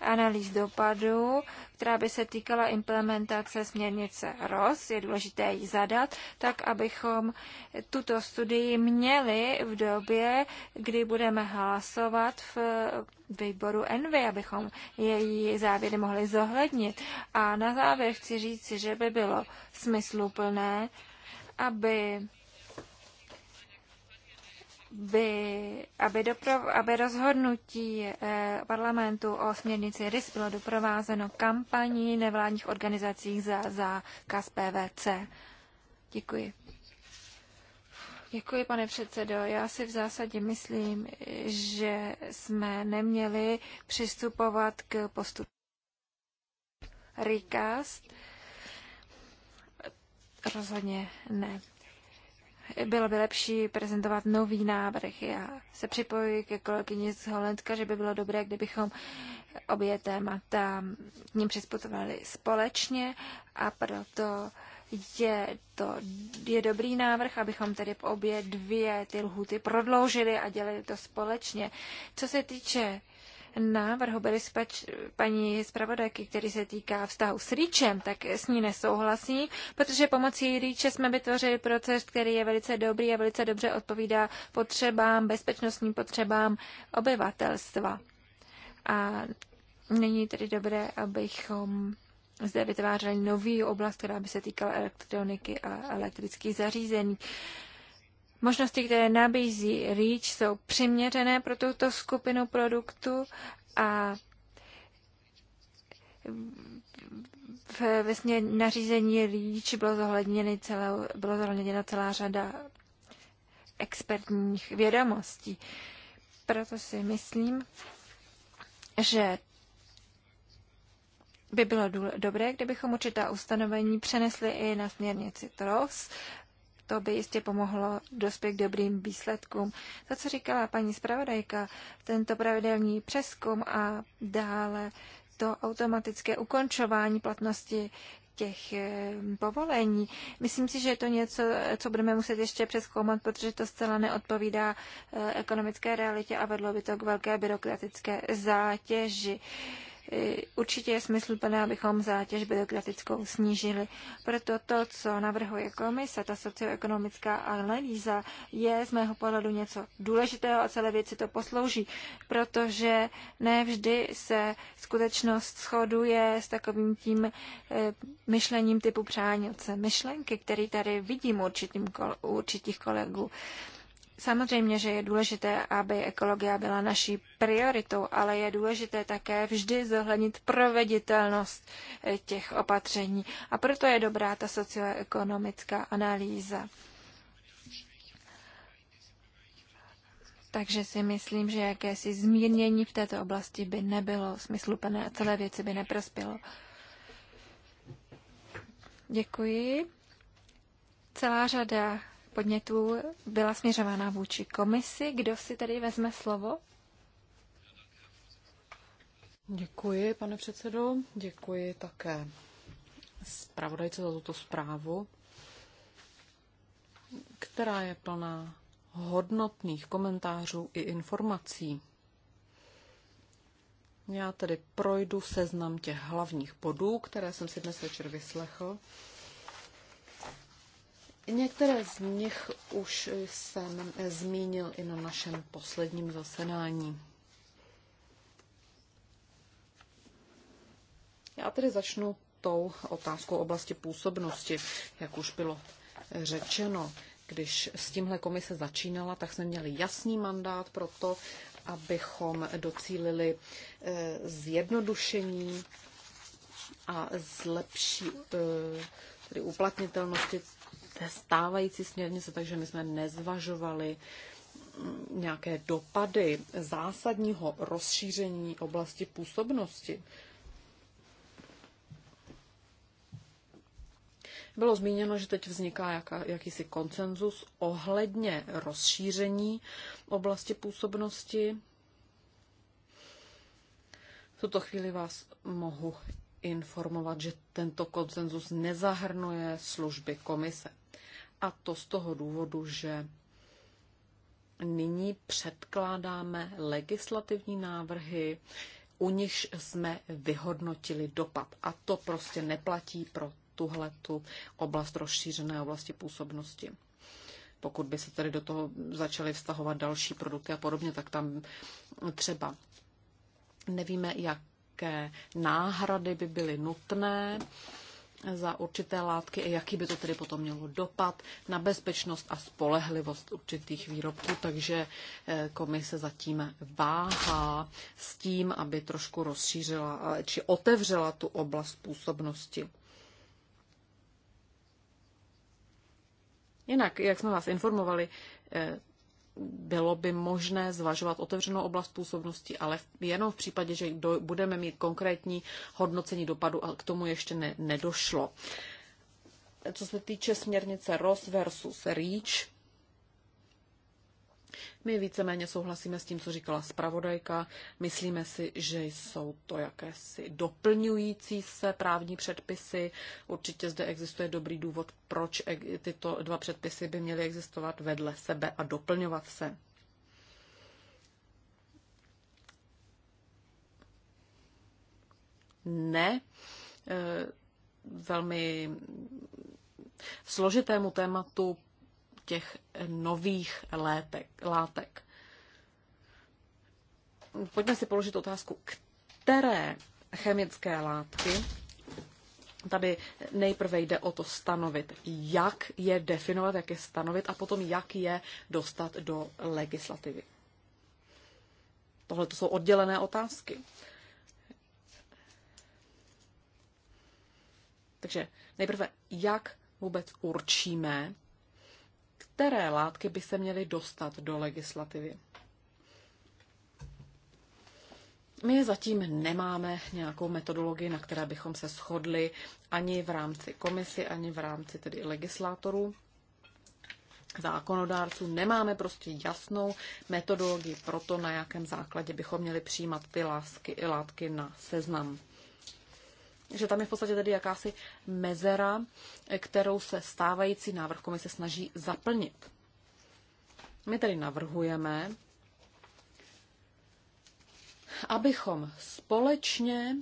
analýz dopadu, která by se týkala implementace směrnice ROS. Je důležité ji zadat, tak abychom tuto studii měli v době, kdy budeme hlasovat v výboru Envy, abychom její závěry mohli zohlednit. A na závěr chci říct, že by bylo smysluplné, aby by, aby, doprov, aby rozhodnutí eh, parlamentu o směrnici RIS bylo doprovázeno kampaní nevládních organizací za, za KSPVC. Děkuji. Děkuji, pane předsedo. Já si v zásadě myslím, že jsme neměli přistupovat k postupu recast. Rozhodně ne bylo by lepší prezentovat nový návrh. Já se připojuji ke kolegyni z Holandska, že by bylo dobré, kdybychom obě témata k ním přizpůsobili společně a proto je to je dobrý návrh, abychom tedy obě dvě ty lhuty prodloužili a dělali to společně. Co se týče návrhu byly paní zpravodajky, který se týká vztahu s Rýčem, tak s ní nesouhlasím, protože pomocí Rýče jsme vytvořili proces, který je velice dobrý a velice dobře odpovídá potřebám, bezpečnostním potřebám obyvatelstva. A není tedy dobré, abychom zde vytvářeli nový oblast, která by se týkala elektroniky a elektrických zařízení. Možnosti, které nabízí REACH, jsou přiměřené pro tuto skupinu produktů a v, ve nařízení REACH bylo, zohledněny celá, bylo zohledněna celá řada expertních vědomostí. Proto si myslím, že by bylo dobré, kdybychom určitá ustanovení přenesli i na směrnici TROS to by jistě pomohlo dospět k dobrým výsledkům. To, co říkala paní zpravodajka, tento pravidelný přeskum a dále to automatické ukončování platnosti těch eh, povolení. Myslím si, že je to něco, co budeme muset ještě přeskoumat, protože to zcela neodpovídá eh, ekonomické realitě a vedlo by to k velké byrokratické zátěži. Určitě je smysluplné, abychom zátěž byrokratickou snížili. Proto to, co navrhuje komise, ta socioekonomická analýza, je z mého pohledu něco důležitého a celé věci to poslouží, protože ne vždy se skutečnost shoduje s takovým tím eh, myšlením typu přánělce myšlenky, který tady vidím určitým, kol- určitých kolegů. Samozřejmě, že je důležité, aby ekologie byla naší prioritou, ale je důležité také vždy zohlednit proveditelnost eh, těch opatření. A proto je dobrá ta socioekonomická analýza. Takže si myslím, že jakési zmírnění v této oblasti by nebylo smysluplné a celé věci by neprospělo. Děkuji. Celá řada podnětů byla směřována vůči komisi. Kdo si tedy vezme slovo? Děkuji, pane předsedo. Děkuji také zpravodajce za tuto zprávu, která je plná hodnotných komentářů i informací. Já tedy projdu seznam těch hlavních bodů, které jsem si dnes večer vyslechl Některé z nich už jsem zmínil i na našem posledním zasedání. Já tedy začnu tou otázkou oblasti působnosti, jak už bylo řečeno. Když s tímhle komise začínala, tak jsme měli jasný mandát pro to, abychom docílili eh, zjednodušení a zlepší eh, tedy uplatnitelnosti té stávající směrnice, takže my jsme nezvažovali mm, nějaké dopady zásadního rozšíření oblasti působnosti. Bylo zmíněno, že teď vzniká jaká, jakýsi koncenzus ohledně rozšíření oblasti působnosti. V tuto chvíli vás mohu informovat, že tento koncenzus nezahrnuje služby komise. A to z toho důvodu, že nyní předkládáme legislativní návrhy, u nichž jsme vyhodnotili dopad. A to prostě neplatí pro tuhle tu oblast rozšířené oblasti působnosti. Pokud by se tady do toho začaly vztahovat další produkty a podobně, tak tam třeba nevíme, jaké náhrady by byly nutné za určité látky a jaký by to tedy potom mělo dopad na bezpečnost a spolehlivost určitých výrobků. Takže eh, komise zatím váhá s tím, aby trošku rozšířila eh, či otevřela tu oblast působnosti. Jinak, jak jsme vás informovali, eh, bylo by možné zvažovat otevřenou oblast působnosti, ale jenom v případě, že do, budeme mít konkrétní hodnocení dopadu a k tomu ještě ne, nedošlo. Co se týče směrnice ROS versus REACH, my víceméně souhlasíme s tím, co říkala zpravodajka. Myslíme si, že jsou to jakési doplňující se právní předpisy. Určitě zde existuje dobrý důvod, proč tyto dva předpisy by měly existovat vedle sebe a doplňovat se. Ne, eh, velmi složitému tématu těch nových létek, látek. Pojďme si položit otázku, které chemické látky tady nejprve jde o to stanovit, jak je definovat, jak je stanovit a potom jak je dostat do legislativy. Tohle to jsou oddělené otázky. Takže nejprve, jak vůbec určíme, které látky by se měly dostat do legislativy. My zatím nemáme nějakou metodologii, na které bychom se shodli ani v rámci komisy, ani v rámci tedy legislátorů, zákonodárců. Nemáme prostě jasnou metodologii pro to, na jakém základě bychom měli přijímat ty lásky, látky na seznam že tam je v podstatě tedy jakási mezera, kterou se stávající návrh komise snaží zaplnit. My tedy navrhujeme, abychom společně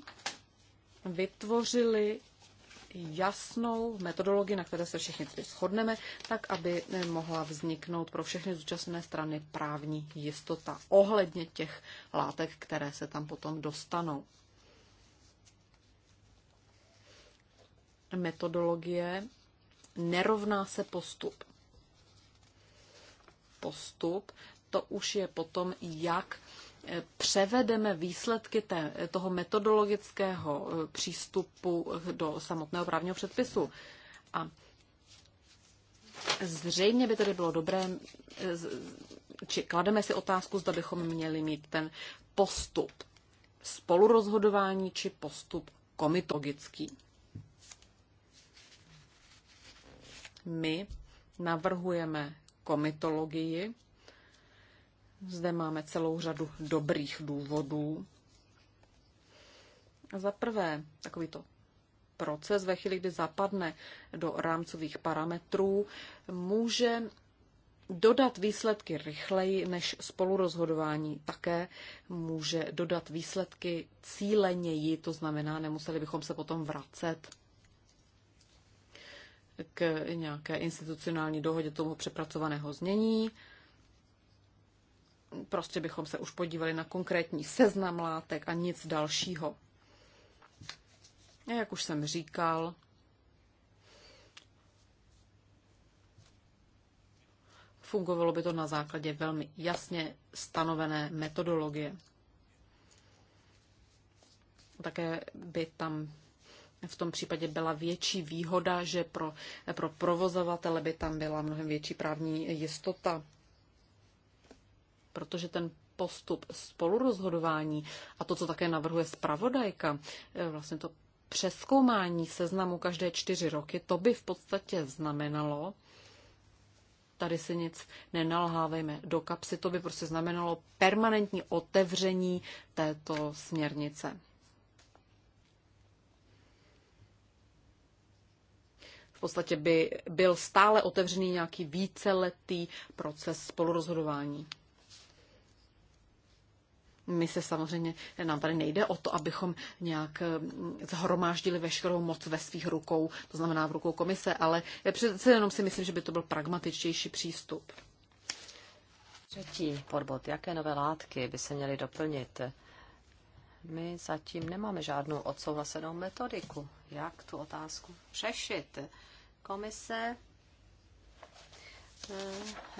vytvořili jasnou metodologii, na které se všichni tedy shodneme, tak aby mohla vzniknout pro všechny zúčastněné strany právní jistota ohledně těch látek, které se tam potom dostanou. metodologie nerovná se postup. Postup to už je potom, jak eh, převedeme výsledky té, toho metodologického eh, přístupu eh, do samotného právního předpisu. A zřejmě by tedy bylo dobré, či klademe si otázku, zda bychom měli mít ten postup spolurozhodování či postup komitologický. my navrhujeme komitologii. Zde máme celou řadu dobrých důvodů. Za prvé, takový to proces ve chvíli, kdy zapadne do rámcových parametrů, může dodat výsledky rychleji než spolurozhodování. Také může dodat výsledky cíleněji, to znamená, nemuseli bychom se potom vracet k nějaké institucionální dohodě toho přepracovaného znění. Prostě bychom se už podívali na konkrétní seznam látek a nic dalšího. Jak už jsem říkal, fungovalo by to na základě velmi jasně stanovené metodologie. Také by tam v tom případě byla větší výhoda, že pro, pro provozovatele by tam byla mnohem větší právní jistota, protože ten postup spolurozhodování a to, co také navrhuje zpravodajka, eh, vlastně to přeskoumání seznamu každé čtyři roky, to by v podstatě znamenalo, tady se nic nenalhávejme do kapsy, to by prostě znamenalo permanentní otevření této směrnice. v podstatě by byl stále otevřený nějaký víceletý proces spolurozhodování. My se samozřejmě, nám tady nejde o to, abychom nějak eh, zhromáždili veškerou moc ve svých rukou, to znamená v rukou komise, ale přece jenom si myslím, že by to byl pragmatičtější přístup. Třetí podbod. Jaké nové látky by se měly doplnit my zatím nemáme žádnou odsouhlasenou metodiku, jak tu otázku řešit. Komise eh,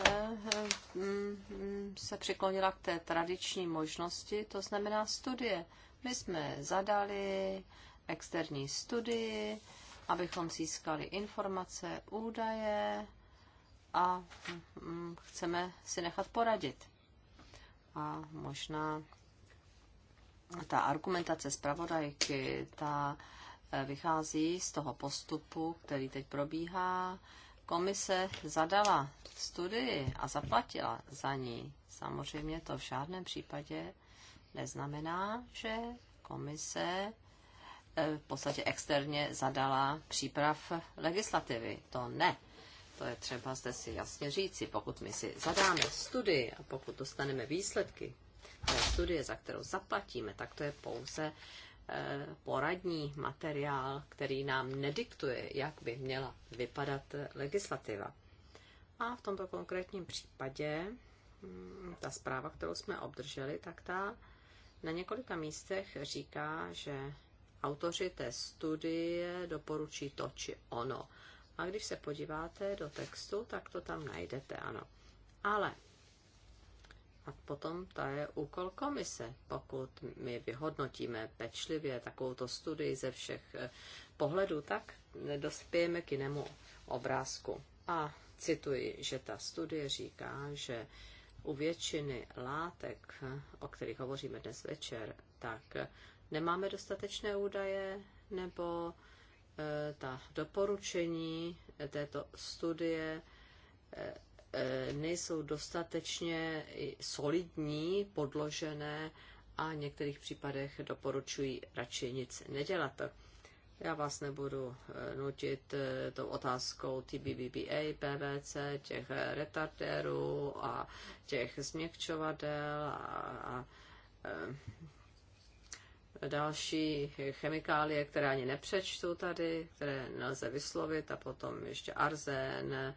eh, eh, mm, se přiklonila k té tradiční možnosti, to znamená studie. My jsme zadali externí studii, abychom získali informace, údaje a mm, chceme si nechat poradit. A možná ta argumentace zpravodajky, ta e, vychází z toho postupu, který teď probíhá. Komise zadala studii a zaplatila za ní. Samozřejmě to v žádném případě neznamená, že komise e, v podstatě externě zadala příprav legislativy. To ne. To je třeba zde si jasně říci. Pokud my si zadáme studii a pokud dostaneme výsledky, studie, za kterou zaplatíme, tak to je pouze eh, poradní materiál, který nám nediktuje, jak by měla vypadat eh, legislativa. A v tomto konkrétním případě hm, ta zpráva, kterou jsme obdrželi, tak ta na několika místech říká, že autoři té studie doporučí to či ono. A když se podíváte do textu, tak to tam najdete, ano. Ale a potom ta je úkol komise. Pokud my vyhodnotíme pečlivě takovouto studii ze všech eh, pohledů, tak nedospějeme k jinému obrázku. A cituji, že ta studie říká, že u většiny látek, eh, o kterých hovoříme dnes večer, tak eh, nemáme dostatečné údaje nebo ta doporučení této studie E, nejsou dostatečně solidní, podložené a v některých případech doporučují radši nic nedělat. Já vás nebudu e, nutit e, tou otázkou TBBBA, PVC, těch retardérů a těch změkčovadel a, a e, další chemikálie, které ani nepřečtu tady, které nelze vyslovit a potom ještě arzen,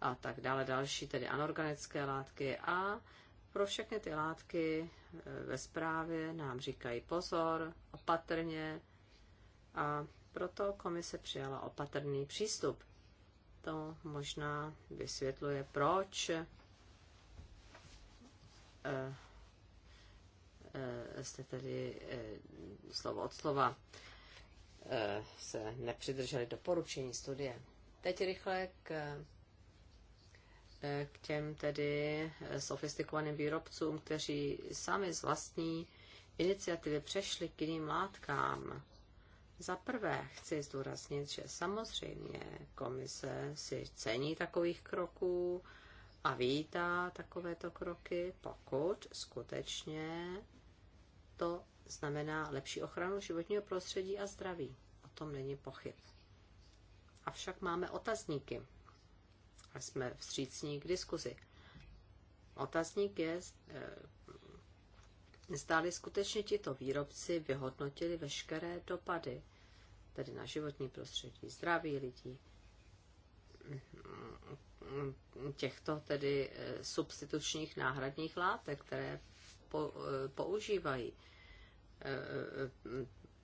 a tak dále, další tedy anorganické látky a pro všechny ty látky e, ve zprávě nám říkají pozor, opatrně a proto komise přijala opatrný přístup. To možná vysvětluje, proč e, e, jste tedy slovo od slova se nepřidrželi doporučení studie. Teď rychle k Eh, k těm tedy eh, sofistikovaným výrobcům, kteří sami z vlastní iniciativy přešli k jiným látkám. Za prvé chci zdůraznit, že samozřejmě komise si cení takových kroků a vítá takovéto kroky, pokud skutečně to znamená lepší ochranu životního prostředí a zdraví. O tom není pochyb. Avšak máme otazníky a jsme vstřícní k diskuzi. Otazník je, eh, zdáli skutečně tito výrobci vyhodnotili veškeré dopady, tedy na životní prostředí, zdraví lidí, těchto tedy eh, substitučních náhradních látek, které eh, používají,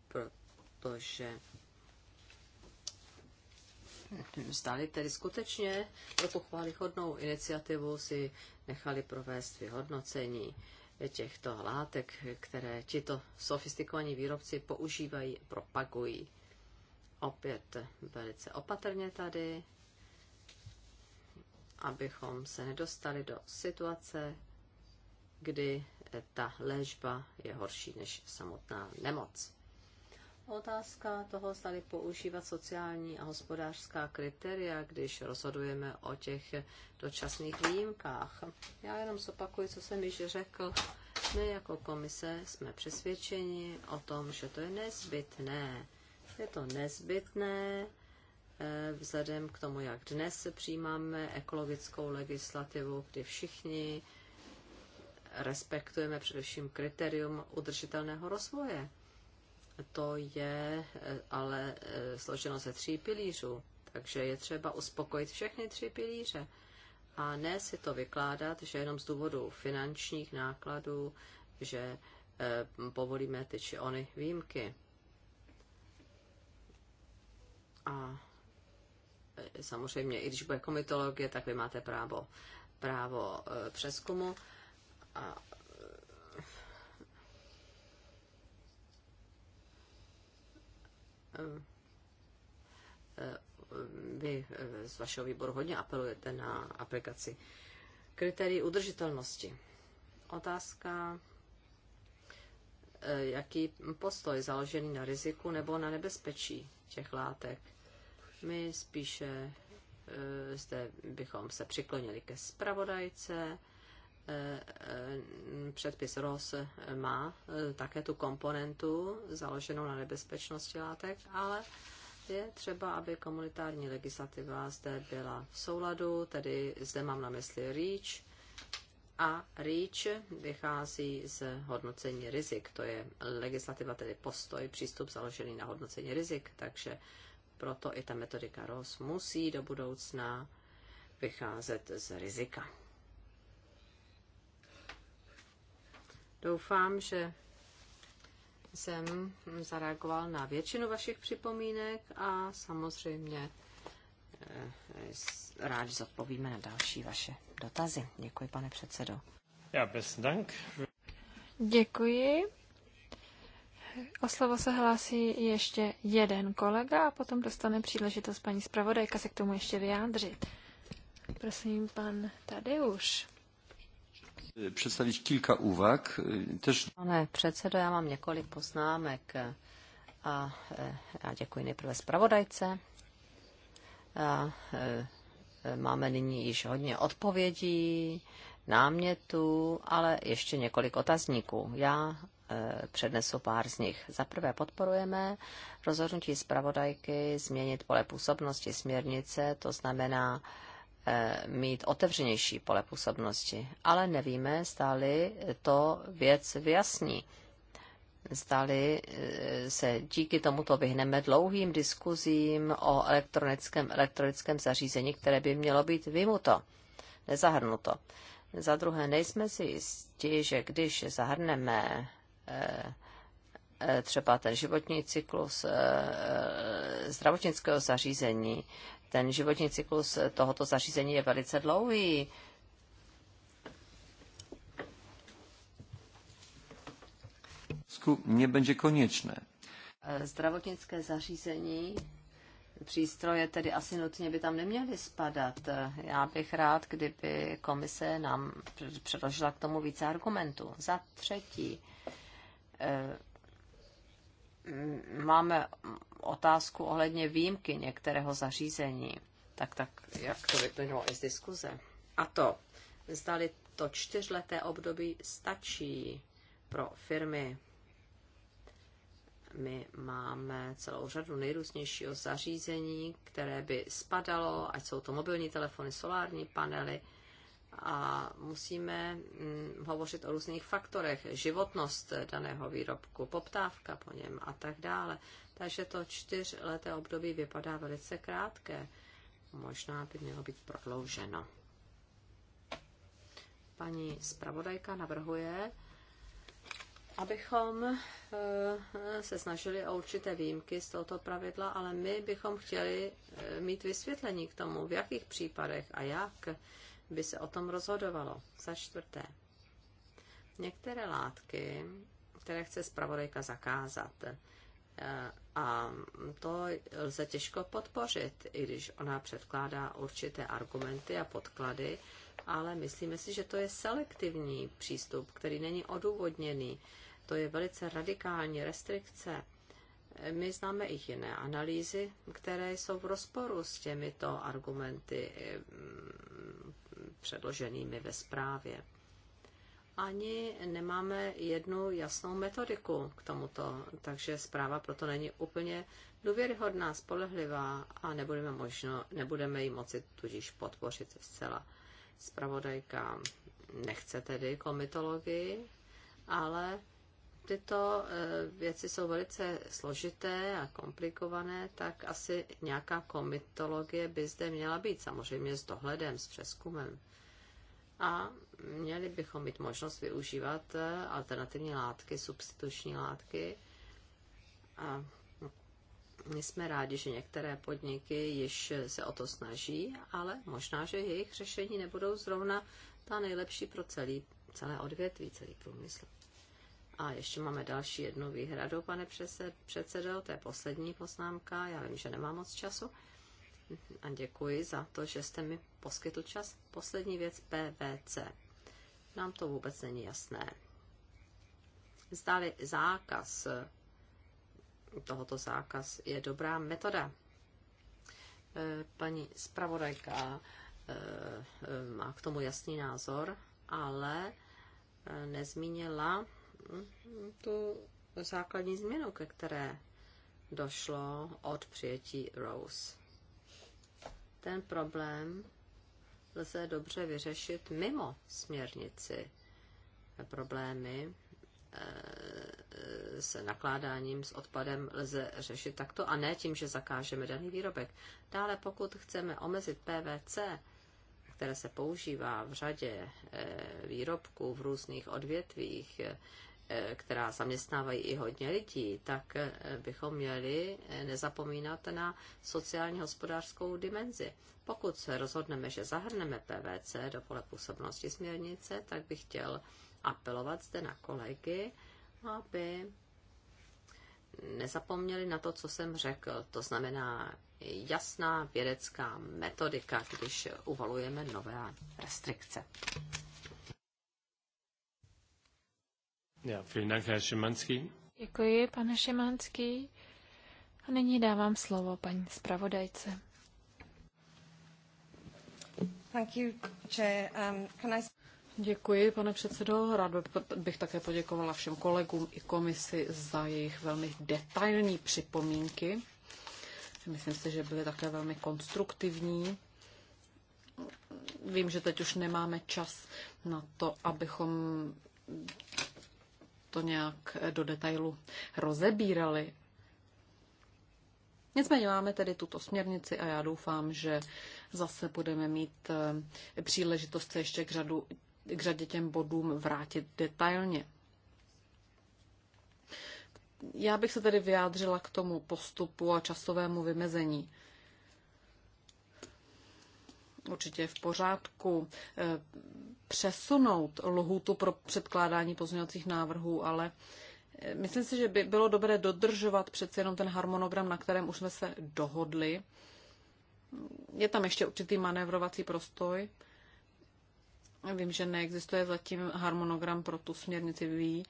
protože zdali tedy skutečně pro tu chválichodnou iniciativu si nechali provést vyhodnocení těchto látek, které tito sofistikovaní výrobci používají a propagují. Opět velice opatrně tady, abychom se nedostali do situace, kdy ta léčba je horší než samotná nemoc. Otázka toho, zda používat sociální a hospodářská kritéria, když rozhodujeme o těch dočasných výjimkách. Já jenom zopakuju, co jsem již řekl. My jako komise jsme přesvědčeni o tom, že to je nezbytné. Je to nezbytné eh, vzhledem k tomu, jak dnes přijímáme ekologickou legislativu, kdy všichni respektujeme především kritérium udržitelného rozvoje to je eh, ale eh, složeno ze tří pilířů, takže je třeba uspokojit všechny tři pilíře a ne si to vykládat, že jenom z důvodu finančních nákladů, že eh, povolíme ty či ony výjimky. A samozřejmě, i když bude komitologie, tak vy máte právo, právo přeskumu. A Eh, eh, eh, vy z vašeho výboru hodně apelujete na aplikaci kritérií udržitelnosti. Otázka, jaký postoj založený na riziku nebo na nebezpečí těch látek. My spíše zde bychom se přiklonili ke spravodajce, Eh, eh, předpis ROS má eh, také tu komponentu založenou na nebezpečnosti látek, ale je třeba, aby komunitární legislativa zde byla v souladu, tedy zde mám na mysli REACH, a REACH vychází z hodnocení rizik. To je legislativa, tedy postoj, přístup založený na hodnocení rizik, takže proto i ta metodika ROS musí do budoucna vycházet z rizika. Doufám, že jsem zareagoval na většinu vašich připomínek a samozřejmě eh, rád zodpovíme na další vaše dotazy. Děkuji, pane předsedo. Já bez dank. Děkuji. O slovo se hlásí ještě jeden kolega a potom dostane příležitost paní zpravodajka se k tomu ještě vyjádřit. Prosím, pan Tadeusz. Představit kilka úvah. Tež... Pane předsedo, já mám několik poznámek a já děkuji nejprve zpravodajce. A, e, máme nyní již hodně odpovědí, námětů, ale ještě několik otazníků. Já e, přednesu pár z nich. Za prvé podporujeme rozhodnutí zpravodajky změnit pole působnosti směrnice, to znamená Eh, mít otevřenější pole působnosti, ale nevíme, stáli to věc vyjasní. Stáli eh, se díky tomuto vyhneme dlouhým diskuzím o elektronickém, elektronickém zařízení, které by mělo být vymuto, nezahrnuto. Za druhé, nejsme si jistí, že když zahrneme eh, třeba ten životní cyklus zdravotnického zařízení, ten životní cyklus tohoto zařízení je velice dlouhý. nebude konečné. E, zdravotnické zařízení, přístroje tedy asi nutně by tam neměly spadat. E, já bych rád, kdyby komise nám předložila k tomu více argumentů. Za třetí, e, máme otázku ohledně výjimky některého zařízení. Tak, tak, jak to vyplynulo i z diskuze. A to, zdali to čtyřleté období stačí pro firmy. My máme celou řadu nejrůznějšího zařízení, které by spadalo, ať jsou to mobilní telefony, solární panely, a musíme mm, hovořit o různých faktorech, životnost daného výrobku, poptávka po něm a tak dále. Takže to čtyřleté období vypadá velice krátké. Možná by mělo být prodlouženo. Paní zpravodajka navrhuje, abychom eh, se snažili o určité výjimky z tohoto pravidla, ale my bychom chtěli eh, mít vysvětlení k tomu, v jakých případech a jak by se o tom rozhodovalo. Za čtvrté, některé látky, které chce zpravodajka zakázat, eh, a to lze těžko podpořit, i když ona předkládá určité argumenty a podklady, ale myslíme si, že to je selektivní přístup, který není odůvodněný. To je velice radikální restrikce. My známe i jiné analýzy, které jsou v rozporu s těmito argumenty eh, předloženými ve zprávě. Ani nemáme jednu jasnou metodiku k tomuto, takže zpráva proto není úplně důvěryhodná, spolehlivá a nebudeme, možno, nebudeme ji moci tudíž podpořit zcela. Spravodajka nechce tedy komitologii, ale tyto e, věci jsou velice složité a komplikované, tak asi nějaká komitologie by zde měla být, samozřejmě s dohledem, s přeskumem a měli bychom mít možnost využívat eh, alternativní látky, substituční látky. A my jsme rádi, že některé podniky již se o to snaží, ale možná, že jejich řešení nebudou zrovna ta nejlepší pro celý, celé odvětví, celý průmysl. A ještě máme další jednu výhradu, pane předsedo, to je poslední poznámka, já vím, že nemám moc času a děkuji za to, že jste mi poskytl čas. Poslední věc PVC. Nám to vůbec není jasné. Zdali zákaz tohoto zákaz je dobrá metoda. Eh, paní zpravodajka eh, má k tomu jasný názor, ale eh, nezmínila hm, tu základní změnu, ke které došlo od přijetí Rose ten problém lze dobře vyřešit mimo směrnici. Problémy eh, eh, s nakládáním s odpadem lze řešit takto a ne tím, že zakážeme daný výrobek. Dále, pokud chceme omezit PVC, které se používá v řadě eh, výrobků v různých odvětvích, Eh, která zaměstnávají i hodně lidí, tak eh, bychom měli eh, nezapomínat na sociální hospodářskou dimenzi. Pokud se rozhodneme, že zahrneme PVC do pole působnosti směrnice, tak bych chtěl apelovat zde na kolegy, aby nezapomněli na to, co jsem řekl. To znamená jasná vědecká metodika, když uvalujeme nové restrikce. Ja, vielen Dank, Herr Šimanský. Děkuji, pane Šimanský. A nyní dávám slovo paní zpravodajce. Thank you, Chair. Um, can I... Děkuji, pane předsedo. Rád bych také poděkovala všem kolegům i komisi za jejich velmi detailní připomínky. Myslím si, že byly také velmi konstruktivní. Vím, že teď už nemáme čas na to, abychom to nějak eh, do detailu rozebírali. Nicméně máme tedy tuto směrnici a já doufám, že zase budeme mít eh, příležitost se ještě k, řadu, k řadě těm bodům vrátit detailně. Já bych se tedy vyjádřila k tomu postupu a časovému vymezení určitě v pořádku eh, přesunout lhůtu pro předkládání pozměňovacích návrhů, ale eh, myslím si, že by bylo dobré dodržovat přece jenom ten harmonogram, na kterém už jsme se dohodli. Je tam ještě určitý manévrovací prostoj. Vím, že neexistuje zatím harmonogram pro tu směrnici VI.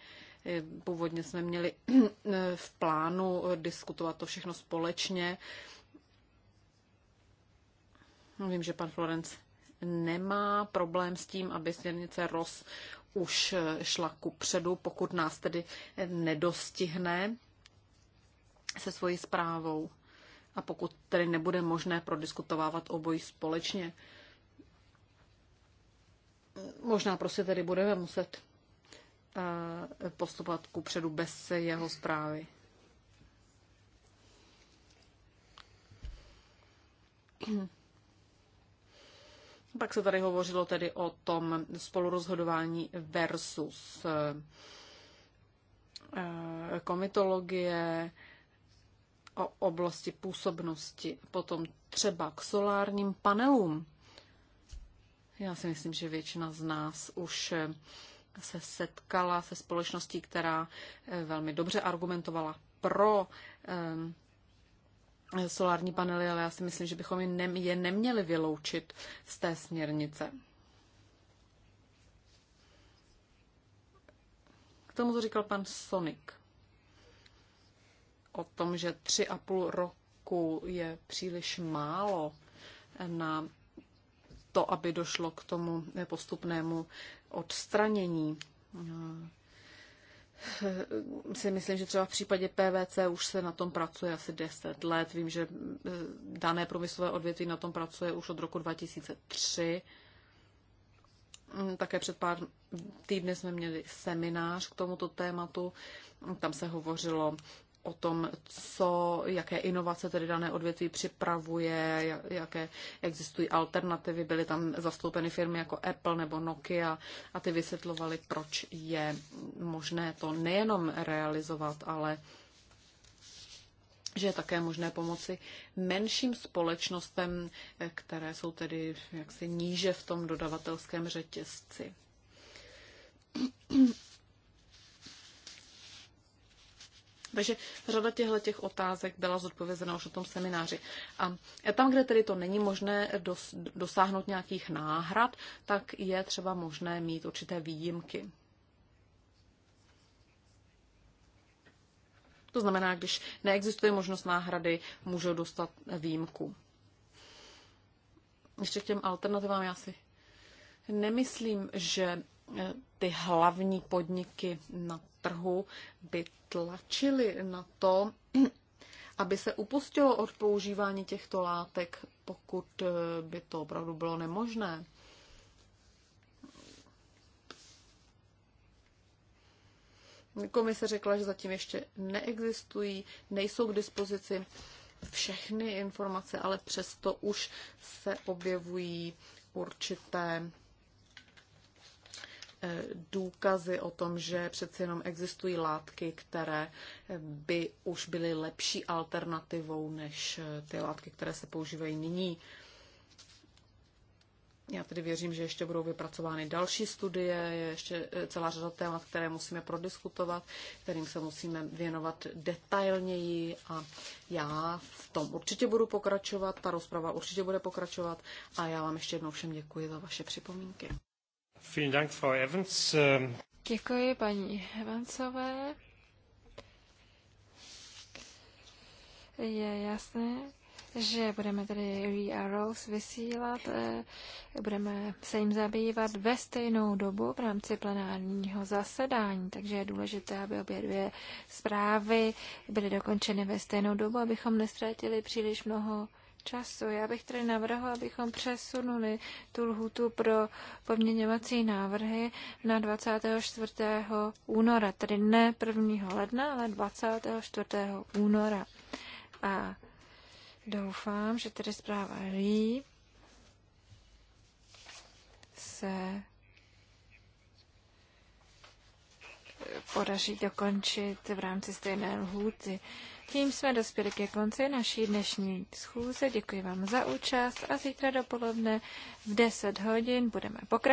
Eh, původně jsme měli v plánu diskutovat to všechno společně Vím, že pan Florenc nemá problém s tím, aby směrnice ROS už eh, šla ku předu, pokud nás tedy nedostihne se svojí zprávou a pokud tedy nebude možné prodiskutovávat obojí společně. Možná prostě tedy budeme muset eh, postupovat ku předu bez jeho zprávy. Hmm. Pak se tady hovořilo tedy o tom spolurozhodování versus eh, komitologie, o oblasti působnosti, potom třeba k solárním panelům. Já si myslím, že většina z nás už se setkala se společností, která eh, velmi dobře argumentovala pro eh, solární panely, ale já si myslím, že bychom je, neměli vyloučit z té směrnice. K tomu, to říkal pan Sonik o tom, že tři a půl roku je příliš málo na to, aby došlo k tomu postupnému odstranění si myslím, že třeba v případě PVC už se na tom pracuje asi 10 let. Vím, že eh, dané průmyslové odvětví na tom pracuje už od roku 2003. Mm, také před pár týdny jsme měli seminář k tomuto tématu. Tam se hovořilo o tom, co, jaké inovace tedy dané odvětví připravuje, jaké existují alternativy. Byly tam zastoupeny firmy jako Apple nebo Nokia a ty vysvětlovaly, proč je možné to nejenom realizovat, ale že je také možné pomoci menším společnostem, které jsou tedy jaksi níže v tom dodavatelském řetězci. Takže řada těchto těch otázek byla zodpovězena už na tom semináři. A tam, kde tedy to není možné dos, dosáhnout nějakých náhrad, tak je třeba možné mít určité výjimky. To znamená, když neexistuje možnost náhrady, můžou dostat výjimku. Ještě k těm alternativám já si nemyslím, že eh, ty hlavní podniky na trhu by tlačili na to, aby se upustilo od používání těchto látek, pokud eh, by to opravdu bylo nemožné. Komise řekla, že zatím ještě neexistují, nejsou k dispozici všechny informace, ale přesto už se objevují určité důkazy o tom, že přeci jenom existují látky, které by už byly lepší alternativou než eh, ty látky, které se používají nyní. Já tedy věřím, že ještě budou vypracovány další studie, je ještě eh, celá řada témat, které musíme prodiskutovat, kterým se musíme věnovat detailněji a já v tom určitě budu pokračovat, ta rozprava určitě bude pokračovat a já vám ještě jednou všem děkuji za vaše připomínky. Vielen Dank, Frau Evans. Ähm, Děkuji paní Evansové. Je jasné, že budeme tady e Ria vysílat, eh, budeme se jim zabývat ve stejnou dobu v rámci plenárního zasedání, takže je důležité, aby obě dvě zprávy byly dokončeny ve stejnou dobu, abychom nestratili příliš mnoho času. Já bych tedy navrhla, abychom přesunuli tu lhutu pro poměňovací návrhy na 24. února, tedy ne 1. ledna, ale 24. února. A doufám, že tedy zpráva RIP se podaří dokončit v rámci stejné lhůty. Tím jsme dospěli ke konci naší dnešní schůze. Děkuji vám za účast a zítra dopoledne v 10 hodin budeme pokračovat.